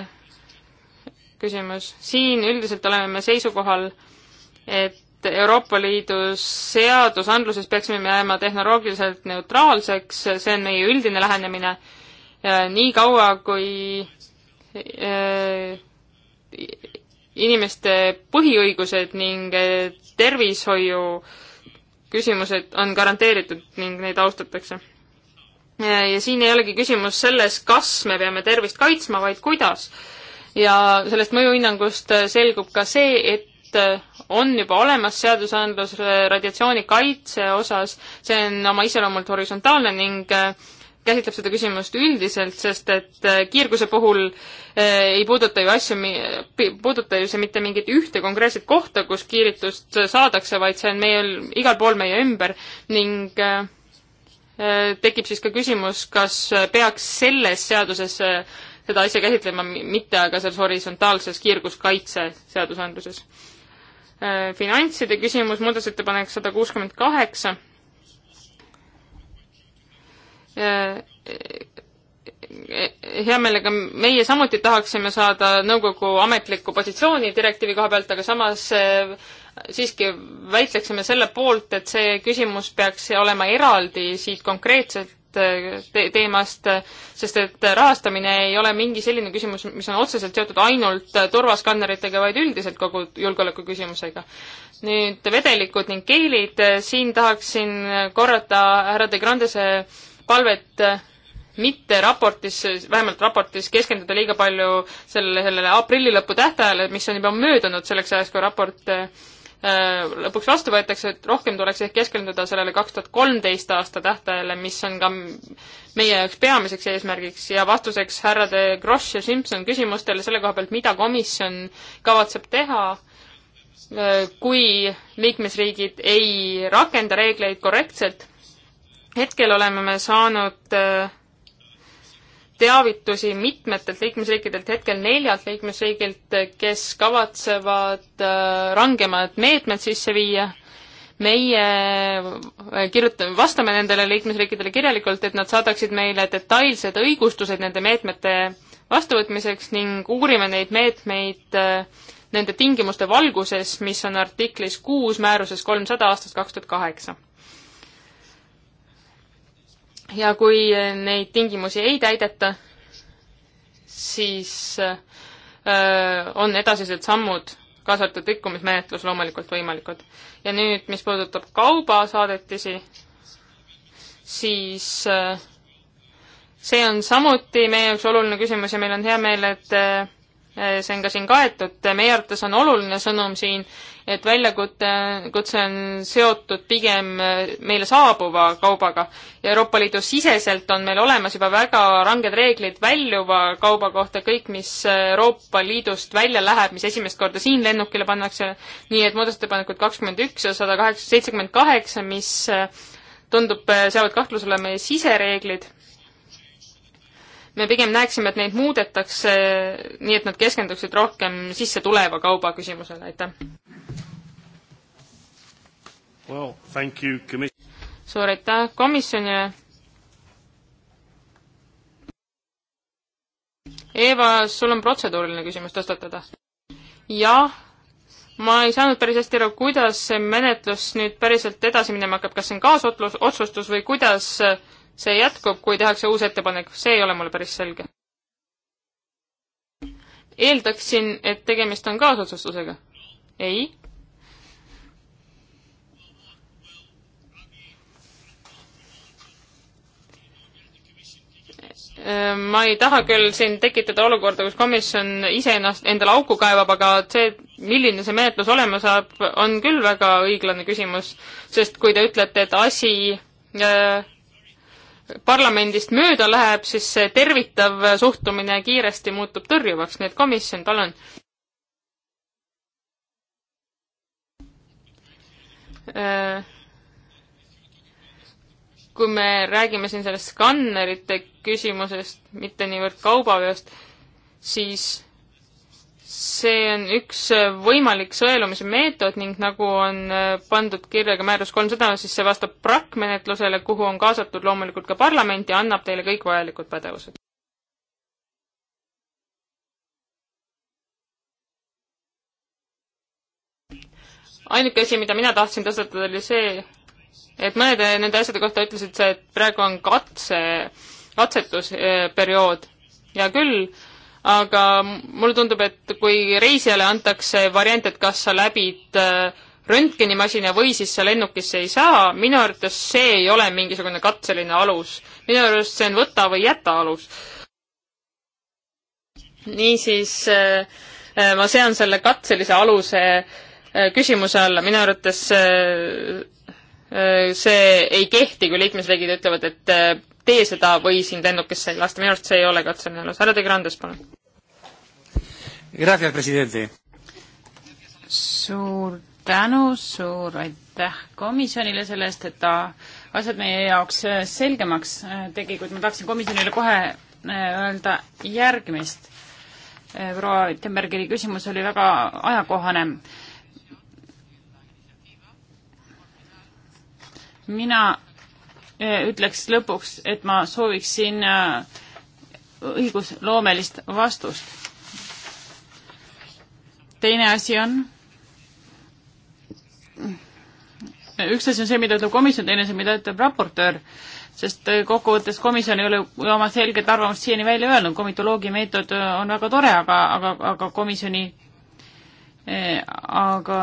küsimus. siin üldiselt oleme me seisukohal, et Euroopa Liidu seadusandluses peaksime me jääma tehnoloogiliselt neutraalseks, see on meie üldine lähenemine. nii kaua, kui äh, inimeste põhiõigused ning äh, tervishoiu küsimused on garanteeritud ning neid austatakse ja siin ei olegi küsimus selles, kas me peame tervist kaitsma, vaid kuidas. ja sellest mõjuhinnangust äh, selgub ka see, et äh, on juba olemas seadusandlus äh, radiatsiooni kaitse osas, see on oma iseloomult horisontaalne ning käsitleb seda küsimust üldiselt, sest et kiirguse puhul ei puuduta ju asju, puuduta ju see mitte mingit ühte konkreetset kohta, kus kiiritust saadakse, vaid see on meil igal pool meie ümber ning äh, Äh, tekib siis ka küsimus, kas äh, peaks selles seaduses äh, seda asja käsitlema, mitte aga selles horisontaalses kiirguskaitse seadusandluses. finantside küsimus, muudatusettepanek sada kuuskümmend kaheksa. E-, hea meelega meie samuti tahaksime saada nõukogu ametlikku positsiooni direktiivi koha pealt, aga samas siiski väitleksime selle poolt, et see küsimus peaks olema eraldi siit konkreetselt äh, te teemast, sest et rahastamine ei ole mingi selline küsimus, mis on otseselt seotud ainult turvaskanneritega, vaid üldiselt kogu julgeoleku küsimusega. nüüd vedelikud ning keelid, siin tahaksin korrata härra De Grandese palvet mitte raportis, vähemalt raportis keskenduda liiga palju sellele, sellele aprilli lõpu tähtajale, mis on juba möödunud selleks ajaks, kui raport Äh, lõpuks vastu võetakse, et rohkem tuleks ehk keskenduda sellele kaks tuhat kolmteist aasta tähtajale, mis on ka meie üks peamiseks eesmärgiks ja vastuseks härrade Gross ja Simson küsimustele selle koha pealt, mida komisjon kavatseb teha, äh, kui liikmesriigid ei rakenda reegleid korrektselt. hetkel oleme me saanud äh, teavitusi mitmetelt liikmesriikidelt, hetkel neljalt liikmesriigilt, kes kavatsevad äh, rangemad meetmed sisse viia. meie äh, kirjutame, vastame nendele liikmesriikidele kirjalikult, et nad saadaksid meile detailsed õigustused nende meetmete vastuvõtmiseks ning uurime neid meetmeid äh, nende tingimuste valguses, mis on artiklis kuus määruses kolmsada aastast kaks tuhat kaheksa ja kui neid tingimusi ei täideta, siis öö, äh, on edasised sammud, kaasa arvatud rikkumismenetlus, loomulikult võimalikud. ja nüüd, mis puudutab kaubasaadetisi, siis öö, äh, see on samuti meie jaoks oluline küsimus ja meil on hea meel, et äh, Eh, see on ka siin kaetud, meie arvates on oluline sõnum siin, et väljakutse, kutse on seotud pigem eh, meile saabuva kaubaga. Euroopa Liidu siseselt on meil olemas juba väga ranged reeglid väljuva kauba kohta, kõik, mis Euroopa Liidust välja läheb, mis esimest korda siin lennukile pannakse, nii et muudatusettepanekud kakskümmend üks ja sada kaheksa, seitsekümmend kaheksa, mis eh, tundub, seavad kahtlusele meie sisereeglid me pigem näeksime, et neid muudetakse nii, et nad keskenduksid rohkem sisse tuleva kauba küsimusele, aitäh well,. suur aitäh komisjonile. Eeva, sul on protseduuriline küsimus tõstatada? jah, ma ei saanud päris hästi aru, kuidas see menetlus nüüd päriselt edasi minema hakkab, kas see on kaasotsus, otsustus või kuidas äh, see jätkub, kui tehakse uus ettepanek, see ei ole mulle päris selge. eeldaksin, et tegemist on kaasotsustusega. ei. Ehm, ma ei taha küll siin tekitada olukorda, kus komisjon ise ennast, endale auku kaevab, aga see, milline see menetlus olema saab, on küll väga õiglane küsimus, sest kui te ütlete, et asi äh, parlamendist mööda läheb, siis see tervitav suhtumine kiiresti muutub tõrjuvaks, nii et komisjon, palun. Äh, kui me räägime siin sellest skannerite küsimusest, mitte niivõrd kaubaveost, siis see on üks äh, võimalik sõelumise meetod ning nagu on äh, pandud kirjaga määrus kolmsada, siis see vastab prakkmenetlusele, kuhu on kaasatud loomulikult ka parlament ja annab teile kõik vajalikud pädevused. ainuke asi, mida mina tahtsin tõstatada, oli see, et mõnede äh, nende asjade kohta ütlesid sa, et praegu on katse, katsetusperiood. hea küll aga mulle tundub, et kui reisijale antakse variant, et kas sa läbid äh, röntgenimasina või siis sa lennukisse ei saa, minu arvates see ei ole mingisugune katseline alus. minu arust see on võta või jäta alus. niisiis äh, äh, ma sean selle katselise aluse küsimuse alla, minu arvates see ei kehti, kui liikmesriigid ütlevad, et tee seda või sind lennukisse ei lasta, minu arust see ei ole katsenõelus. härra De Grandes, palun. suur tänu, suur aitäh komisjonile selle eest, et ta asjad meie jaoks äh, selgemaks äh, tegi, kuid ma tahtsin komisjonile kohe äh, öelda järgmist. proua Wittenbergi küsimus oli väga ajakohane. mina Eh, ütleks lõpuks, et ma sooviksin eh, õigusloomelist vastust. teine asi on, üks asi on see, mida ütleb komisjon, teine asi, mida ütleb raportöör, sest eh, kokkuvõttes komisjon ei ole ju oma selget arvamust siiani välja öelnud, komitoloogia meetod on väga tore, aga, aga, aga komisjoni, aga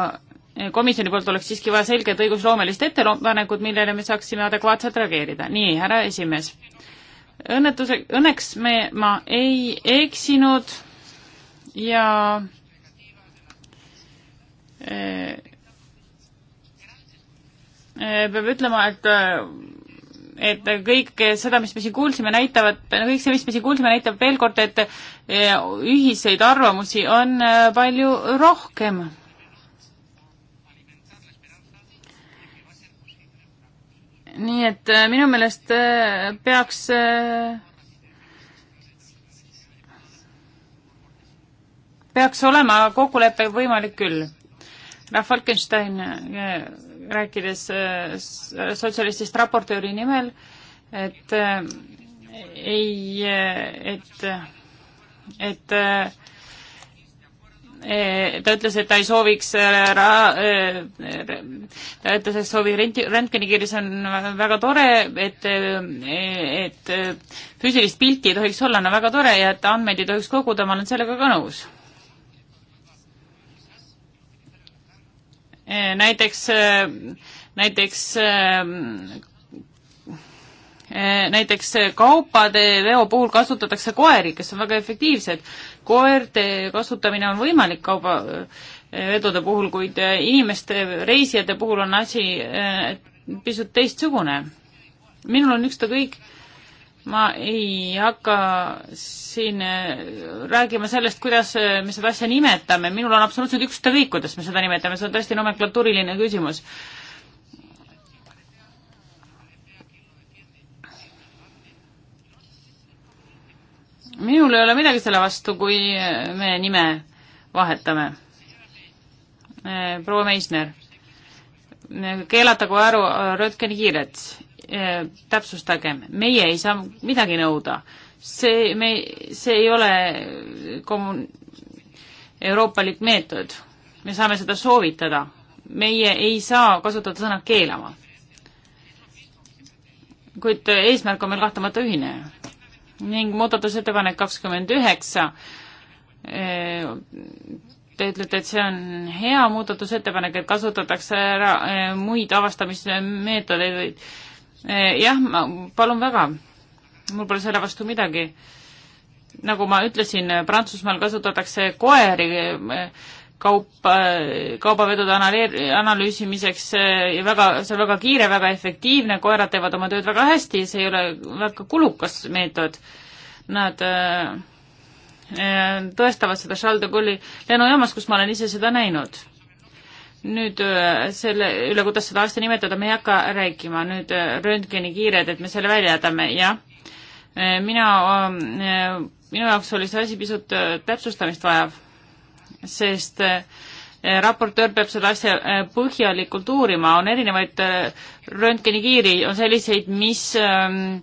komisjoni poolt oleks siiski vaja selget õigusloomelist ettepanekut, millele me saaksime adekvaatselt reageerida. nii, härra esimees. õnnetuse, õnneks me, ma ei eksinud ja äh, peab ütlema, et eh, et kõik seda, mis me siin kuulsime, näitavad, kõik see, mis me siin kuulsime, näitab veel kord, et ühiseid arvamusi on palju rohkem nii et äh, minu meelest äh, peaks äh, peaks olema kokkulepe võimalik küll. Ralf Falkenstein, rääkides sotsialistist raportööri nimel, et ei, et, et, et Eh, ta ütles, et ta ei sooviks äh, äh, ra-, ta ütles, et soovib renti, röntgenikirjas on väga tore, et, äh, et füüsilist pilti ei tohiks olla, on väga tore ja et andmeid ei tohiks koguda, ma olen sellega ka nõus. Eh, näiteks, näiteks eh, näiteks kaupade veo puhul kasutatakse koeri, kes on väga efektiivsed koerte kasutamine on võimalik kaubavedude äh, puhul, kuid äh, inimeste, reisijate puhul on asi äh, pisut teistsugune. minul on ükskõik, ma ei hakka siin rääkima sellest, kuidas me seda asja nimetame, minul on absoluutselt ükskõik, kuidas me seda nimetame, see on tõesti nomenklatuuriline küsimus minul ei ole midagi selle vastu, kui me nime vahetame. proua Meisner, keelatagu aru Röntgeni kiired, täpsustagem, meie ei saa midagi nõuda. see, me, see ei ole kommun-, euroopalik meetod. me saame seda soovitada. meie ei saa kasutada sõna keelama. kuid eesmärk on meil kahtlemata ühine ning muudatusettepanek kakskümmend üheksa. Te ütlete, et see on hea muudatusettepanek, et kasutatakse ära eh, muid avastamismeetodeid või eh, jah, ma palun väga, mul pole selle vastu midagi. nagu ma ütlesin, Prantsusmaal kasutatakse koeri eh, kaupa, kaubavedude analüüsimiseks ja väga, see on väga kiire, väga efektiivne, koerad teevad oma tööd väga hästi, see ei ole väga kulukas meetod. Nad äh, äh, tõestavad seda Charles de Gaulle'i lennujaamas, kus ma olen ise seda näinud. nüüd äh, selle üle, kuidas seda asja nimetada, me ei hakka rääkima, nüüd röntgeni kiired, et me selle välja jätame, jah. mina, minu jaoks oli see asi pisut täpsustamist vajav sest eh, eh, raportöör peab selle asja eh, põhjalikult uurima, on erinevaid röntgenikiiri, on selliseid, mis, ehm,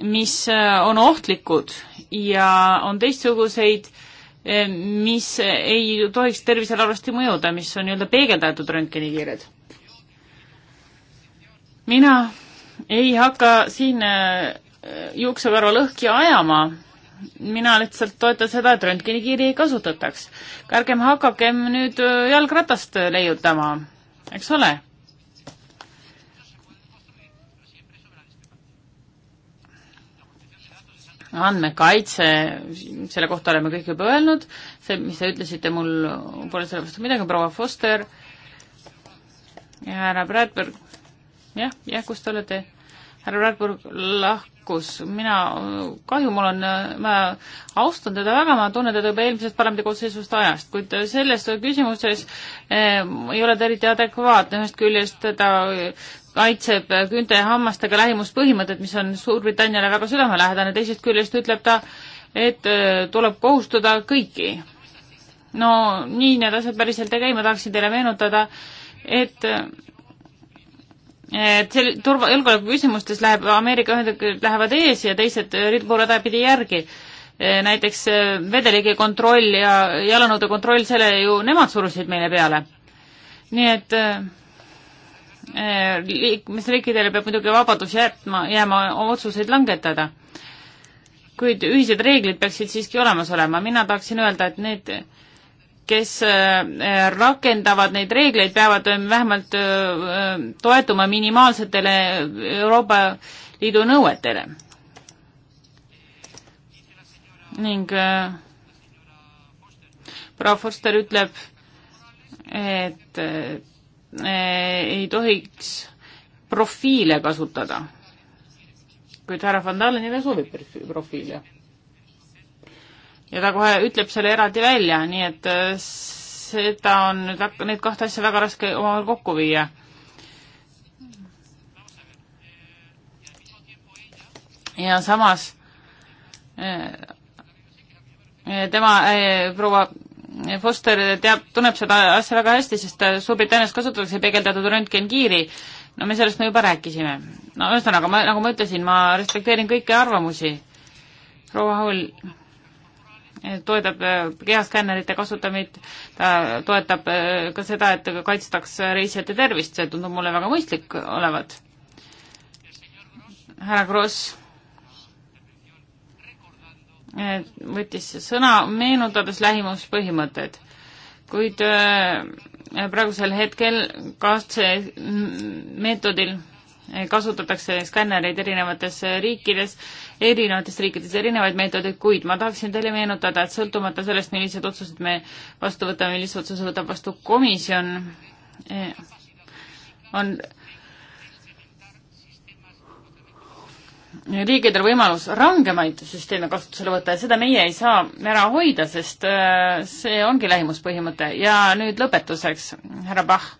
mis on ohtlikud ja on teistsuguseid, mis ei tohiks tervisele arvesti mõjuda, mis on nii-öelda peegeldatud röntgenikiired. mina ei hakka siin juuksekarva lõhki ajama mina lihtsalt toetan seda, et röntgenikiri ei kasutataks. ärgem hakakem nüüd äh, jalgratast äh, leiutama, eks ole. andmekaitse, selle kohta oleme kõik juba öelnud, see, mis te ütlesite, mul pole selle vastu midagi, proua Foster ja härra Bradberg, jah, jah, kus te olete? härra Bradberg lah-, tarkus, mina, kahju mul on, ma austan teda väga, ma tunnen teda juba eelmisest parlamendikoosseisust ajast, kuid selles küsimuses eh, ei ole ta eriti adekvaatne, ühest küljest ta kaitseb küünte ja hammastega lähimuspõhimõtet, mis on Suurbritanniale väga südamelähedane, teisest küljest ütleb ta, et eh, tuleb kohustada kõiki. no nii need asjad päriselt ei käi, ma tahaksin teile meenutada, et et sel-, turva, julgeoleku küsimustes läheb Ameerika Ühendriigid lähevad ees ja teised poole tagurpidi järgi. E, näiteks e, vedelike kontroll ja jalanõude kontroll, selle ju nemad surusid meile peale. nii et e, liikmesriikidele peab muidugi vabadus jätma, jääma otsuseid langetada. kuid ühised reeglid peaksid siiski olemas olema, mina tahaksin öelda, et need kes äh, äh, rakendavad neid reegleid, peavad äh, vähemalt toetuma minimaalsetele Euroopa Liidu nõuetele. ning proua Forster ütleb, et ei tohiks profiile kasutada, kuid härra Van Dalenile sobib profiile ja ta kohe ütleb selle eraldi välja, nii et äh, seda on nüüd, neid kahte asja väga raske omavahel kokku viia. ja samas äh, äh, tema proua Foster teab, tunneb seda asja väga hästi, sest Suurbritannias kasutatakse peegeldatud röntgenkiiri. no me sellest me juba rääkisime. no ühesõnaga, ma, nagu ma ütlesin, ma respekteerin kõiki arvamusi. proua Haul toetab äh, kehaskännerite kasutamist, ta toetab äh, ka seda, et kaitstaks reisijate tervist, see tundub mulle väga mõistlik olevat. härra Kross äh, võttis sõna, meenutades lähimuspõhimõtteid, kuid praegusel hetkel katse meetodil kasutatakse skännereid erinevates riikides erinevates riikides erinevaid meetodeid, kuid ma tahaksin teile meenutada, et sõltumata sellest, millised otsused me vastu võtame, millised otsused võtab vastu komisjon, eh, on riikidel võimalus rangemaid süsteeme kasutusele võtta ja seda meie ei saa ära hoida, sest eh, see ongi lähimuspõhimõte. ja nüüd lõpetuseks, härra Bach,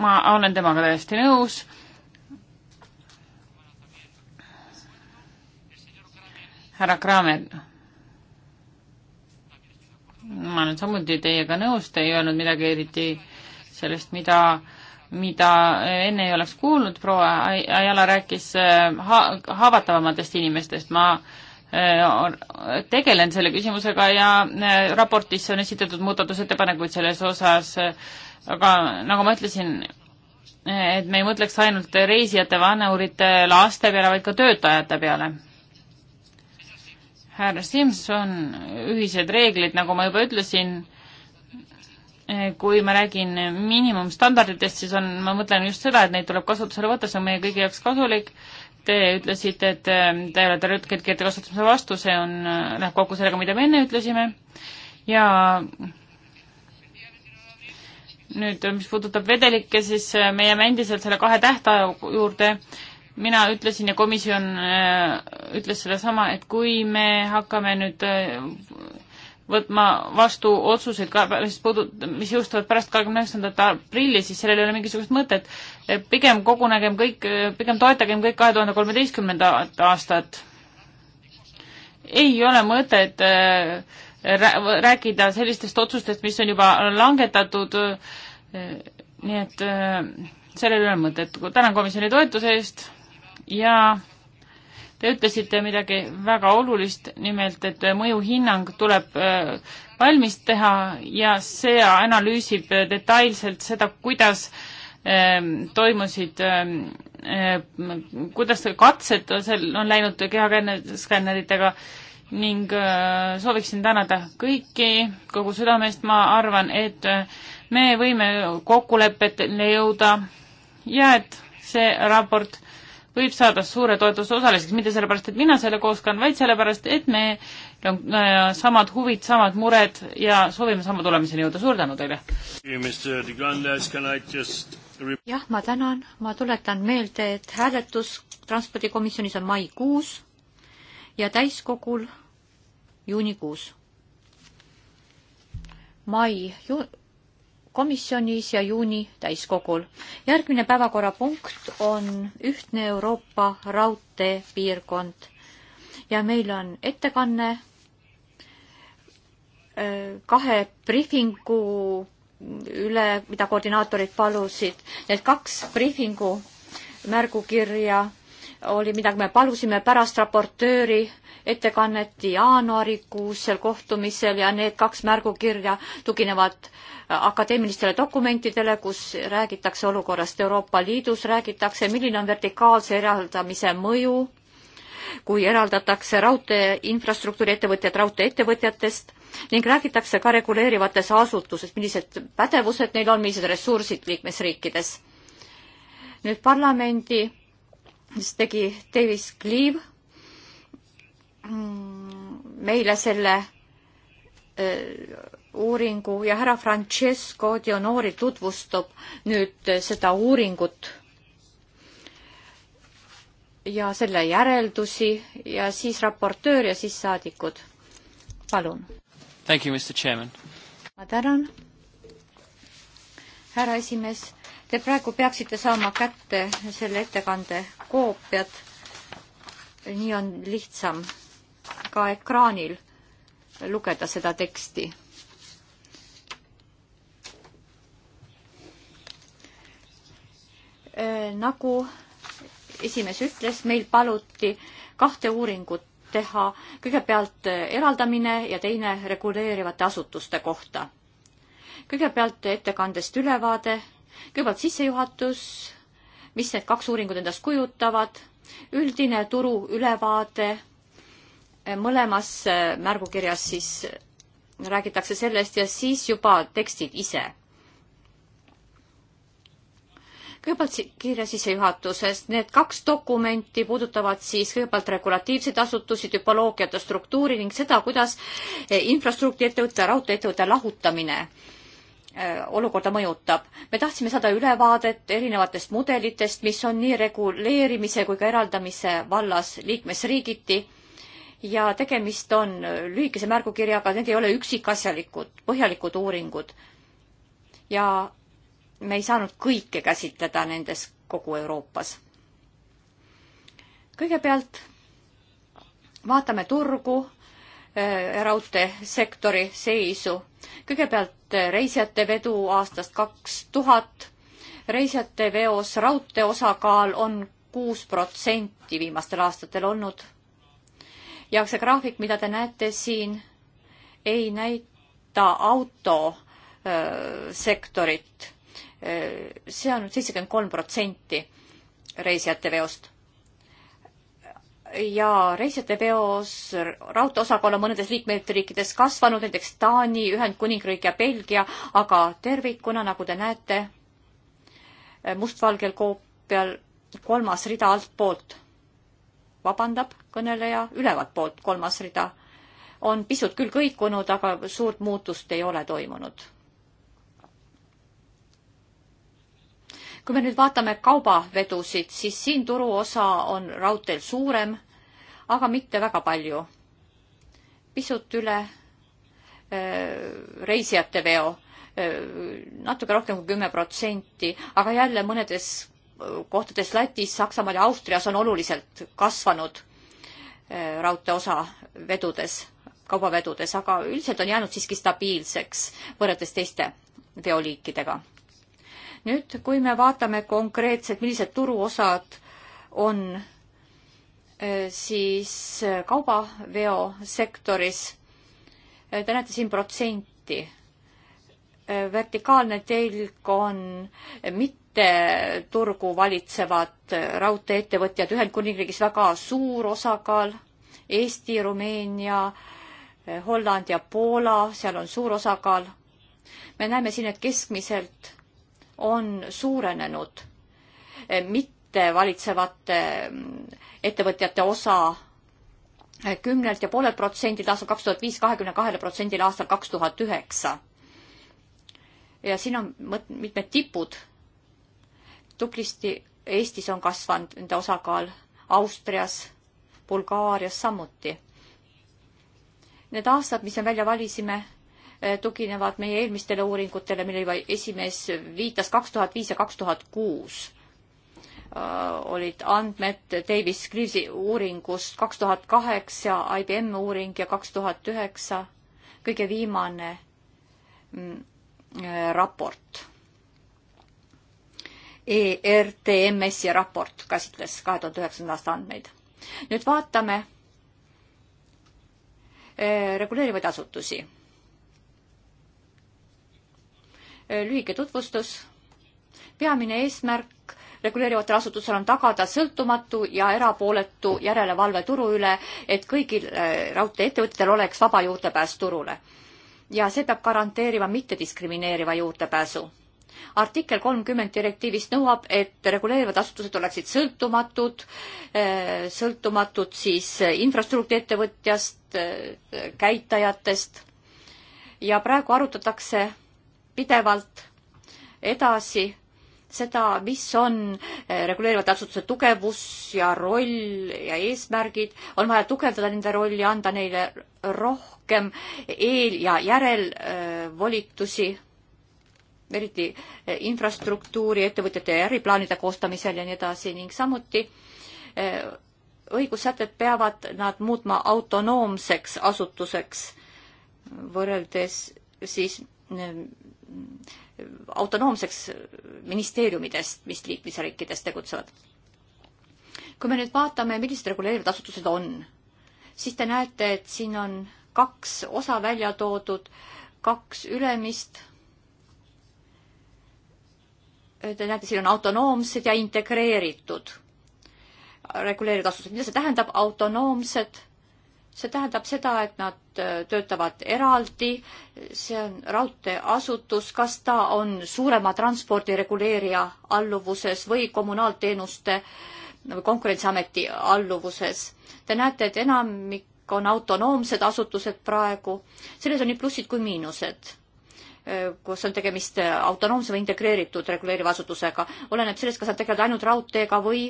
ma olen temaga täiesti nõus härra Kramer. ma olen samuti teiega nõus, te ei öelnud midagi eriti sellest, mida, mida enne ei oleks kuulnud, proua Ajala rääkis äh, ha haavatavamatest inimestest, ma äh, tegelen selle küsimusega ja äh, raportisse on esitatud muudatusettepanekuid selles osas, aga nagu ma ütlesin, et me ei mõtleks ainult reisijate, vanurite, laste peale, vaid ka töötajate peale härra Simson, ühised reeglid, nagu ma juba ütlesin, eh, kui ma räägin miinimumstandarditest, siis on, ma mõtlen just seda, et neid tuleb kasutusele võtta, see on meie kõigi jaoks kasulik. Te ütlesite, et eh, te ei ole tervikkeelte kasutamise vastu, see on, läheb eh, noh, kokku sellega, mida me enne ütlesime ja nüüd, mis puudutab vedelikke, siis me jääme endiselt selle kahe tähtaja juurde mina ütlesin ja komisjon äh, ütles sedasama, et kui me hakkame nüüd äh, võtma vastu otsuseid ka pärast puudu-, mis jõustuvad pärast kahekümne üheksandat aprilli, siis sellel ei ole mingisugust mõtet. Äh, pigem kogunegem kõik, pigem toetagem kõik kahe tuhande kolmeteistkümnendat aastat. ei ole mõtet rääkida sellistest otsustest, mis on juba langetatud, nii et sellel ei ole mõtet. tänan komisjoni toetuse eest ja te ütlesite midagi väga olulist, nimelt, et mõjuhinnang tuleb äh, valmis teha ja see analüüsib detailselt seda, kuidas ähm, toimusid, ähm, äh, kuidas katsed seal on läinud kehakänneritega ning äh, sooviksin tänada kõiki kogu südamest, ma arvan, et me võime kokkulepetele jõuda ja et see raport võib saada suure toetuse osaliseks, mitte sellepärast, et mina selle kooskan, vaid sellepärast, et meil on äh, samad huvid, samad mured ja soovime sama tulemuseni jõuda. suur tänu teile! jah, ma tänan, ma tuletan meelde, et hääletus transpordikomisjonis on maikuus ja täiskogul juunikuus. mai ju-, komisjonis ja juuni täiskogul. järgmine päevakorrapunkt on ühtne Euroopa raudteepiirkond ja meil on ettekanne äh, kahe briifingu üle, mida koordinaatorid palusid. Need kaks briifingu märgukirja oli midagi, me palusime pärast raportööri ettekannet jaanuarikuusel kohtumisel ja need kaks märgukirja tuginevad akadeemilistele dokumentidele, kus räägitakse olukorrast Euroopa Liidus, räägitakse, milline on vertikaalse eraldamise mõju, kui eraldatakse raudtee infrastruktuuri ettevõtjad raudteeettevõtjatest ning räägitakse ka reguleerivates asutuses, millised pädevused neil on, millised ressursid liikmesriikides. nüüd parlamendi siis tegi Davis Cleave mm, meile selle äh, uuringu ja härra Francesco Dionori tutvustab nüüd äh, seda uuringut ja selle järeldusi ja siis raportöör ja siis saadikud. palun. ma tänan, härra esimees. Te praegu peaksite saama kätte selle ettekande koopiad. nii on lihtsam ka ekraanil lugeda seda teksti. Äh, nagu esimees ütles, meil paluti kahte uuringut teha, kõigepealt eraldamine ja teine reguleerivate asutuste kohta. kõigepealt ettekandest ülevaade kõigepealt sissejuhatus, mis need kaks uuringut endast kujutavad, üldine turu ülevaade, eh, mõlemas eh, märgukirjas siis eh, räägitakse sellest ja siis juba tekstid ise kõigepealt kiire sissejuhatusest, need kaks dokumenti puudutavad siis kõigepealt regulatiivseid asutusi, tüpoloogiat ja struktuuri ning seda, kuidas infrastruktuuri ettevõtte ja raudtee ettevõtte lahutamine Äh, olukorda mõjutab. me tahtsime saada ülevaadet erinevatest mudelitest, mis on nii reguleerimise kui ka eraldamise vallas liikmesriigiti ja tegemist on lühikese märgukirjaga, need ei ole üksikasjalikud, põhjalikud uuringud. ja me ei saanud kõike käsitleda nendes kogu Euroopas. kõigepealt vaatame turgu Äh, raudteesektori seisu. kõigepealt äh, reisijate vedu aastast kaks tuhat. reisijate veos raudtee osakaal on kuus protsenti viimastel aastatel olnud. ja see graafik, mida te näete siin, ei näita autosektorit. Äh, see on seitsekümmend kolm protsenti reisijate veost ja reisijate veos raudtee osakaal on mõnedes liikmesriikides kasvanud, näiteks Taani, Ühendkuningriik ja Belgia, aga tervikuna, nagu te näete, mustvalgel koopial kolmas rida altpoolt, vabandab kõneleja, ülevalt poolt kolmas rida, on pisut küll kõikunud, aga suurt muutust ei ole toimunud kui me nüüd vaatame kaubavedusid, siis siin turuosa on raudteel suurem, aga mitte väga palju. pisut üle reisijate veo, natuke rohkem kui kümme protsenti, aga jälle mõnedes kohtades Lätis, Saksamaal ja Austrias on oluliselt kasvanud raudtee osa vedudes, kaubavedudes, aga üldiselt on jäänud siiski stabiilseks võrreldes teiste veoliikidega nüüd, kui me vaatame konkreetselt, millised turuosad on äh, siis äh, kaubaveosektoris, äh, te näete siin protsenti. vertikaalne telg on mitte turgu valitsevad raudtee-ettevõtjad, Ühendkuningriigis väga suur osakaal, Eesti, Rumeenia, Holland ja Poola, seal on suur osakaal. me näeme siin, et keskmiselt on suurenenud eh, mittevalitsevate mm, ettevõtjate osa eh, kümnelt ja poolelt protsendilt aastal kaks tuhat viis kahekümne kahele protsendile aastal kaks tuhat üheksa. ja siin on mõt-, mitmed tipud. tublisti Eestis on kasvanud nende osakaal, Austrias, Bulgaarias samuti. Need aastad, mis me välja valisime, Eh, tuginevad meie eelmistele uuringutele, mille juba esimees viitas, kaks tuhat viis ja kaks tuhat kuus eh, olid andmed Davis Greaves'i uuringust, kaks tuhat kaheksa IBM uuring ja kaks tuhat üheksa kõige viimane mm, eh, raport. ERTMS-i raport käsitles kahe tuhande üheksanda aasta andmeid. nüüd vaatame reguleerivaid asutusi Äh, lühike tutvustus. peamine eesmärk reguleerivatel asutusel on tagada sõltumatu ja erapooletu järelevalve turu üle, et kõigil äh, raudtee-ettevõtetel oleks vaba juurdepääs turule. ja see peab garanteerima mittediskrimineeriva juurdepääsu artikkel kolmkümmend direktiivist nõuab, et reguleerivad asutused oleksid sõltumatud, äh, sõltumatud siis infrastruktuuriettevõtjast, käitajatest ja praegu arutatakse pidevalt edasi seda, mis on eh, reguleerivate asutuse tugevus ja roll ja eesmärgid, on vaja tugevdada nende rolli, anda neile rohkem eel- ja järelvolitusi, eh, eriti eh, infrastruktuuri, ettevõtjate ja äriplaanide koostamisel ja nii edasi ning samuti õigussätted peavad nad muutma autonoomseks asutuseks võrreldes siis autonoomseks ministeeriumidest, mis liikmesriikides tegutsevad. kui me nüüd vaatame, millised reguleerivad asutused on, siis te näete, et siin on kaks osa välja toodud, kaks ülemist. Te näete, siin on autonoomsed ja integreeritud reguleerivad asutused. mida see tähendab, autonoomsed see tähendab seda, et nad äh, töötavad eraldi, see on raudteeasutus, kas ta on suurema transpordi reguleerija alluvuses või kommunaalteenuste või Konkurentsiameti alluvuses. Te näete, et enamik on autonoomsed asutused praegu, selles on nii plussid kui miinused äh, kus on tegemist äh, autonoomse või integreeritud reguleeriva asutusega, oleneb sellest, kas nad tegelevad ainult raudteega või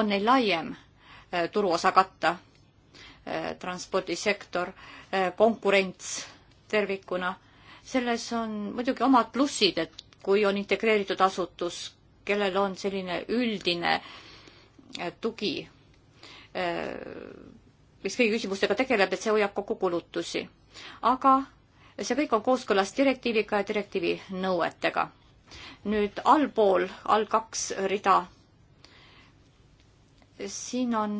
on neil laiem Äh, turuosa katta. Äh, transpordisektor, äh, konkurents tervikuna, selles on muidugi omad plussid, et kui on integreeritud asutus, kellel on selline üldine tugi, mis kõigi küsimustega tegeleb, et see hoiab kokku kulutusi. aga see kõik on kooskõlas direktiiviga ja direktiivi nõuetega. nüüd allpool, all kaks rida siin on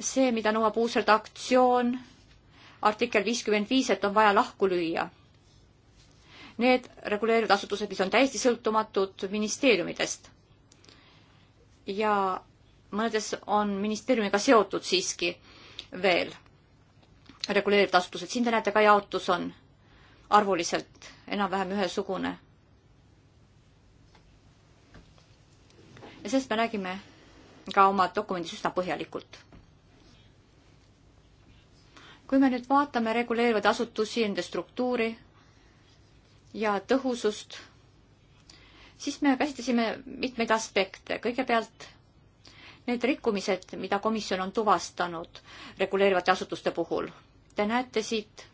see, mida nõuab uus redaktsioon, artikkel viiskümmend viis, et on vaja lahku lüüa. Need reguleerivad asutused, mis on täiesti sõltumatud ministeeriumidest. ja mõnedes on ministeeriumiga seotud siiski veel reguleerivad asutused, siin te näete ka jaotus on arvuliselt enam-vähem ühesugune ja sellest me räägime ka oma dokumendis üsna põhjalikult. kui me nüüd vaatame reguleerivaid asutusi, nende struktuuri ja tõhusust, siis me käsitlesime mitmeid aspekte. kõigepealt need rikkumised, mida komisjon on tuvastanud reguleerivate asutuste puhul. Te näete siit,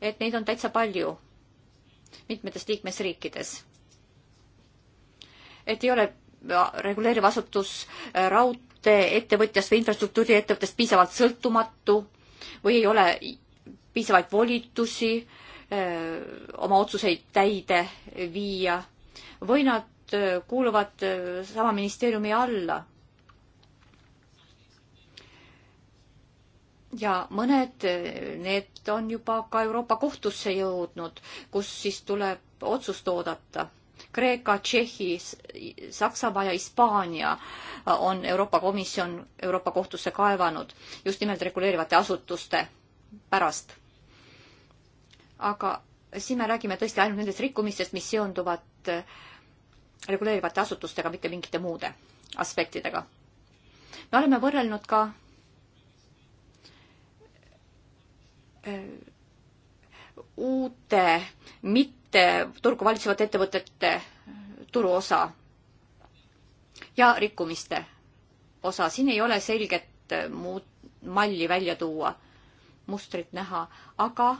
et neid on täitsa palju mitmetes liikmesriikides et ei ole reguleeriv asutus äh, raudtee-ettevõtjast või infrastruktuuriettevõttest piisavalt sõltumatu või ei ole piisavaid volitusi öö, äh, oma otsuseid täide viia või nad öö, äh, kuuluvad öö, sama ministeeriumi alla. ja mõned, need on juba ka Euroopa Kohtusse jõudnud, kus siis tuleb otsust oodata Kreeka, Tšehhi, Saksamaa ja Hispaania on Euroopa Komisjon Euroopa Kohtusse kaevanud just nimelt reguleerivate asutuste pärast. aga siin me räägime tõesti ainult nendest rikkumistest, mis seonduvad äh, reguleerivate asutustega, mitte mingite muude aspektidega. me oleme võrrelnud ka äh, uute mitte ette turgu valitsevate ettevõtete turuosa ja rikkumiste osa. siin ei ole selget eh, muud malli välja tuua, mustrit näha, aga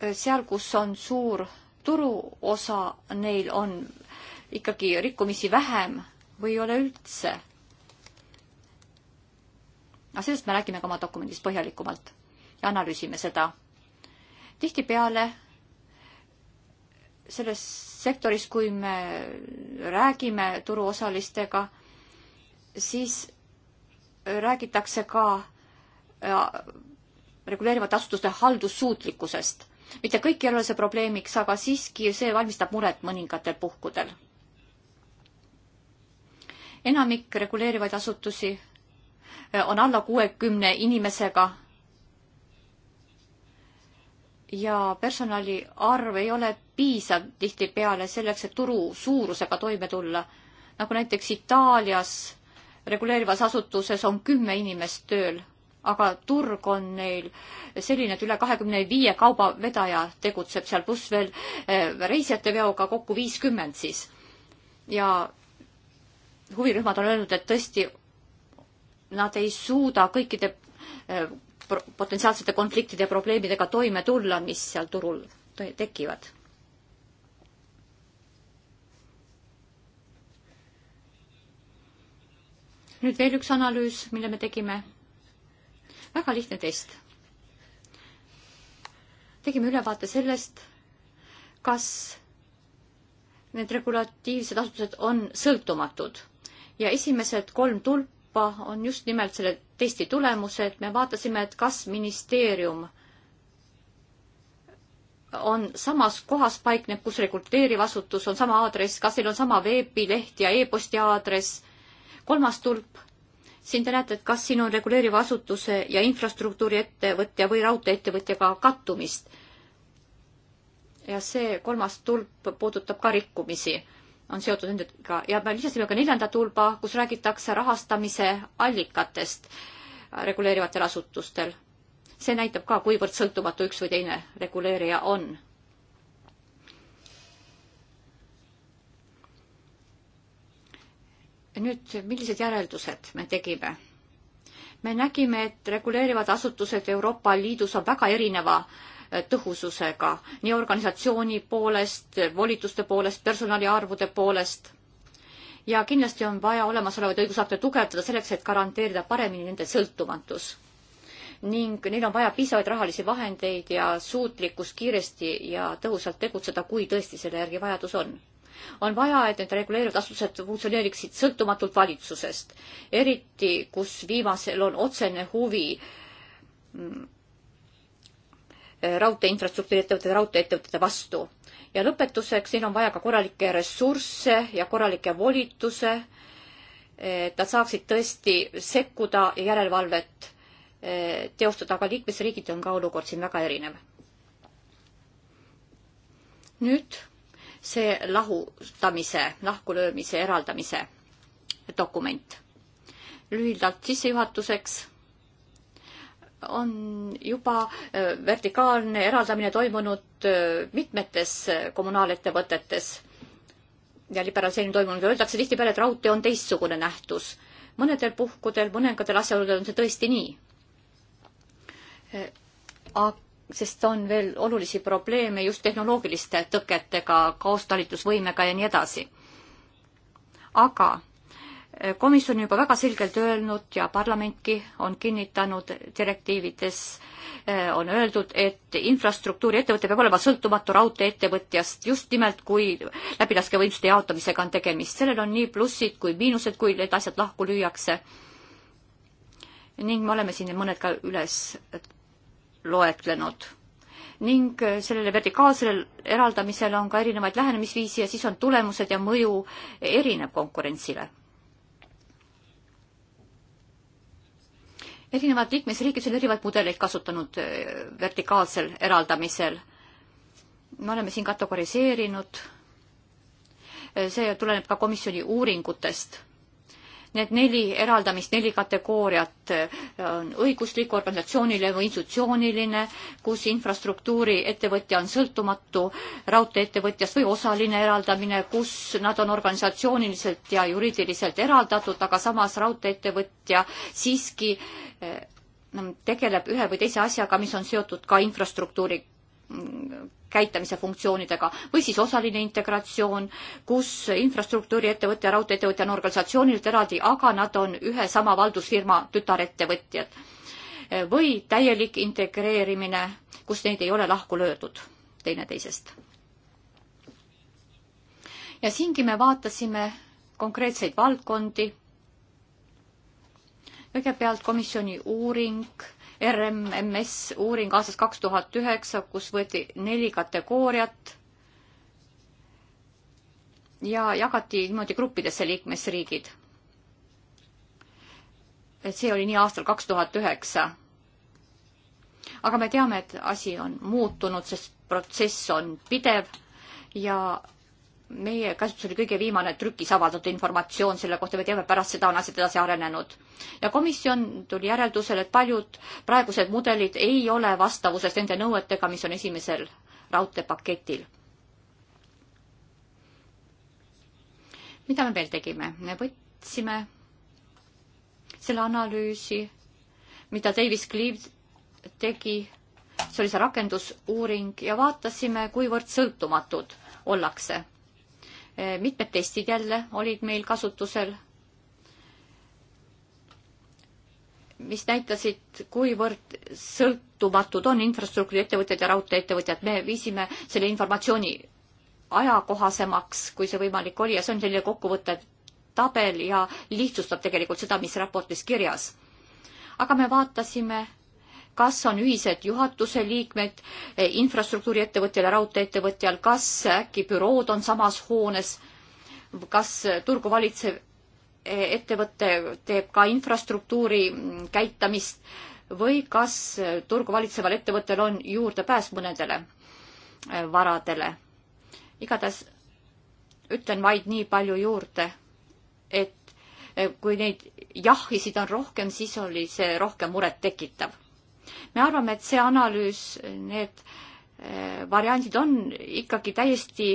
eh, seal, kus on suur turuosa, neil on ikkagi rikkumisi vähem või ei ole üldse. aga sellest me räägime ka oma dokumendis põhjalikumalt ja analüüsime seda tihtipeale selles sektoris, kui me räägime turuosalistega, siis räägitakse ka äh, reguleerivate asutuste haldussuutlikkusest. mitte kõik ei ole see probleemiks, aga siiski see valmistab muret mõningatel puhkudel. enamik reguleerivaid asutusi äh, on alla kuuekümne inimesega ja personali arv ei ole piisav tihtipeale selleks, et turu suurusega toime tulla. nagu näiteks Itaalias reguleerivas asutuses on kümme inimest tööl, aga turg on neil selline, et üle kahekümne viie kaubavedaja tegutseb seal, pluss veel eh, reisijate veoga kokku viiskümmend siis. ja huvirühmad on öelnud, et tõesti nad ei suuda kõikide eh, potentsiaalsete konfliktide ja probleemidega toime tulla, mis seal turul tekivad. nüüd veel üks analüüs, mille me tegime. väga lihtne test. tegime ülevaate sellest, kas need regulatiivsed asutused on sõltumatud ja esimesed kolm tulpa tuppa, on just nimelt selle testi tulemused. me vaatasime, et kas ministeerium on samas kohas paikneb, kus rekruteeriv asutus on sama aadress, kas neil on sama veebileht ja e-posti aadress. kolmas tulp, siin te näete, et kas siin on reguleeriva asutuse ja infrastruktuuri ettevõtja või raudteeettevõtjaga kattumist. ja see kolmas tulp puudutab ka rikkumisi on seotud nendega ja me lisasime ka neljanda tulba, kus räägitakse rahastamise allikatest reguleerivatel asutustel. see näitab ka, kuivõrd sõltumatu üks või teine reguleerija on. nüüd, millised järeldused me tegime? me nägime, et reguleerivad asutused Euroopa Liidus on väga erineva äh, tõhususega nii organisatsiooni poolest, volituste poolest, personaliarvude poolest. ja kindlasti on vaja olemasolevaid õigusakte tugevdada selleks, et garanteerida paremini nende sõltumatus. ning neil on vaja piisavaid rahalisi vahendeid ja suutlikkust kiiresti ja tõhusalt tegutseda, kui tõesti selle järgi vajadus on on vaja, et need reguleerivad asutused funktsioneeriksid sõltumatult valitsusest, eriti kus viimasel on otsene huvi mm, raudteeinfrastruktuuriettevõtete, raudteeettevõtete vastu. ja lõpetuseks, siin on vaja ka korralikke ressursse ja korralikke volituse, et nad saaksid tõesti sekkuda ja järelevalvet e, teostada, aga liikmesriigiti on ka olukord siin väga erinev. nüüd see lahutamise, lahkulöömise, eraldamise dokument. lühidalt sissejuhatuseks on juba äh, vertikaalne eraldamine toimunud äh, mitmetes äh, kommunaalettevõtetes ja liberaliseerimine toimunud ja öeldakse tihtipeale, et raudtee on teistsugune nähtus. mõnedel puhkudel, mõningatel asjaoludel on see tõesti nii. sest on veel olulisi probleeme just tehnoloogiliste tõketega, kaostalitusvõimega ja nii edasi. aga komisjon juba väga selgelt öelnud ja parlamentki on kinnitanud direktiivides, eh, on öeldud, et infrastruktuuriettevõte peab olema sõltumatu raudtee-ettevõtjast just nimelt, kui läbilaskevõimsuste jaotamisega on tegemist. sellel on nii plussid kui miinused, kui need asjad lahku lüüakse. ning me oleme siin mõned ka üles loetlenud ning eh, sellele vertikaalsele eraldamisele on ka erinevaid lähenemisviisi ja siis on tulemused ja mõju erineb konkurentsile erinevad liikmesriigid on erinevaid mudeleid kasutanud äh, vertikaalsel eraldamisel. me oleme siin kategoriseerinud, äh, see tuleneb ka komisjoni uuringutest need neli eraldamist, neli kategooriat eh, on õiguslik, organisatsiooniline või institutsiooniline, kus infrastruktuuri ettevõtja on sõltumatu raudteeettevõtjast või osaline eraldamine, kus nad on organisatsiooniliselt ja juriidiliselt eraldatud, aga samas raudteeettevõtja siiski eh, tegeleb ühe või teise asjaga, mis on seotud ka infrastruktuuri käitamise funktsioonidega või siis osaline integratsioon, kus infrastruktuuriettevõte ja raudteeettevõtja on organisatsioonilt eraldi, aga nad on ühe sama valdusfirma tütarettevõtjad. või täielik integreerimine, kus neid ei ole lahku löödud teineteisest. ja siingi me vaatasime konkreetseid valdkondi. kõigepealt komisjoni uuring RMS uuring aastast kaks tuhat üheksa, kus võeti neli kategooriat ja jagati niimoodi gruppidesse liikmesriigid. et see oli nii aastal kaks tuhat üheksa. aga me teame, et asi on muutunud, sest protsess on pidev ja meie käsutus oli kõige viimane trükis avaldatud informatsioon selle kohta, me teame, pärast seda on asjad edasi arenenud. ja komisjon tuli järeldusele, et paljud praegused mudelid ei ole vastavuses nende nõuetega, mis on esimesel raudteepaketil. mida me veel tegime? me võtsime selle analüüsi, mida Davis Cleave tegi, see oli see rakendusuuring ja vaatasime, kuivõrd sõltumatud ollakse Eh, mitmed testid jälle olid meil kasutusel, mis näitasid, kuivõrd sõltumatud on infrastruktuuriettevõtjad ja raudtee-ettevõtjad. me viisime selle informatsiooni ajakohasemaks, kui see võimalik oli ja see on selline kokkuvõttev tabel ja lihtsustab tegelikult seda, mis raportis kirjas. aga me vaatasime kas on ühised juhatuse liikmed eh, infrastruktuuriettevõtjal ja raudteeettevõtjal, kas äkki bürood on samas hoones, kas turgu valitsev eh, ettevõte teeb ka infrastruktuuri mm, käitamist või kas turgu valitseval ettevõttel on juurdepääs mõnedele eh, varadele. igatahes ütlen vaid nii palju juurde, et kui neid jahhisid on rohkem, siis oli see rohkem muret tekitav me arvame, et see analüüs, need eh, variandid on ikkagi täiesti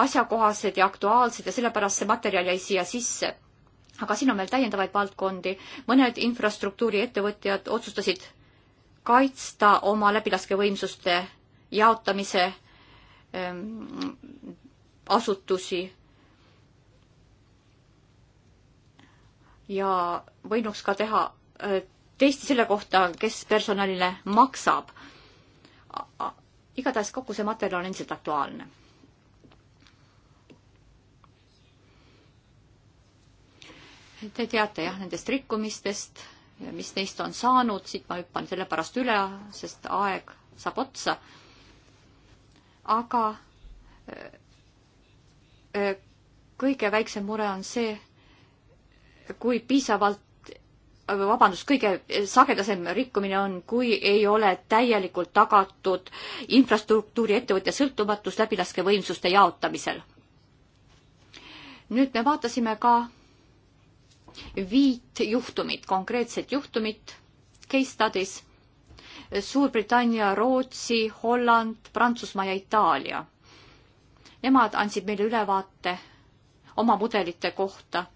asjakohased ja aktuaalsed ja sellepärast see materjal jäi siia sisse. aga siin on veel täiendavaid valdkondi. mõned infrastruktuuriettevõtjad otsustasid kaitsta oma läbilaskevõimsuste jaotamise ähm, asutusi. ja võinuks ka teha äh, testi selle kohta, kes personalile maksab. igatahes kogu see materjal on endiselt aktuaalne. Te teate jah nendest rikkumistest ja mis neist on saanud, siit ma hüppan selle pärast üle, sest aeg saab otsa. aga äh, äh, kõige väiksem mure on see, kui piisavalt Äh, vabandust, kõige sagedasem rikkumine on, kui ei ole täielikult tagatud infrastruktuuri ettevõtja sõltumatus läbilaskevõimsuste jaotamisel. nüüd me vaatasime ka viit juhtumit, konkreetset juhtumit case studies Suurbritannia, Rootsi, Holland, Prantsusmaa ja Itaalia. Nemad andsid meile ülevaate oma mudelite kohta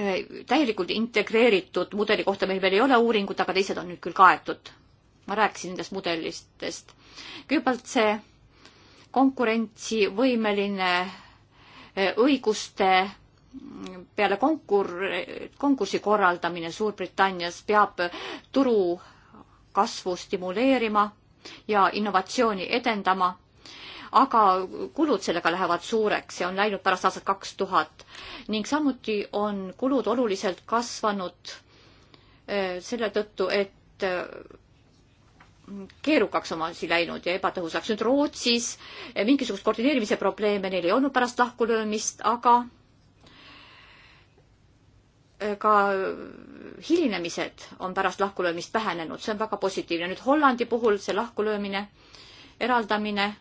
Äh, täielikult integreeritud mudeli kohta meil veel ei ole uuringut, aga teised on nüüd küll kaetud. ma rääkisin nendest mudelitest. kõigepealt see konkurentsivõimeline äh, õiguste peale konkur-, konkursi korraldamine Suurbritannias peab turu kasvu stimuleerima ja innovatsiooni edendama aga kulud sellega lähevad suureks ja on läinud pärast aastat kaks tuhat ning samuti on kulud oluliselt kasvanud eh, selle tõttu, et eh, keerukaks on asi läinud ja ebatõhusaks. nüüd Rootsis eh, mingisugust koordineerimise probleeme neil ei olnud pärast lahkulöömist, aga ka hilinemised on pärast lahkulöömist vähenenud, see on väga positiivne. nüüd Hollandi puhul see lahkulöömine, eraldamine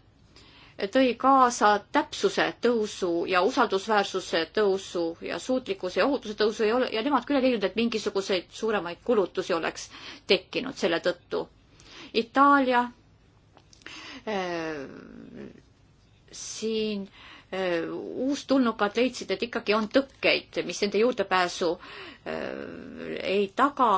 tõi kaasa täpsuse tõusu ja usaldusväärsuse tõusu ja suutlikkuse ja ohutuse tõusu ei ole ja nemad küll ei leidnud, et mingisuguseid suuremaid kulutusi oleks tekkinud selle tõttu. Itaalia äh, siin äh, uustulnukad leidsid, et ikkagi on tõkkeid, mis nende juurdepääsu äh, ei taga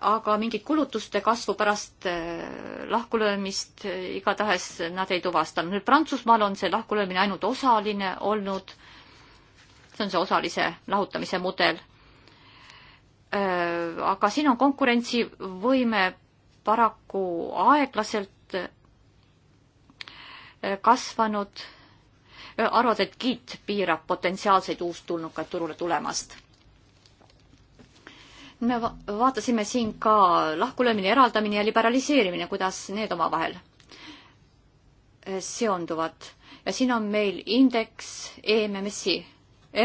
aga mingit kulutuste kasvu pärast eh, lahkulöömist eh, igatahes nad ei tuvastanud. nüüd Prantsusmaal on see lahkulöömine ainult osaline olnud, see on see osalise lahutamise mudel. Eh, aga siin on konkurentsivõime paraku aeglaselt kasvanud, arvad, et giid piirab potentsiaalseid uustulnukaid turule tulemast me va vaatasime siin ka lahkulöömine, eraldamine ja liberaliseerimine, kuidas need omavahel eh, seonduvad. ja siin on meil indeks EMMS-i,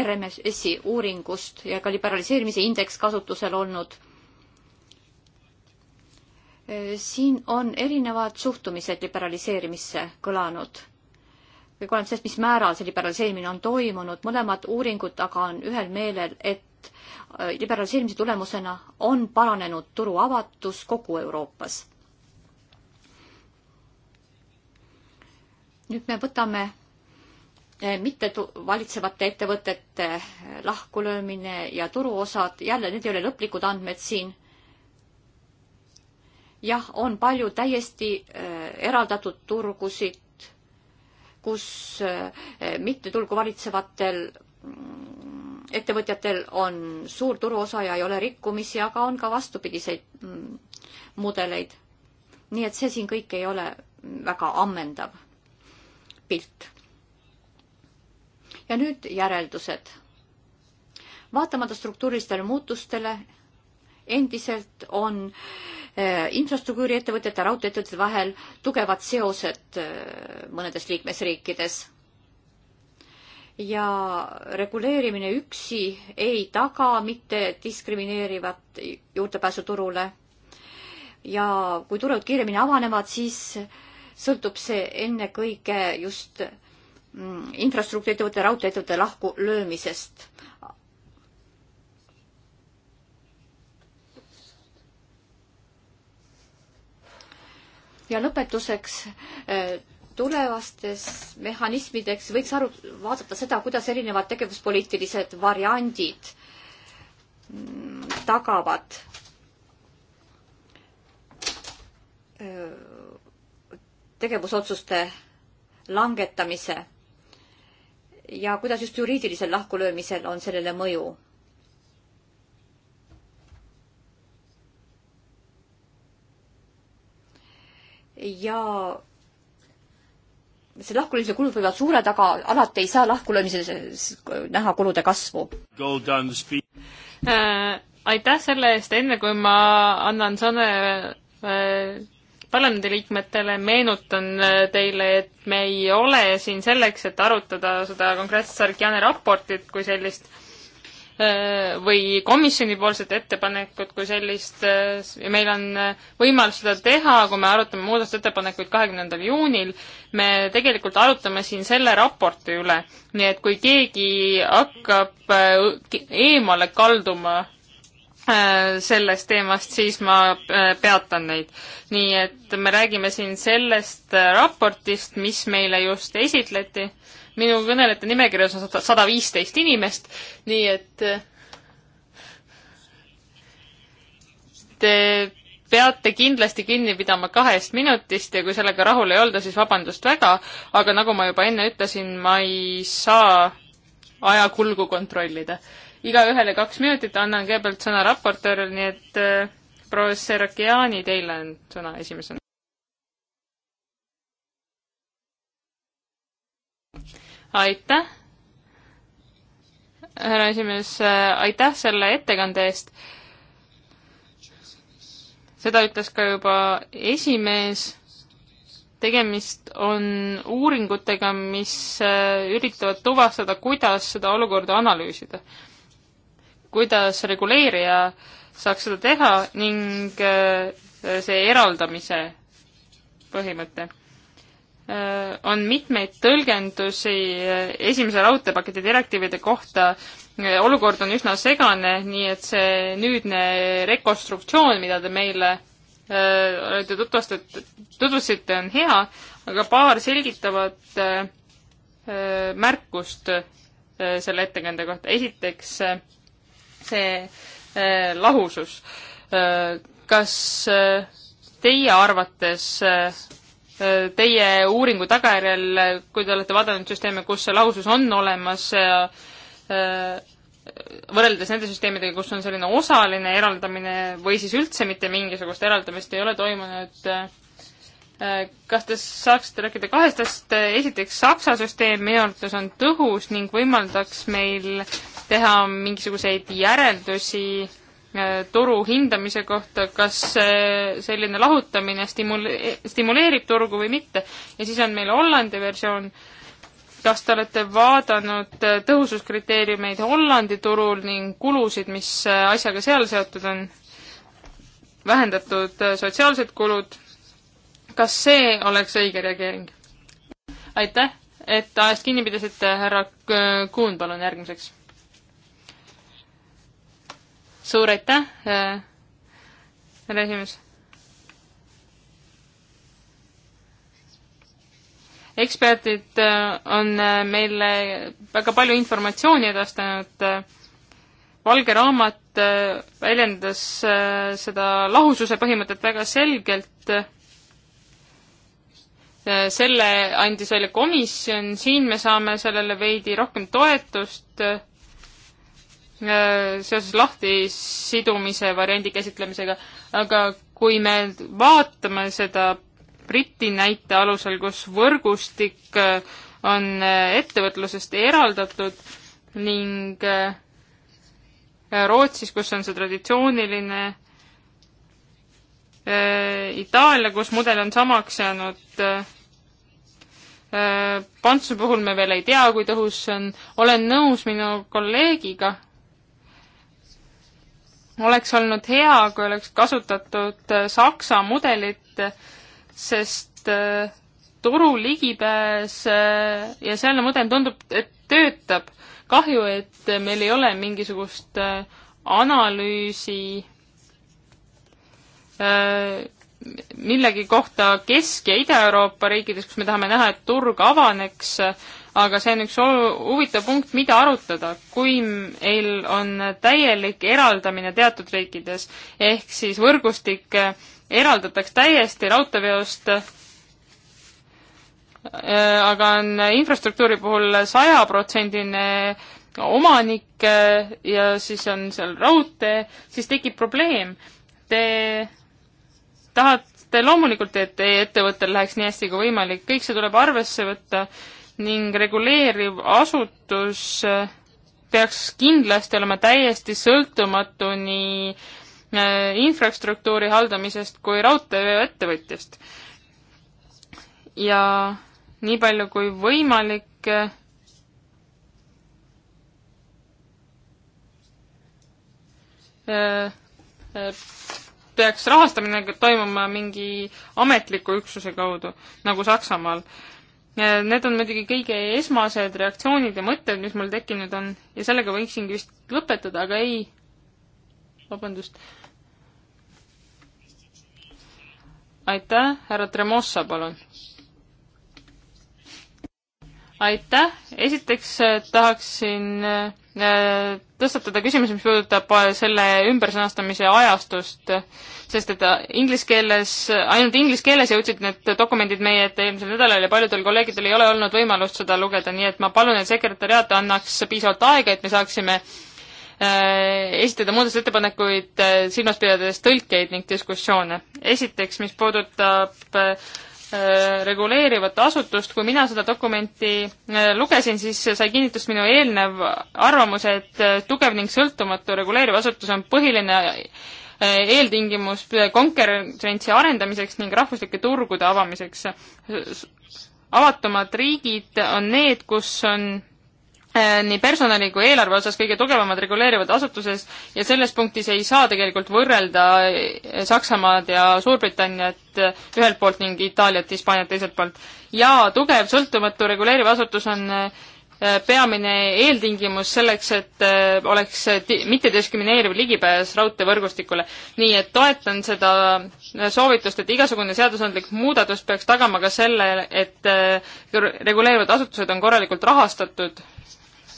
RMS-i uuringust ja ka liberaliseerimise indeks kasutusel olnud eh, siin on erinevad suhtumised liberaliseerimisse kõlanud. kõik oleneb sellest, mis määral see liberaliseerimine on toimunud, mõlemad uuringud aga on ühel meelel, et Äh, liberaliseerimise tulemusena on paranenud turu avatus kogu Euroopas. nüüd me võtame äh, mitte valitsevate ettevõtete äh, lahkulöömine ja turuosad, jälle need ei ole lõplikud andmed siin. jah, on palju täiesti eraldatud turgusid, kus mittetulgu valitsevatel mm, ettevõtjatel on suur turuosa ja ei ole rikkumisi, aga on ka vastupidiseid mm, mudeleid. nii et see siin kõik ei ole väga ammendav pilt. ja nüüd järeldused. vaatamata struktuurilistele muutustele endiselt on eh, infrastruktuuriettevõtete ja raudteeettevõtete vahel tugevad seosed eh, mõnedes liikmesriikides ja reguleerimine üksi ei taga mitte diskrimineerivat juurdepääsu turule. ja kui turud kiiremini avanevad, siis sõltub see ennekõike just mm, infrastruktuuriettevõtte, raudteeettevõtte lahkulöömisest. ja lõpetuseks eh, tulevastes mehhanismideks võiks aru, vaadata seda, kuidas erinevad tegevuspoliitilised variandid mm, tagavad tegevusotsuste langetamise ja kuidas just juriidilisel lahkulöömisel on sellele mõju ja see lahkulöömise kulud võivad suured, aga alati ei saa lahkulöömises näha kulude kasvu. Äh, aitäh selle eest, enne kui ma annan sõna äh, parlamendiliikmetele, meenutan äh, teile, et me ei ole siin selleks, et arutada seda konkreetset Sarkjane raportit kui sellist Äh, või komisjonipoolset ettepanekut kui sellist äh, ja meil on äh, võimalus seda teha, kui me arutame muudatusettepanekuid kahekümnendal juunil, me tegelikult arutame siin selle raporti üle, nii et kui keegi hakkab eemale kalduma sellest teemast, siis ma peatan neid. nii et me räägime siin sellest raportist, mis meile just esitleti minu kõnelejate nimekirjas on sada viisteist inimest, nii et eh, te peate kindlasti kinni pidama kahest minutist ja kui sellega rahul ei olda, siis vabandust väga, aga nagu ma juba enne ütlesin, ma ei saa ajakulgu kontrollida. igaühele kaks minutit, annan kõigepealt sõna raportööril, nii et äh, eh, proua Serakiani, teile on sõna esimesena. aitäh, härra esimees, aitäh selle ettekande eest. seda ütles ka juba esimees tegemist on uuringutega, mis äh, üritavad tuvastada, kuidas seda olukorda analüüsida. kuidas reguleerija saaks seda teha ning äh, see eraldamise põhimõte. Äh, on mitmeid tõlgendusi äh, esimese raudteepaketi direktiivide kohta, äh, olukord on üsna segane, nii et see nüüdne rekonstruktsioon, mida te meile olete tutvustat-, tutvustasite, on hea, aga paar selgitavat märkust selle ettekande kohta. esiteks see lahusus. kas teie arvates teie uuringu tagajärjel, kui te olete vaadanud süsteeme, kus see lausus on olemas, äh, äh, võrreldes nende süsteemidega, kus on selline osaline eraldamine või siis üldse mitte mingisugust eraldamist ei ole toimunud, äh, kas te saaksite rääkida kahest asjast, esiteks Saksa süsteem minu arvates on tõhus ning võimaldaks meil teha mingisuguseid järeldusi äh, Äh, turu hindamise kohta, kas äh, selline lahutamine stimule-, stimuleerib turgu või mitte. ja siis on meil Hollandi versioon, kas te olete vaadanud äh, tõhususkriteeriumeid Hollandi turul ning kulusid, mis asjaga seal seotud on? vähendatud sotsiaalsed kulud, kas see oleks õige reageering? aitäh, et ajast kinni pidasite, härra Kuhn, palun järgmiseks suur aitäh, äh, härra esimees. eksperdid äh, on äh, meile väga palju informatsiooni edastanud. valge raamat väljendas seda lahususe põhimõtet väga selgelt. selle andis välja komisjon, siin me saame sellele veidi rohkem toetust seoses lahtisidumise variandi käsitlemisega, aga kui me vaatame seda Briti näite alusel, kus võrgustik äh, on äh, ettevõtlusest eraldatud ning äh, Rootsis, kus on see traditsiooniline, Itaalia, kus mudel on samaks jäänud, Pantsu puhul me veel ei tea, kui tõhus see on, olen nõus minu kolleegiga, oleks olnud hea, kui oleks kasutatud äh, Saksa mudelit, sest äh, turu ligipääs äh, ja sealne mudel tundub, et töötab. kahju, et meil ei ole mingisugust analüüsi millegi kohta Kesk- ja Ida-Euroopa riikides, kus me tahame näha, et turg avaneks, aga see on üks huvitav punkt, mida arutada, kui meil on täielik eraldamine teatud riikides, ehk siis võrgustik äh, eraldatakse täiesti raudteeveost, äh, aga on infrastruktuuri puhul sajaprotsendine omanik äh, ja siis on seal raudtee, siis tekib probleem. Te tahate loomulikult, et teie ettevõttel läheks nii hästi kui võimalik, kõik see tuleb arvesse võtta ning reguleeriv asutus äh, peaks kindlasti olema täiesti sõltumatu nii äh, infrastruktuuri haldamisest kui raudteeveoettevõtjast. ja nii palju kui võimalik äh, peaks rahastamine toimuma mingi ametliku üksuse kaudu, nagu Saksamaal Need on muidugi kõige esmased reaktsioonid ja mõtted, mis mul tekkinud on ja sellega võiksingi vist lõpetada, aga ei, vabandust. aitäh, härra Tremossa, palun. aitäh, esiteks eh, tahaksin äh, tõstatada küsimus, mis puudutab äh, selle ümbersõnastamise ajastust, sest et äh, inglise keeles, ainult inglise keeles jõudsid need dokumendid meie ette eelmisel nädalal ja paljudel kolleegidel ei ole olnud võimalust seda lugeda, nii et ma palun, et sekretäriaat annaks piisavalt aega, et me saaksime äh, esitada muudatusettepanekuid silmas pidades tõlkeid ning diskussioone. esiteks, mis puudutab Äh, reguleerivat asutust, kui mina seda dokumenti äh, lugesin, siis sai kinnitust minu eelnev arvamus, et äh, tugev ning sõltumatu reguleeriv asutus on põhiline eeltingimus konkurentsi arendamiseks ning rahvuslike turgude avamiseks. avatumad riigid on need, kus on Äh, nii personali kui eelarve osas kõige tugevamad reguleerivad asutuses ja selles punktis ei saa tegelikult võrrelda äh, Saksamaad ja Suurbritanniat äh, ühelt poolt ning Itaaliat, Hispaaniat teiselt poolt. ja tugev sõltumatu reguleeriv asutus on peamine eeltingimus selleks, et oleks mittediskrimineeriv ligipääs raudteevõrgustikule. nii et toetan seda soovitust, et igasugune seadusandlik muudatus peaks tagama ka selle, et reguleerivad asutused on korralikult rahastatud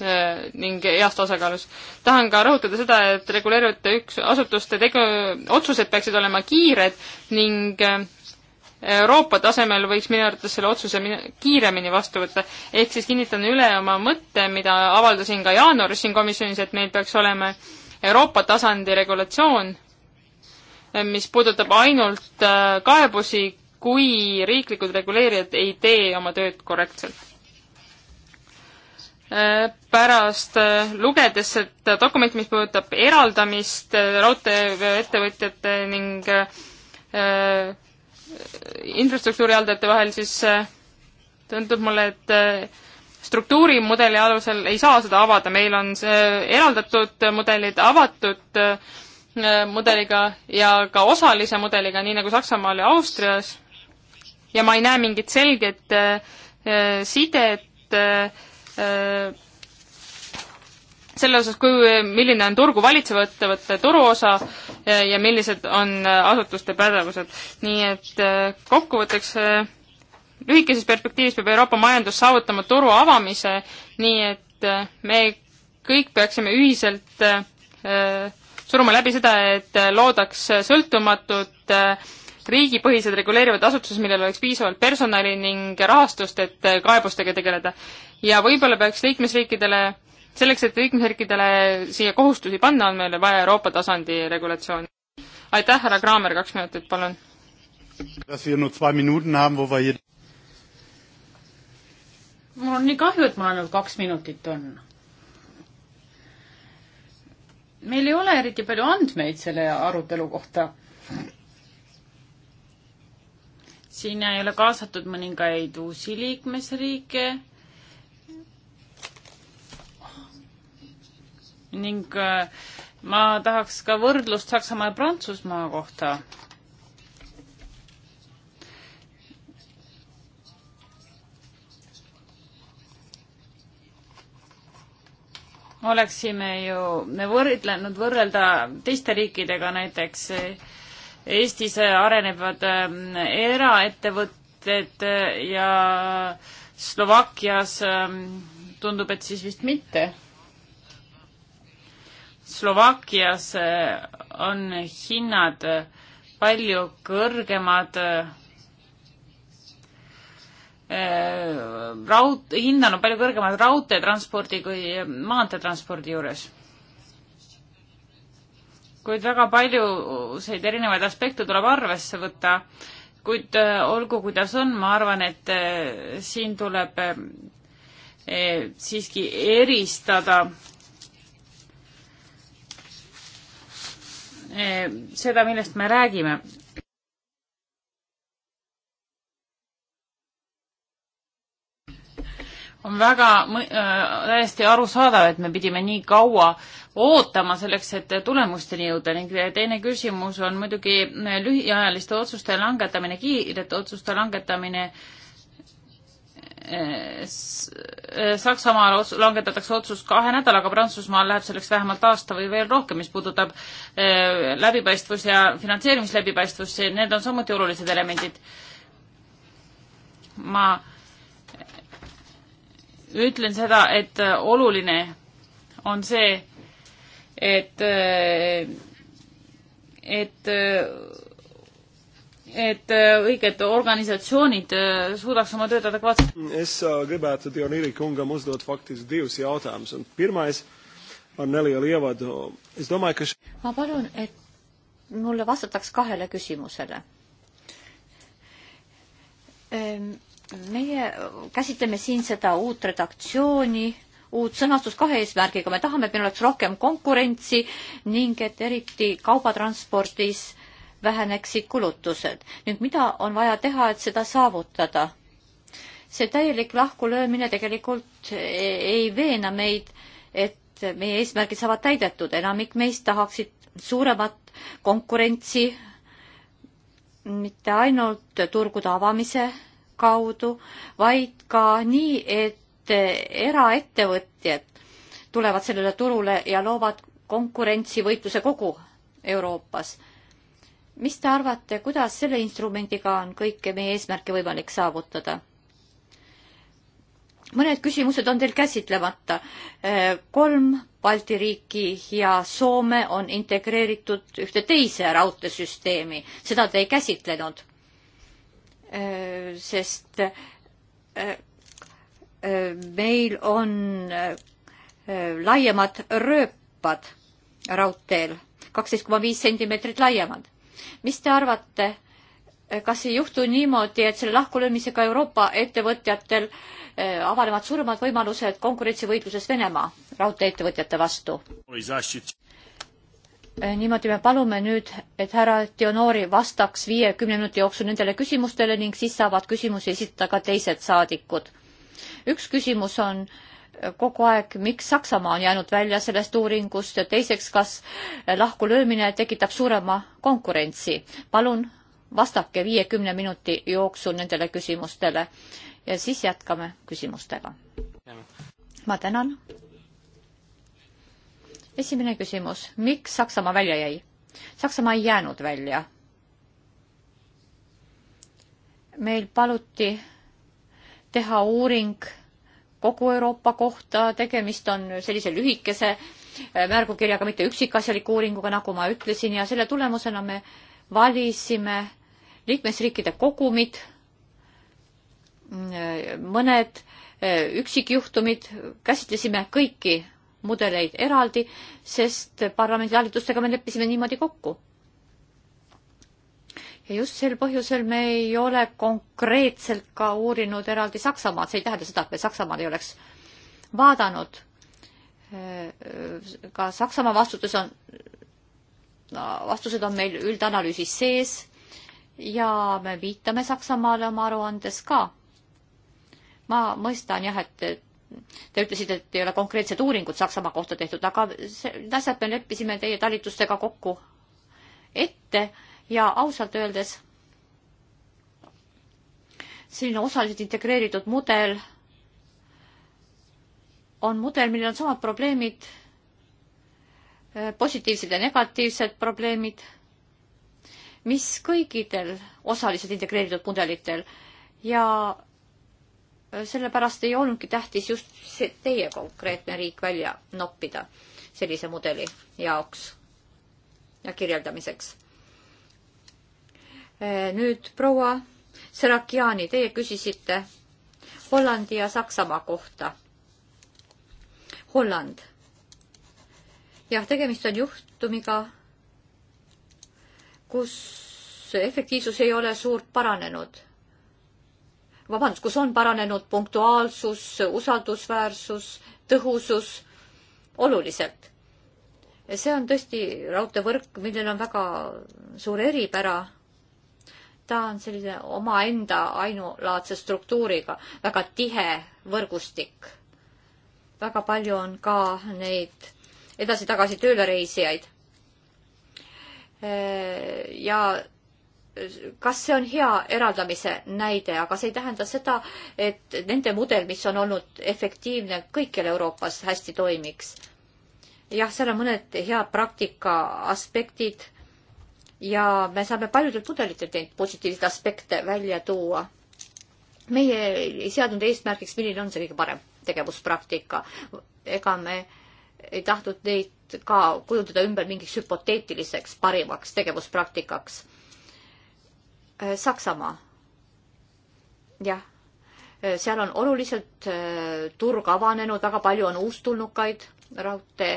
Äh, ning heas tasakaalus. tahan ka rõhutada seda, et reguleerivate üks asutuste tegu-, otsused peaksid olema kiired ning äh, Euroopa tasemel võiks minu arvates selle otsuse kiiremini vastu võtta. ehk siis kinnitan üle oma mõtte, mida avaldasin ka jaanuaris siin komisjonis, et meil peaks olema Euroopa tasandi regulatsioon, äh, mis puudutab ainult kaebusi, kui riiklikud reguleerijad ei tee oma tööd korrektselt pärast äh, lugedes seda dokumenti, mis puudutab eraldamist äh, raudteeettevõtjate ning äh, infrastruktuuri haldajate vahel, siis tundub mulle, et struktuurimudeli alusel ei saa seda avada, meil on see eraldatud mudelid avatud mudeliga ja ka osalise mudeliga, nii nagu Saksamaal ja Austrias. ja ma ei näe mingit selget sidet äh, Äh, selle osas, kui, milline on turgu valitseva ettevõtte turuosa ja, äh, ja millised on äh, asutuste pädevused. nii et kokkuvõtteks lühikeses perspektiivis peab Euroopa majandus saavutama turu avamise, nii et me kõik peaksime ühiselt suruma läbi seda, et loodaks sõltumatud riigipõhised reguleerivad asutused, millel oleks piisavalt personali ning rahastust, et äh, kaebustega tegeleda. ja võib-olla peaks liikmesriikidele, selleks, et liikmesriikidele siia kohustusi panna, on meil vaja Euroopa tasandi regulatsiooni. aitäh, härra Kraamer, kaks minutit, palun. mul on nii kahju, et mul ainult kaks minutit on meil ei ole eriti palju andmeid selle arutelu kohta siin ei ole kaasatud mõningaid uusi liikmesriike ning äh, ma tahaks ka võrdlust Saksamaa ja Prantsusmaa kohta. oleksime ju me võrdlenud võrrelda teiste riikidega näiteks äh, Eestis äh, arenevad ähm, eraettevõtted äh, ja Slovakkias ähm, tundub, et siis vist mitte. Slovakkias äh, on hinnad palju kõrgemad raud-, hinnal on palju kõrgemad raudteetranspordi kui maanteetranspordi juures kuid väga paljusid erinevaid aspekte tuleb arvesse võtta. kuid äh, olgu, kuidas on, ma arvan, et äh, siin tuleb äh, siiski eristada seda, millest me räägime. on väga äh, täiesti arusaadav, et me pidime nii kaua ootama selleks, et tulemusteni jõuda ning teine küsimus on muidugi äh, lühiajaliste otsuste langetamine, kiirete otsuste langetamine. Äh, äh, Saksamaal langetatakse otsus kahe nädalaga, Prantsusmaal läheb selleks vähemalt aasta või veel rohkem, mis puudutab läbipaistvus ja finantseerimisläbipaistvus, need on samuti olulised elemendid. ma äh, ütlen seda, et äh, oluline on see, et, äh, et, äh, et õiged organisatsioonid suudaks oma tööd adekvaatselt. Es gribētu Dionīri kungam uzdot faktiski divus jautājumus. Un pirmais on nelielu ievadu. Es domāju, ka... Ma palun, et mulle vastataks kahele küsimusele meie käsitleme siin seda uut redaktsiooni, uut sõnastust kahe eesmärgiga, me tahame, et meil oleks rohkem konkurentsi ning et eriti kaubatranspordis väheneksid kulutused. nüüd mida on vaja teha, et seda saavutada? see täielik lahkulöömine tegelikult e-, ei veena meid, et meie eesmärgid saavad täidetud, enamik meist tahaksid suuremat konkurentsi mitte ainult turgude avamise kaudu, vaid ka nii, et eraettevõtjad tulevad sellele turule ja loovad konkurentsivõitluse kogu Euroopas. mis te arvate, kuidas selle instrumendiga on kõike meie eesmärke võimalik saavutada? mõned küsimused on teil käsitlemata. kolm Balti riiki ja Soome on integreeritud ühte teise raudteesüsteemi, seda te ei käsitlenud Äh, sest äh, äh, meil on laiemad rööpad raudteel, kaksteist koma viis sentimeetrit laiemad. mis te arvate, kas ei juhtu niimoodi, et selle lahkulöömisega Euroopa ettevõtjatel avanevad suuremad võimalused konkurentsivõitluses Venemaa raudteeettevõtjate vastu? Äh, niimoodi me palume nüüd, et härra Dionori vastaks viiekümne minuti jooksul nendele küsimustele ning siis saavad küsimusi esitada ka teised saadikud. üks küsimus on äh, kogu aeg, miks Saksamaa on jäänud välja sellest uuringust ja teiseks, kas äh, lahkulöömine tekitab suurema konkurentsi. palun vastake viiekümne minuti jooksul nendele küsimustele ja siis jätkame küsimustega. ma tänan esimene küsimus, miks Saksamaa välja jäi? Saksamaa ei jäänud välja. meil paluti teha uuring kogu Euroopa kohta, tegemist on sellise lühikese äh, märgukirjaga, mitte üksikasjaliku uuringuga, nagu ma ütlesin, ja selle tulemusena me valisime liikmesriikide kogumid, äh, mõned äh, üksikjuhtumid, käsitlesime kõiki mudeleid eraldi, sest parlamendi hääletustega me leppisime niimoodi kokku. ja just sel põhjusel me ei ole konkreetselt ka uurinud eraldi Saksamaad, see ei tähenda seda, et me Saksamaad ei oleks vaadanud. Äh, ka Saksamaa vastutus on, vastused on meil üldanalüüsis sees ja me viitame Saksamaale oma aruandes ka. ma mõistan jah, et, et Te ütlesite, et ei ole konkreetset uuringut Saksamaa kohta tehtud, aga need asjad me leppisime teie talitustega kokku ette ja ausalt öeldes selline osaliselt integreeritud mudel on mudel, millel on samad probleemid, äh, positiivsed ja negatiivsed probleemid, mis kõikidel osaliselt integreeritud mudelitel ja Äh, sellepärast ei olnudki tähtis just see teie konkreetne riik välja noppida sellise mudeli jaoks ja kirjeldamiseks. Äh, nüüd proua Serakiani, teie küsisite Hollandi ja Saksamaa kohta. Holland. jah, tegemist on juhtumiga, kus efektiivsus ei ole suurt paranenud vabandust, kus on paranenud punktuaalsus, usaldusväärsus, tõhusus oluliselt. see on tõesti raudteevõrk, millel on väga suur eripära. ta on selline omaenda ainulaadse struktuuriga, väga tihe võrgustik. väga palju on ka neid edasi-tagasi tööle reisijaid. ja kas see on hea eraldamise näide, aga see ei tähenda seda, et nende mudel, mis on olnud efektiivne kõikjal Euroopas, hästi toimiks. jah, seal on mõned head praktika aspektid ja me saame paljudelt mudelitelt neid positiivseid aspekte välja tuua. meie ei seadnud eesmärgiks, milline on see kõige parem tegevuspraktika. ega me ei tahtnud neid ka kujundada ümber mingiks hüpoteetiliseks parimaks tegevuspraktikaks Äh, Saksamaa. jah, äh, seal on oluliselt äh, turg avanenud, väga palju on uustulnukaid raudtee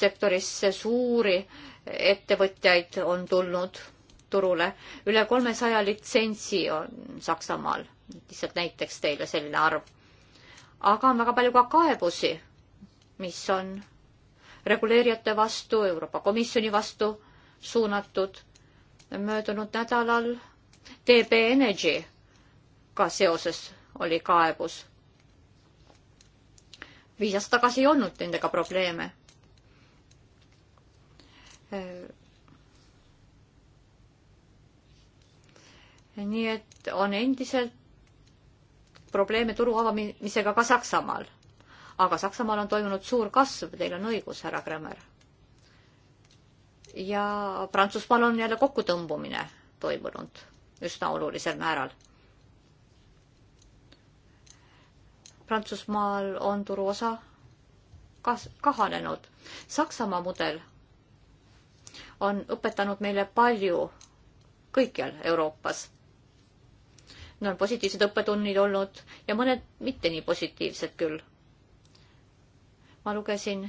sektorisse, suuri ettevõtjaid on tulnud turule. üle kolmesaja litsentsi on Saksamaal, lihtsalt näiteks teile selline arv. aga on väga palju ka kaebusi, mis on reguleerijate vastu, Euroopa Komisjoni vastu suunatud möödunud nädalal TB Energy'ga seoses oli kaebus. viis aastat tagasi ei olnud nendega probleeme. nii et on endiselt probleeme turu avamisega ka Saksamaal. aga Saksamaal on toimunud suur kasv, teil on õigus, härra Kremmer ja Prantsusmaal on jälle kokkutõmbumine toimunud üsna olulisel määral. Prantsusmaal on turuosa kas-, kahanenud. Saksamaa mudel on õpetanud meile palju kõikjal Euroopas. Need on positiivsed õppetunnid olnud ja mõned mitte nii positiivsed küll. ma lugesin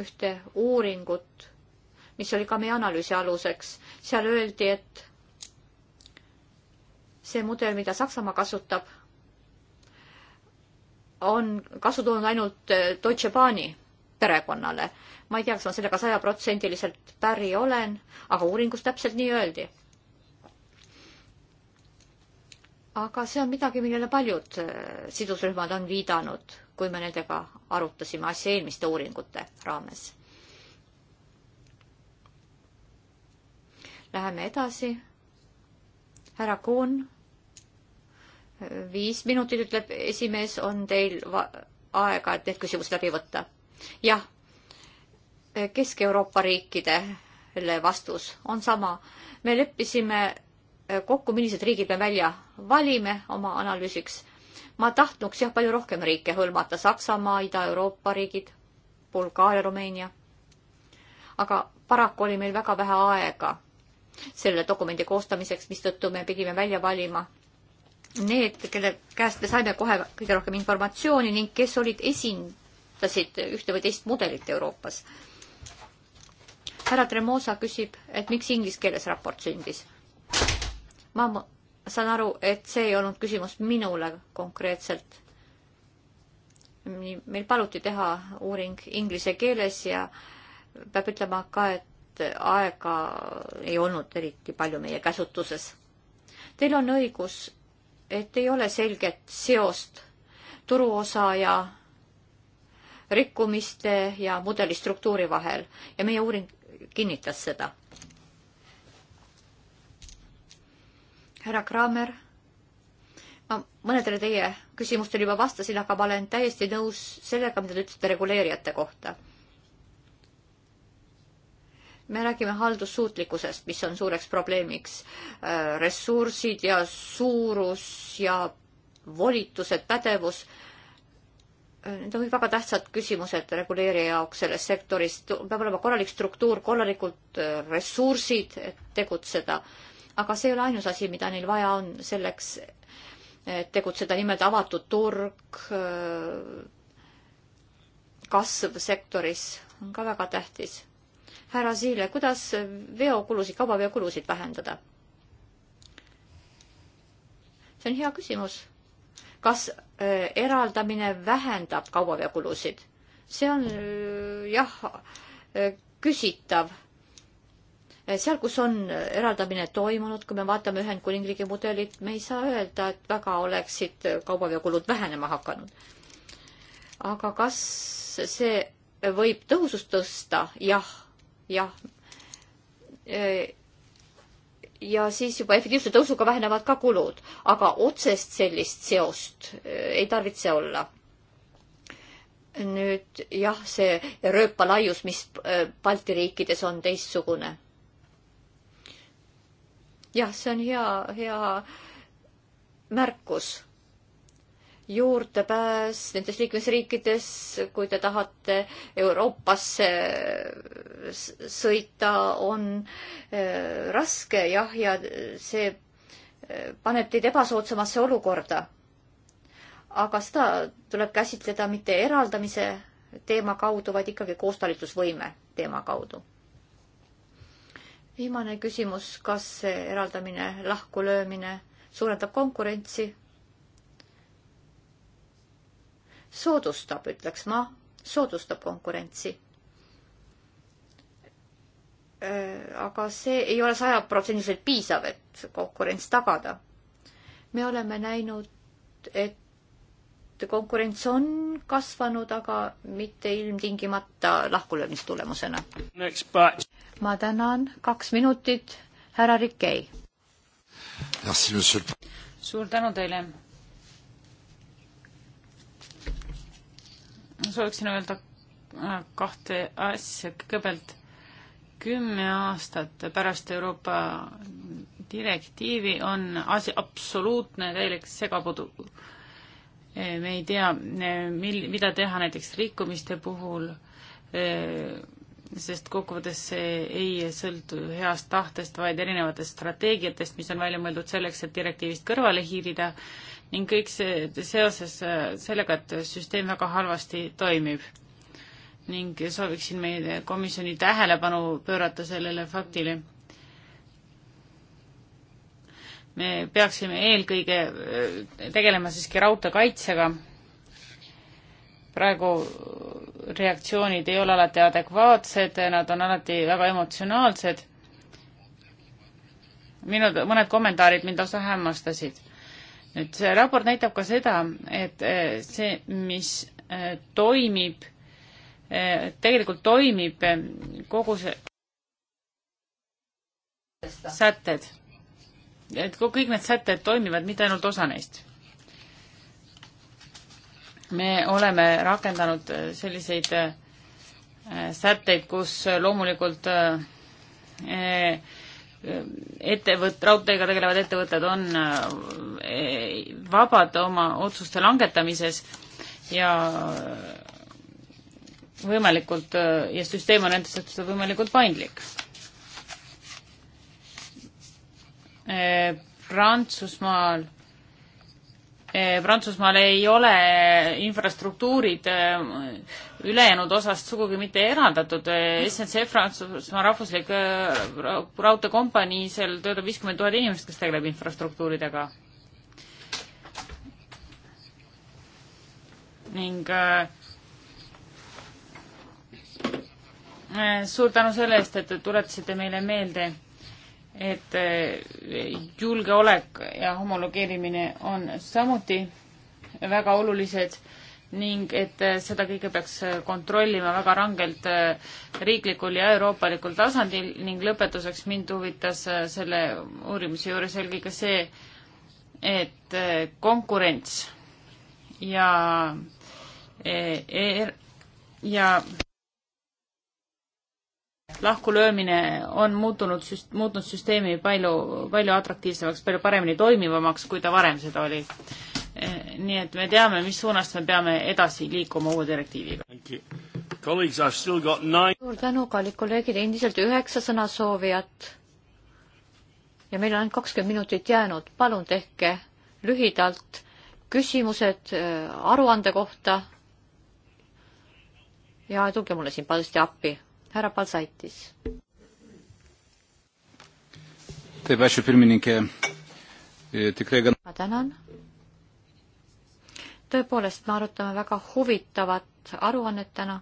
ühte uuringut, mis oli ka meie analüüsi aluseks. seal öeldi, et see mudel, mida Saksamaa kasutab, on kasu toonud ainult eh, Deutsche Bahni perekonnale. ma ei tea, kas ma sellega sajaprotsendiliselt päri olen, aga uuringus täpselt nii öeldi. aga see on midagi, millele paljud eh, sidusrühmad on viidanud kui me nendega arutasime asja eelmiste uuringute raames. Läheme edasi. härra Kuhn, viis minutit, ütleb esimees, on teil aega, et need küsimused läbi võtta. jah, Kesk-Euroopa riikidele vastus on sama. me leppisime kokku, millised riigid me välja valime oma analüüsiks ma tahtnuks jah, palju rohkem riike hõlmata, Saksamaa, Ida-Euroopa riigid, Bulgaaria, Rumeenia. aga paraku oli meil väga vähe aega selle dokumendi koostamiseks, mistõttu me pidime välja valima need, kelle käest me saime kohe kõige rohkem informatsiooni ning kes olid, esindasid ühte või teist mudelit Euroopas. härra Tremosa küsib, et miks inglise keeles raport sündis. ma saan aru, et see ei olnud küsimus minule konkreetselt. meil paluti teha uuring inglise keeles ja peab ütlema ka, et aega ei olnud eriti palju meie käsutuses. Teil on õigus, et ei ole selget seost turuosa ja rikkumiste ja mudelistruktuuri vahel ja meie uuring kinnitas seda härra Kramer, ma mõnedele teie küsimustele juba vastasin, aga ma olen täiesti nõus sellega, mida te ütlesite reguleerijate kohta. me räägime haldussuutlikkusest, mis on suureks probleemiks. Äh, ressursid ja suurus ja volitused, pädevus äh, Need on kõik väga tähtsad küsimused reguleerija jaoks selles sektoris. peab olema korralik struktuur, korralikult äh, ressursid, et tegutseda aga see ei ole ainus asi, mida neil vaja on selleks, et tegutseda, nimelt avatud turg, kasv sektoris on ka väga tähtis. härra Siile, kuidas veokulusid, kaubaveokulusid vähendada? see on hea küsimus. kas äh, eraldamine vähendab kaubaveokulusid? see on äh, jah, äh, küsitav Eh, seal, kus on eraldamine toimunud, kui me vaatame Ühendkuningriigi mudelit, me ei saa öelda, et väga oleksid kaubaveokulud vähenema hakanud. aga kas see võib tõhusust tõsta? jah, jah. Eh, ja siis juba efektiivse tõusuga vähenevad ka kulud, aga otsest sellist seost eh, ei tarvitse olla nüüd jah, see rööpalaius, mis Balti riikides on teistsugune jah, see on hea, hea märkus. juurdepääs nendes liikmesriikides, kui te tahate Euroopasse sõita, on äh, raske jah, ja see äh, paneb teid ebasoodsamasse olukorda. aga seda tuleb käsitleda mitte eraldamise teema kaudu, vaid ikkagi koostalitusvõime teema kaudu viimane küsimus, kas see eraldamine, lahkulöömine suurendab konkurentsi? soodustab, ütleks ma, soodustab konkurentsi. Äh, aga see ei ole sajaprotsendiliselt piisav, et konkurents tagada. me oleme näinud, et et konkurents on kasvanud, aga mitte ilmtingimata lahkulöömise tulemusena. ma tänan, kaks minutit, härra Rikei. suur tänu teile. sooviksin öelda äh, kahte asja, kõigepealt kümme aastat pärast Euroopa direktiivi on asi absoluutne täielik segapudu me ei tea, mil, mida teha näiteks rikkumiste puhul, sest kokkuvõttes see ei sõltu heast tahtest, vaid erinevatest strateegiatest, mis on välja mõeldud selleks, et direktiivist kõrvale hiilida ning kõik see seoses sellega, et süsteem väga halvasti toimib. ning sooviksin meie komisjoni tähelepanu pöörata sellele faktile me peaksime eelkõige äh, tegelema siiski raudteekaitsega. praegu reaktsioonid ei ole alati adekvaatsed, nad on alati väga emotsionaalsed. minu, mõned kommentaarid mind lausa hämmastasid. nüüd see raport näitab ka seda, et äh, see, mis äh, toimib, tegelikult toimib kogu see sätted et kõik need sätted toimivad, mitte ainult osa neist. me oleme rakendanud äh, selliseid äh, sätteid, kus loomulikult äh, ettevõt-, raudteega tegelevad ettevõtted on e-, vabad oma otsuste langetamises ja võimalikult ja süsteem on endiselt võimalikult paindlik Eh, Prantsusmaal, eh, Prantsusmaal ei ole infrastruktuurid eh, ülejäänud osast sugugi mitte eraldatud. SNC Prantsusmaa rahvuslik raudteekompanii, seal töötab viiskümmend tuhat inimest, kes tegeleb infrastruktuuridega. ning suur tänu selle eest, et te tuletasite meile meelde et eh, julgeolek ja homologeerimine on samuti väga olulised ning et eh, seda kõike peaks eh, kontrollima väga rangelt riiklikul ja euroopalikul tasandil ning lõpetuseks mind huvitas selle uurimise juures eelkõige see, et konkurents ja e e ja lahkulöömine on muutunud, muutnud süsteemi palju, palju atraktiivsemaks, palju paremini toimivamaks, kui ta varem seda oli. Eh, nii et me teame, mis suunast me peame edasi liikuma uue direktiiviga. suur tänu, kallid kolleegid, endiselt üheksa sõnasoovijat. ja meil on ainult kakskümmend minutit jäänud, palun tehke lühidalt küsimused eh, aruande kohta. ja tulge mulle siin paljusti appi härra Balsaitis. E, ma tänan. tõepoolest, me arutame väga huvitavat aruannet täna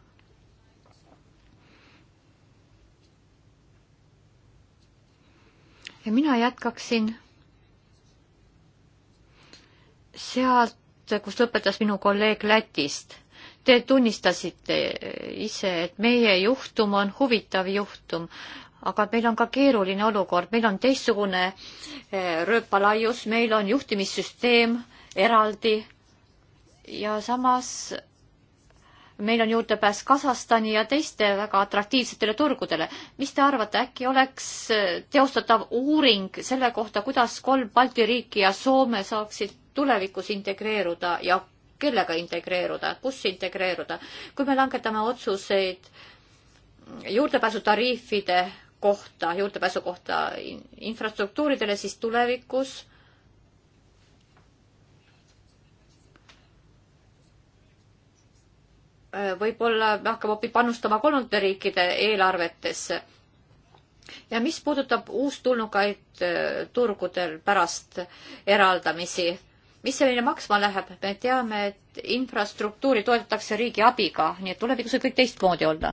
ja mina jätkaksin sealt, kus lõpetas minu kolleeg Lätist. Te tunnistasite ise, et meie juhtum on huvitav juhtum, aga meil on ka keeruline olukord, meil on teistsugune eh, rööpalaius, meil on juhtimissüsteem eraldi ja samas meil on juurdepääs Kasahstani ja teiste väga atraktiivsetele turgudele. mis te arvate, äkki oleks eh, teostatav uuring selle kohta, kuidas kolm Balti riiki ja Soome saaksid tulevikus integreeruda ja kellega integreeruda, kus integreeruda. kui me langetame otsuseid juurdepääsutariifide kohta, juurdepääsu kohta infrastruktuuridele, siis tulevikus võib-olla me hakkame hoopis panustama kolmandate riikide eelarvetesse. ja mis puudutab uustulnukaid eh, turgudel pärast eraldamisi, mis selline maksma läheb, me teame, et infrastruktuuri toetatakse riigi abiga, nii et tulevikus võib kõik teistmoodi olla.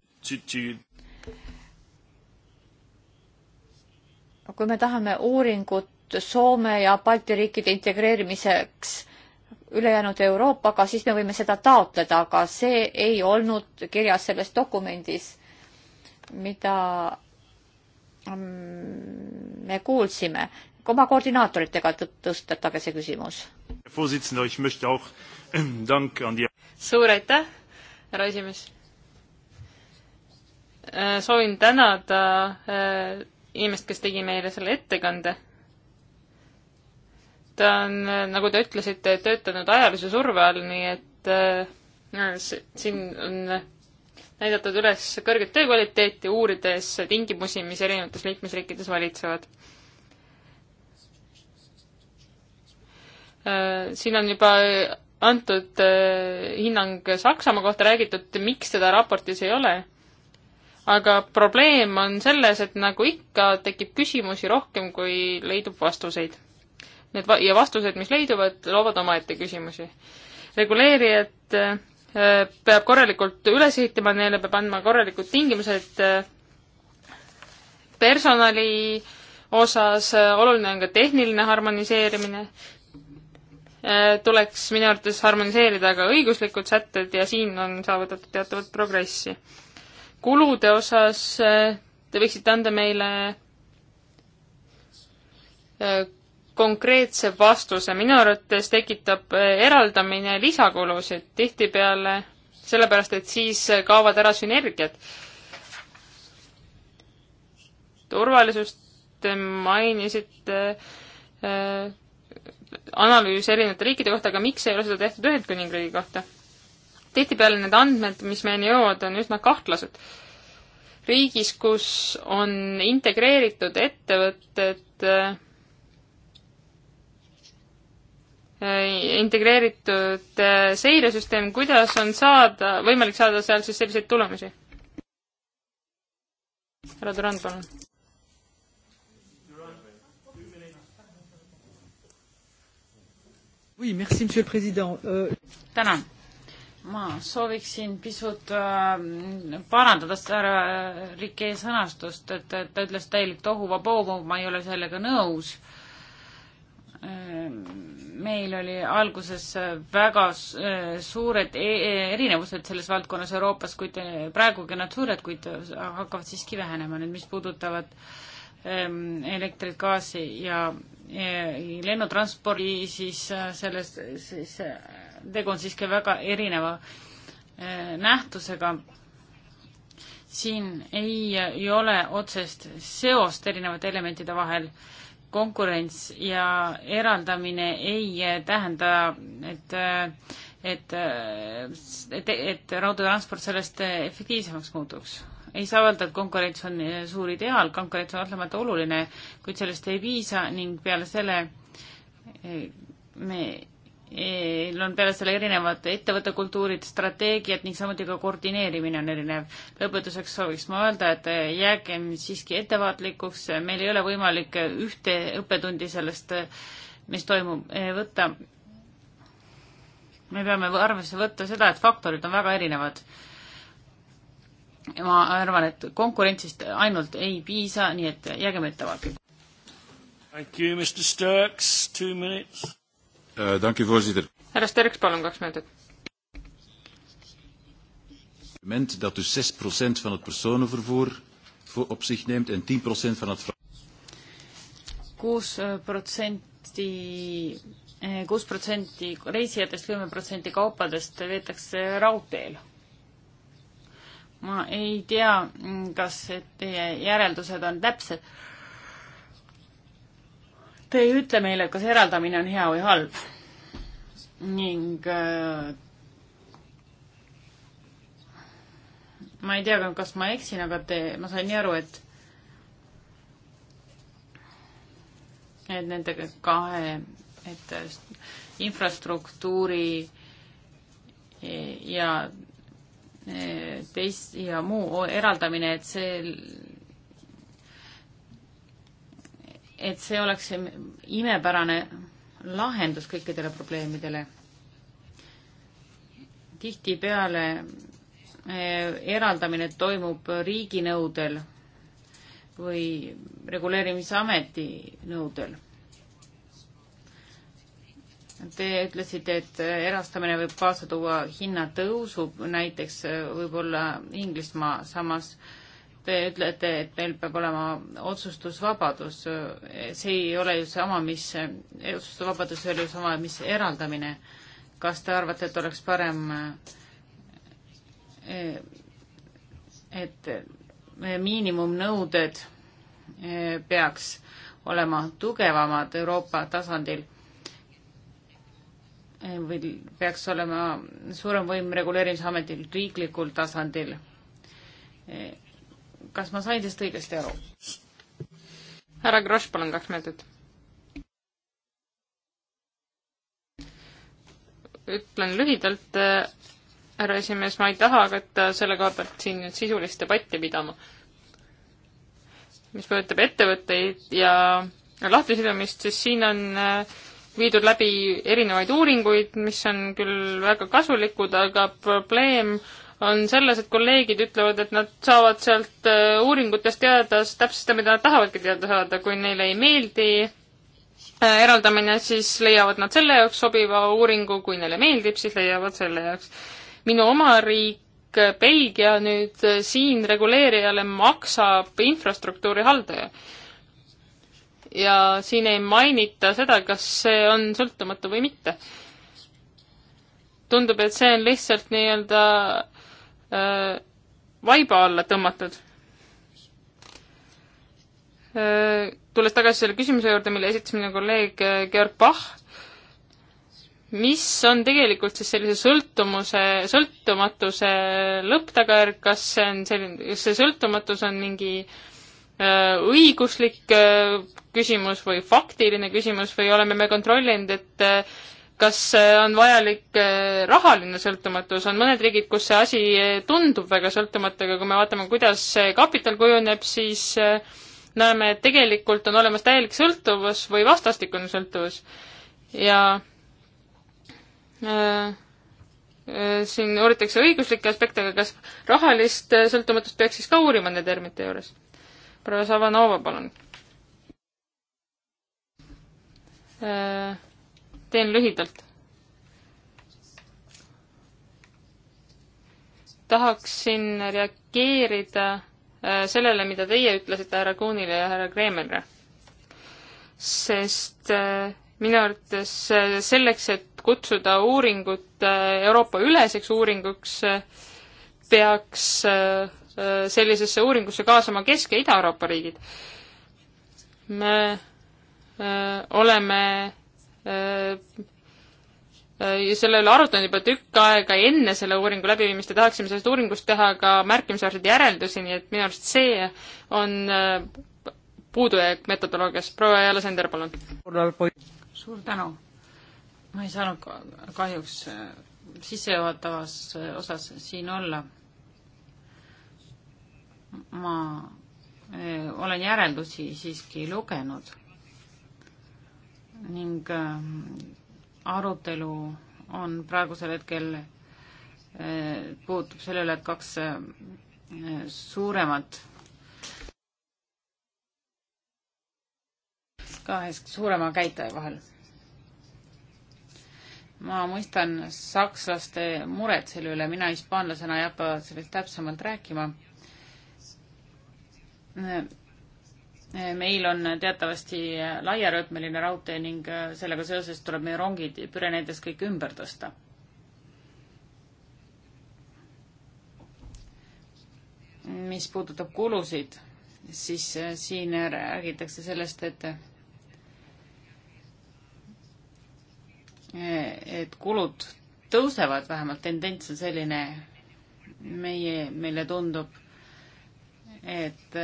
kui me tahame uuringut Soome ja Balti riikide integreerimiseks ülejäänud Euroopaga, siis me võime seda taotleda, aga see ei olnud kirjas selles dokumendis, mida mm, me kuulsime oma koordinaatoritega tõstatage see küsimus. Ähm, suur aitäh, härra esimees. Äh, soovin tänada äh, inimest, kes tegi meile selle ettekande. ta on, äh, nagu te ütlesite, töötanud ajalise surve all, nii et siin on näidatud üles kõrget töökvaliteeti, uurides tingimusi, mis erinevates liikmesriikides valitsevad Äh, siin on juba äh, antud äh, hinnang Saksamaa kohta räägitud, miks seda raportis ei ole. aga probleem on selles, et nagu ikka, tekib küsimusi rohkem, kui leidub vastuseid. Need va- ja vastused, mis leiduvad, loovad omaette küsimusi. reguleerijad peab korralikult üles ehitama, neile peab andma korralikud tingimused personali osas, oluline on ka tehniline harmoniseerimine Äh, tuleks minu arvates harmoniseerida ka õiguslikud sätted ja siin on saavutatud teatavat progressi. kulude osas äh, te võiksite anda meile äh, konkreetse vastuse, minu arvates tekitab eraldamine lisakulusid tihtipeale, sellepärast et siis kaovad ära sünergiad. turvalisust mainisite analüüs erinevate riikide kohta, aga miks ei ole seda tehtud Ühendkuningriigi kohta? tihtipeale need andmed, mis meieni jõuavad, on üsna kahtlased. riigis, kus on integreeritud ettevõtted äh,, integreeritud äh, seiresüsteem, kuidas on saada, võimalik saada seal siis selliseid tulemusi? härra Tarand, palun Euh, tänan. ma sooviksin pisut äh, parandada härra Rikee sõnastust, et, et ta ütles täielik tohuvabohu, ma ei ole sellega nõus äh, meil oli alguses väga äh, suured e, e, erinevused selles valdkonnas Euroopas, kuid äh, praegugi nad suured, kuid hakkavad siiski vähenema. nüüd, mis puudutavad ähm, elektrit, gaasi ja lennutranspordi, siis äh, selles, siis äh, tegu on siiski väga erineva äh, nähtusega. siin ei, ei ole otsest seost erinevate elementide vahel. konkurents ja eraldamine ei tähenda, et et, et, et raudteetransport sellest efektiivsemaks muutuks ei saa öelda, et konkurents on eh, suur ideaal, konkurents on kahtlemata oluline, kuid sellest ei piisa ning peale selle eh, me meil eh, on peale selle erinevad ettevõtte kultuurid, strateegiad ning samuti ka koordineerimine on erinev. lõpetuseks sooviks ma öelda, et jäägem siiski ettevaatlikuks, meil ei ole võimalik ühte õppetundi sellest, mis toimub, võtta. me peame arvesse võtta seda, et faktorid on väga erinevad ma arvan, et konkurentsist ainult ei piisa, nii et jäägem ettevaatlikud. Thank you, Mr Sturks, two minutes uh,. Thank you, voorzitter. härra Sturks, palun kaks minutit. Moment dat dus zes protsent van het personenvervoer op zich neemt en tien protsent van het kuus protsenti, eh, kuus protsenti reisijatest, kümme protsenti kaupadest veetakse raudteel ma ei tea, kas teie järeldused on täpsed. Te ei ütle meile, kas eraldamine on hea või halb ning äh, ma ei tea, kas ma eksin, aga te, ma sain nii aru, et et nende kahe, et äh, infrastruktuuri ja teist ja muu eraldamine, et see, et see oleks imepärane lahendus kõikidele probleemidele. tihtipeale eh, eraldamine toimub riigi nõudel või reguleerimisameti nõudel Te ütlesite, et erastamine võib kaasa tuua hinnatõusu, näiteks äh, võib-olla Inglismaa, samas te ütlete, et meil peab olema otsustusvabadus. see ei ole ju sama, mis, äh, otsustusvabadus ei ole ju sama, mis eraldamine. kas te arvate, et oleks parem, äh, et miinimumnõuded peaks olema tugevamad Euroopa tasandil või peaks olema suurem võim reguleerimisametil riiklikul tasandil. kas ma sain teist õigesti aru? härra Grosch, palun kaks minutit. ütlen lühidalt, härra esimees, ma ei taha hakata selle koha pealt siin nüüd sisulist debatti pidama. mis puudutab ettevõtteid ja lahtisidumist, siis siin on äh, viidud läbi erinevaid uuringuid, mis on küll väga kasulikud, aga probleem on selles, et kolleegid ütlevad, et nad saavad sealt äh, uuringutest teada täpselt seda, mida nad tahavadki teada saada, kui neile ei meeldi äh, eraldamine, siis leiavad nad selle jaoks sobiva uuringu, kui neile meeldib, siis leiavad selle jaoks. minu oma riik Belgia nüüd äh, siin reguleerijale maksab infrastruktuuri haldaja ja siin ei mainita seda, kas see on sõltumatu või mitte. tundub, et see on lihtsalt nii-öelda äh, vaiba alla tõmmatud äh,. tulles tagasi selle küsimuse juurde, mille esitas minu kolleeg äh, Georg Bach, mis on tegelikult siis sellise sõltumuse, sõltumatuse lõpptagajärg, kas see on selline, kas see sõltumatus on mingi äh, Äh, õiguslik äh, küsimus või faktiline küsimus või oleme me kontrollinud, et äh, kas on vajalik rahaline sõltumatus, on mõned riigid, kus see asi tundub väga sõltumatu, aga kui me vaatame, kuidas see kapital kujuneb, siis näeme, et tegelikult on olemas täielik sõltuvus või vastastikune sõltuvus. ja äh, siin uuritakse õiguslikke aspekte, aga kas rahalist sõltumatust peaks siis ka uurima nende termite juures? proua Savanova, palun. Äh, teen lühidalt. tahaksin reageerida äh, sellele, mida teie ütlesite härra Kuunile ja härra Kreemile. sest äh, minu arvates selleks, et kutsuda uuringut Euroopa-üleseks uuringuks, peaks Äh, sellisesse uuringusse kaasama Kesk- ja Ida-Euroopa riigid. me äh, oleme äh, ja selle üle arutanud juba tükk aega enne selle uuringu läbiviimist ja tahaksime sellest uuringust teha ka märkimisväärseid järeldusi, nii et minu arust see on puudujääk metodoloogias. proua Jala Sender, palun. suur tänu. ma ei saanud kahjuks sissejuhatavas osas siin olla ma eh, olen järeldusi siiski lugenud ning eh, arutelu on praegusel hetkel, eh, puutub sellele, et kaks suuremat, kahe suurema käitaja vahel. ma mõistan sakslaste muret selle üle, mina hispaanlasena ei hakka sellest täpsemalt rääkima meil on teatavasti laiarööpmeline raudtee ning sellega seoses tuleb meie rongid Püreneedes kõik ümber tõsta. mis puudutab kulusid, siis äh, siin räägitakse sellest, et äh, et kulud tõusevad, vähemalt tendents on selline, meie, meile tundub et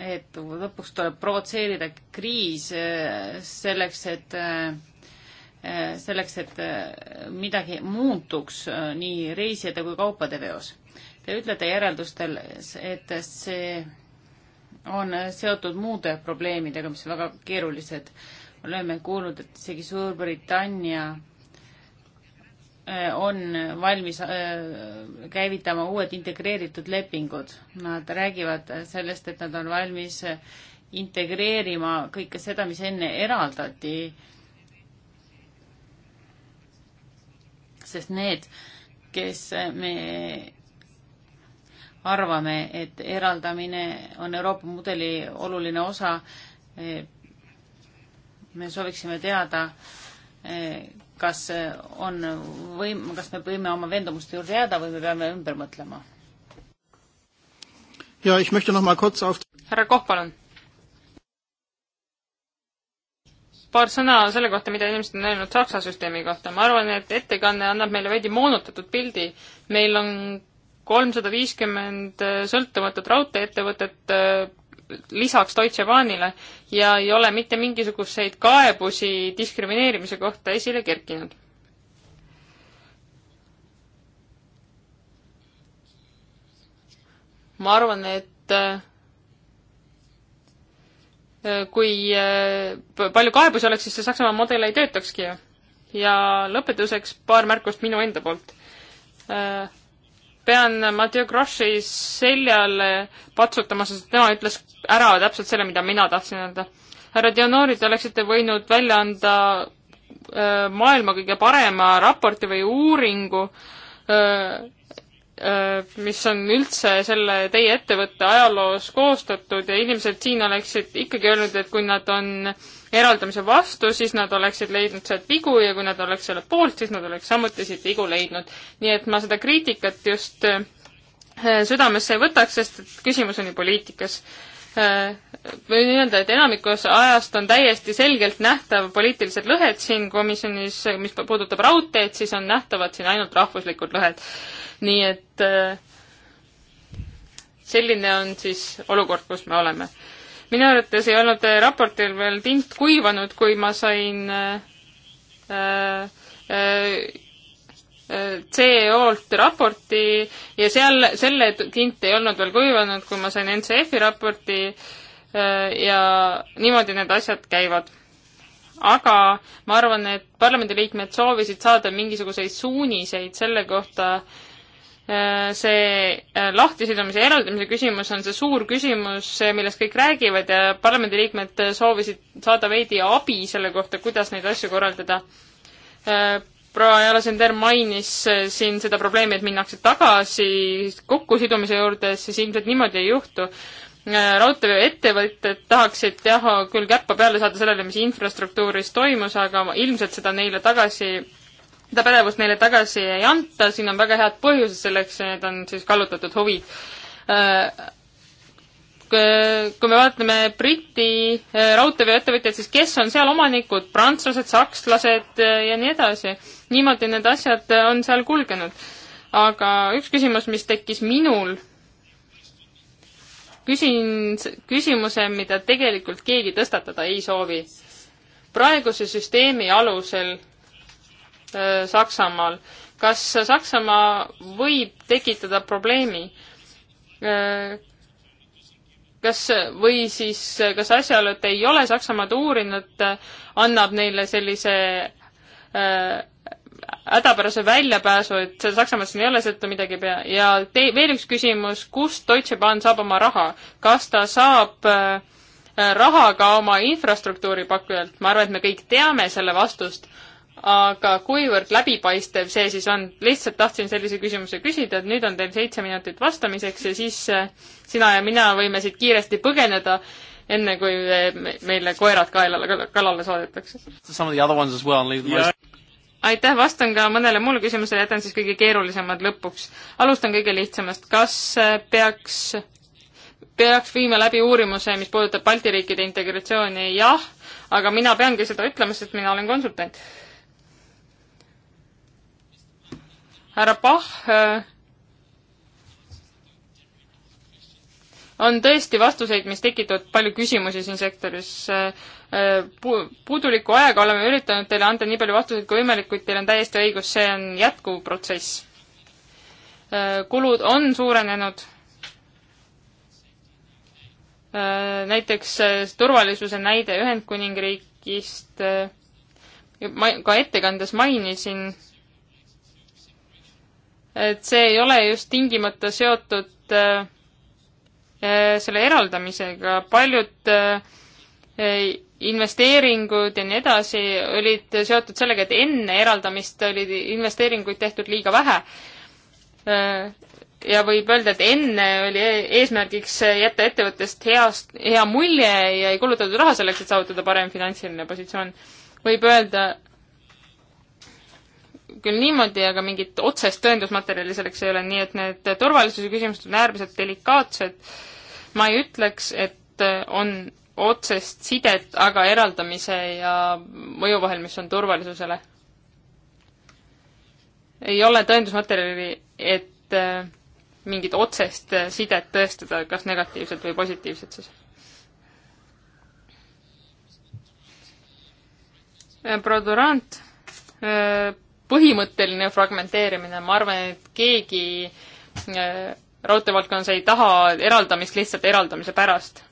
et lõpuks tuleb provotseerida kriis eh, selleks, et eh, selleks, et eh, midagi muutuks nii reisijate kui kaupade veos. Te ütlete järeldustel, et see on seotud muude probleemidega, mis on väga keerulised. oleme kuulnud, et isegi Suurbritannia Äh, on valmis äh, käivitama uued integreeritud lepingud. Nad räägivad sellest, et nad on valmis äh, integreerima kõike seda, mis enne eraldati. sest need, kes me arvame, et eraldamine on Euroopa mudeli oluline osa, me sooviksime teada, kas on võim-, kas me võime oma veendumuste juurde jääda või me peame ümber mõtlema? ja, ich möchte noch mal kurz auf härra Koh, palun. paar sõna selle kohta, mida inimesed on öelnud Saksa süsteemi kohta. ma arvan, et ettekanne annab meile veidi moonutatud pildi. meil on kolmsada viiskümmend sõltumatut raudtee-ettevõtet lisaks Deutsche Bahnile ja ei ole mitte mingisuguseid kaebusi diskrimineerimise kohta esile kerkinud. ma arvan, et äh, äh, kui äh, palju kaebusi oleks, siis see Saksamaa mudel ei töötakski ju. ja lõpetuseks paar märkust minu enda poolt pean Mathieu Grossi seljale patsutama, sest tema ütles ära täpselt selle, mida mina tahtsin öelda. härra Dionori, te oleksite võinud välja anda öö, maailma kõige parema raporti või uuringu, mis on üldse selle teie ettevõtte ajaloos koostatud ja inimesed siin oleksid ikkagi öelnud, et kui nad on öö, eraldamise vastu, siis nad oleksid leidnud sealt vigu ja kui nad oleks selle poolt, siis nad oleks samuti siit vigu leidnud. nii et ma seda kriitikat just äh, südamesse ei võtaks, sest et küsimus on ju poliitikas äh, võin öelda, et enamikus ajast on täiesti selgelt nähtav poliitilised lõhed siin komisjonis, mis puudutab raudteed, siis on nähtavad siin ainult rahvuslikud lõhed. nii et äh, selline on siis olukord, kus me oleme minu arvates ei olnud äh, raportil veel tint kuivanud, kui ma sain äh, äh, äh CEO-lt raporti ja seal, selle tint ei olnud veel kuivanud, kui ma sain NCF-i raporti äh, ja niimoodi need asjad käivad. aga ma arvan, et parlamendiliikmed soovisid saada mingisuguseid suuniseid selle kohta, Äh, see äh, lahtisidumise ja eraldamise küsimus on see suur küsimus, millest kõik räägivad ja parlamendiliikmed soovisid saada veidi abi selle kohta, kuidas neid asju korraldada. Äh, proua Jalasender mainis siin seda probleemi, et minnakse tagasi kokkusidumise juurde, siis ilmselt niimoodi ei juhtu raudteeettevõtted tahaksid jah küll käppa peale saada sellele, mis infrastruktuuris toimus, aga ilmselt seda neile tagasi seda pädevust neile tagasi ei anta, siin on väga head põhjused selleks, need on siis kallutatud huvid. Äh, kui me vaatame Briti äh, raudteeveoettevõtjaid, siis kes on seal omanikud, prantslased, sakslased äh, ja nii edasi. niimoodi need asjad on seal kulgenud. aga üks küsimus, mis tekkis minul, küsin küsimuse, mida tegelikult keegi tõstatada ei soovi. praeguse süsteemi alusel Äh, Saksamaal. kas Saksamaa võib tekitada probleemi? Äh, kas, või siis, kas asjaolu, et ei ole Saksamaad uurinud, annab neile sellise äh, hädapärase väljapääsu, et seal Saksamaal siin ei ole seetõttu midagi pea. ja te, veel üks küsimus, kust Deutsche Bahn saab oma raha? kas ta saab äh, raha ka oma infrastruktuuri pakkujalt? ma arvan, et me kõik teame selle vastust, aga kuivõrd läbipaistev see siis on, lihtsalt tahtsin sellise küsimuse küsida, et nüüd on teil seitse minutit vastamiseks ja siis äh, sina ja mina võime siit kiiresti põgeneda, enne kui äh, meile koerad kaelale, kallale saadetakse. Well, aitäh, vastan ka mõnele muule küsimusele, jätan siis kõige keerulisemad lõpuks. alustan kõige lihtsamast, kas äh, peaks peaks viima läbi uurimuse, mis puudutab Balti riikide integratsiooni, jah, aga mina peangi seda ütlema, sest mina olen konsultant härra Pahh äh, on tõesti vastuseid, mis tekitavad palju küsimusi siin sektoris. Äh, äh, puuduliku ajaga oleme üritanud teile anda nii palju vastuseid kui võimalik, kuid teil on täiesti õigus, see on jätkuv protsess. kulud on suurenenud. näiteks turvalisuse näide Ühendkuningriigist, ma ka ettekandes mainisin et see ei ole just tingimata seotud äh, äh selle eraldamisega, paljud äh, äh, investeeringud ja nii edasi olid seotud sellega, et enne eraldamist oli investeeringuid tehtud liiga vähe äh,. ja võib öelda, et enne oli eesmärgiks jätta ettevõttest heast, hea mulje ja ei kulutatud raha selleks, et saavutada parem finantsiline positsioon. võib öelda, küll niimoodi, aga mingit otsest tõendusmaterjali selleks ei ole, nii et need turvalisuse küsimused on äärmiselt delikaatsed. ma ei ütleks, et on otsest sidet, aga eraldamise ja mõju vahel, mis on turvalisusele. ei ole tõendusmaterjali, et äh, mingit otsest sidet tõestada, kas negatiivset või positiivset siis. Produrant äh, äh, põhimõtteline fragmenteerimine, ma arvan, et keegi äh, raudteevaldkonnas ei taha eraldamist lihtsalt eraldamise pärast.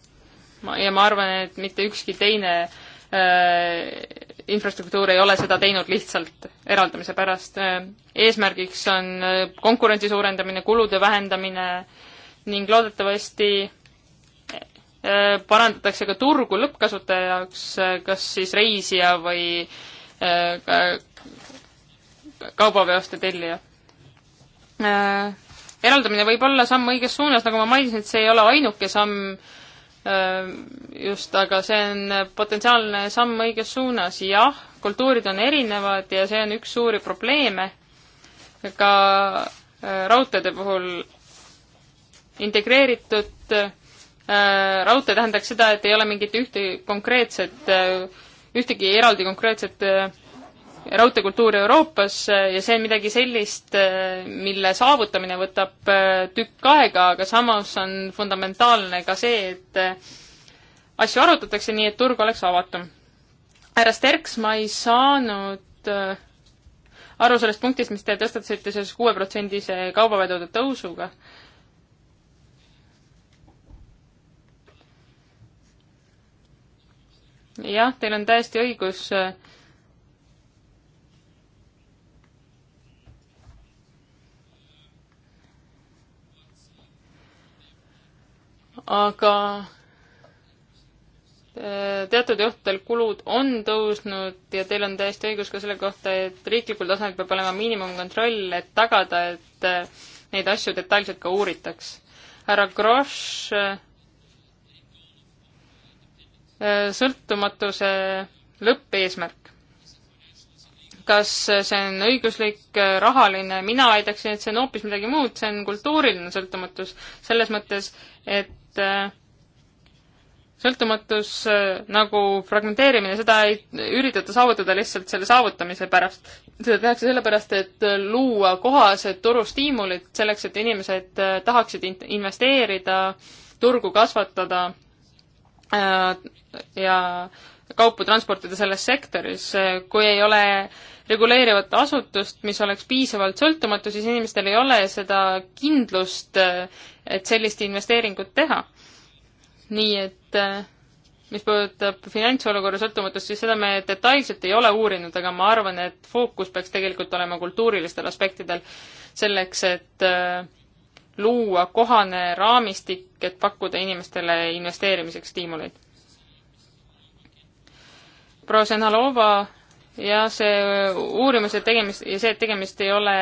ja ma arvan, et mitte ükski teine äh, infrastruktuur ei ole seda teinud lihtsalt eraldamise pärast. Äh, eesmärgiks on konkurentsi suurendamine, kulude vähendamine ning loodetavasti parandatakse ka turgu lõppkasutaja jaoks, kas siis reisija või kaubaveoste tellija äh,. eraldamine võib olla samm õiges suunas, nagu ma mainisin, et see ei ole ainuke samm äh, just, aga see on potentsiaalne samm õiges suunas, jah, kultuurid on erinevad ja see on üks suuri probleeme ka äh, raudteede puhul integreeritud äh, raudtee tähendaks seda, et ei ole mingit ühte konkreetset äh,, ühtegi eraldi konkreetset äh, raudteekultuur Euroopas ja see on midagi sellist, mille saavutamine võtab äh, tükk aega, aga samas on fundamentaalne ka see, et äh, asju arutatakse nii, et turg oleks avatum. härra Sterks, ma ei saanud äh, aru sellest punktist, mis te tõstatasite seoses kuueprotsendise kaubavedude tõusuga jah, teil on täiesti õigus, aga äh, teatud juhtudel kulud on tõusnud ja teil on täiesti õigus ka selle kohta, et riiklikul tasandil peab olema miinimumkontroll, et tagada, et äh, neid asju detailselt ka uuritaks. härra Grosch äh, sõltumatuse lõppeesmärk. kas see on õiguslik, rahaline, mina väidaksin, et see on hoopis midagi muud, see on kultuuriline sõltumatus selles mõttes, et et äh, sõltumatus äh, nagu fragmenteerimine, seda ei üritata saavutada lihtsalt selle saavutamise pärast. seda tehakse sellepärast, et äh, luua kohased turustiimulid selleks, et inimesed tahaksid investeerida, turgu kasvatada ja kaupu transportida selles sektoris. kui ei ole reguleerivat asutust, mis oleks piisavalt sõltumatu, siis inimestel ei ole seda kindlust, et sellist investeeringut teha. nii et mis puudutab finantsolukorra sõltumatust, siis seda me detailselt ei ole uurinud, aga ma arvan, et fookus peaks tegelikult olema kultuurilistel aspektidel selleks, et luua kohane raamistik, et pakkuda inimestele investeerimiseks stiimuleid. proua Senalova ja see uurimuse tegemist ja see, et tegemist ei ole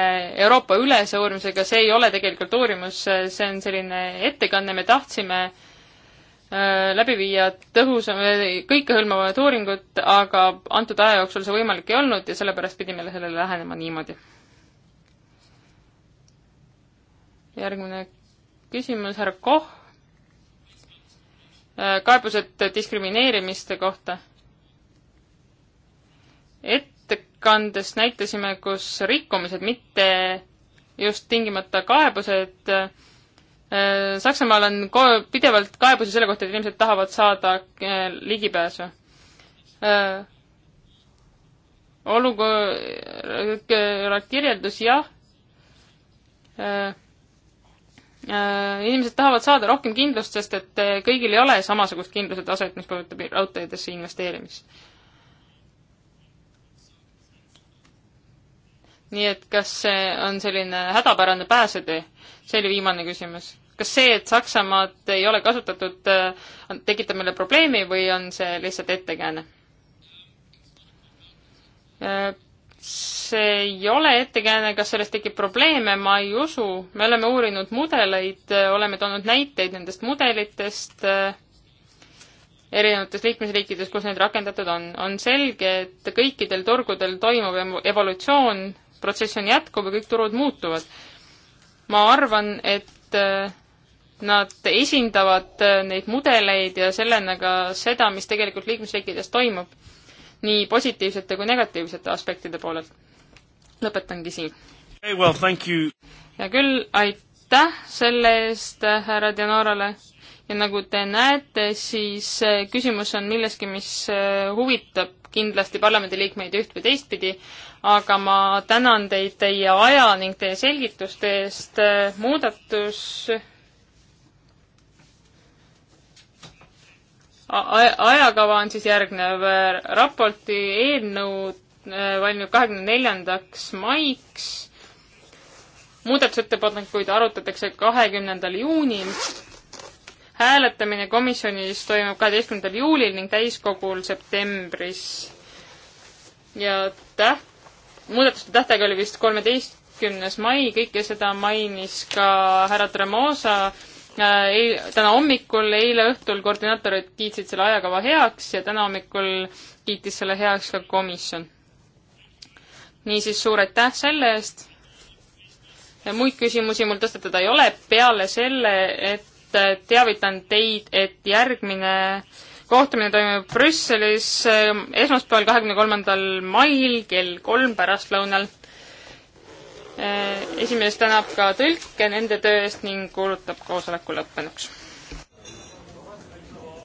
Euroopa-ülese uurimusega, see ei ole tegelikult uurimus, see on selline ettekanne, me tahtsime äh, läbi viia tõhusam, kõikehõlmavad uuringut, aga antud aja jooksul see võimalik ei olnud ja sellepärast pidime sellele lähenema niimoodi. järgmine küsimus, härra Koh. Äh, kaebused diskrimineerimiste kohta ettekandes näitasime, kus rikkumised, mitte just tingimata kaebused, äh, Saksamaal on ko-, pidevalt kaebusi selle kohta, et inimesed tahavad saada äh, ligipääsu. Äh, olukorra kirjeldus, jah. inimesed tahavad saada rohkem kindlust, sest et kõigil ei ole samasugust kindluse taset, mis puudutab raudteedesse investeerimist nii et kas see on selline hädapärane pääsetee? see oli viimane küsimus. kas see, et Saksamaad ei ole kasutatud, äh, tekitab meile probleemi või on see lihtsalt ettekääne? Äh, see ei ole ettekääne, kas sellest tekib probleeme, ma ei usu. me oleme uurinud mudeleid, äh, oleme toonud näiteid nendest mudelitest erinevates liikmesriikides, kus need rakendatud on. on selge, et kõikidel turgudel toimub evolutsioon protsess on jätkuv ja kõik turud muutuvad. ma arvan, et äh, nad esindavad äh, neid mudeleid ja sellena ka seda, mis tegelikult liikmesriikides toimub, nii positiivsete kui negatiivsete aspektide poolelt. lõpetangi siin okay,. Well, hea küll, aitäh selle eest äh, härra Dianorale ja nagu te näete, siis küsimus on milleski, mis huvitab kindlasti parlamendiliikmeid üht või teistpidi, aga ma tänan teid teie aja ning teie selgituste eest. muudatus ajakava on siis järgnev. raporti eelnõu äh, valmib kahekümne neljandaks maiks. muudatusettepanekuid arutatakse kahekümnendal juunil. hääletamine komisjonis toimub kaheteistkümnendal juulil ning täiskogul septembris. ja täht-, muudatuste tähtaeg oli vist kolmeteistkümnes mai, kõike seda mainis ka härra Tremosa äh, ei, täna hommikul, eile õhtul koordinaatorid kiitsid selle ajakava heaks ja täna hommikul kiitis selle heaks ka komisjon. niisiis, suur aitäh selle eest. muid küsimusi mul tõstatada ei ole, peale selle, et teavitan teid, et järgmine äh, kohtumine toimub Brüsselis ähm, esmaspäeval, kahekümne kolmandal mail kell kolm pärastlõunal. Äh, esimees tänab ka tõlke nende töö eest ning kuulutab koosoleku lõppenuks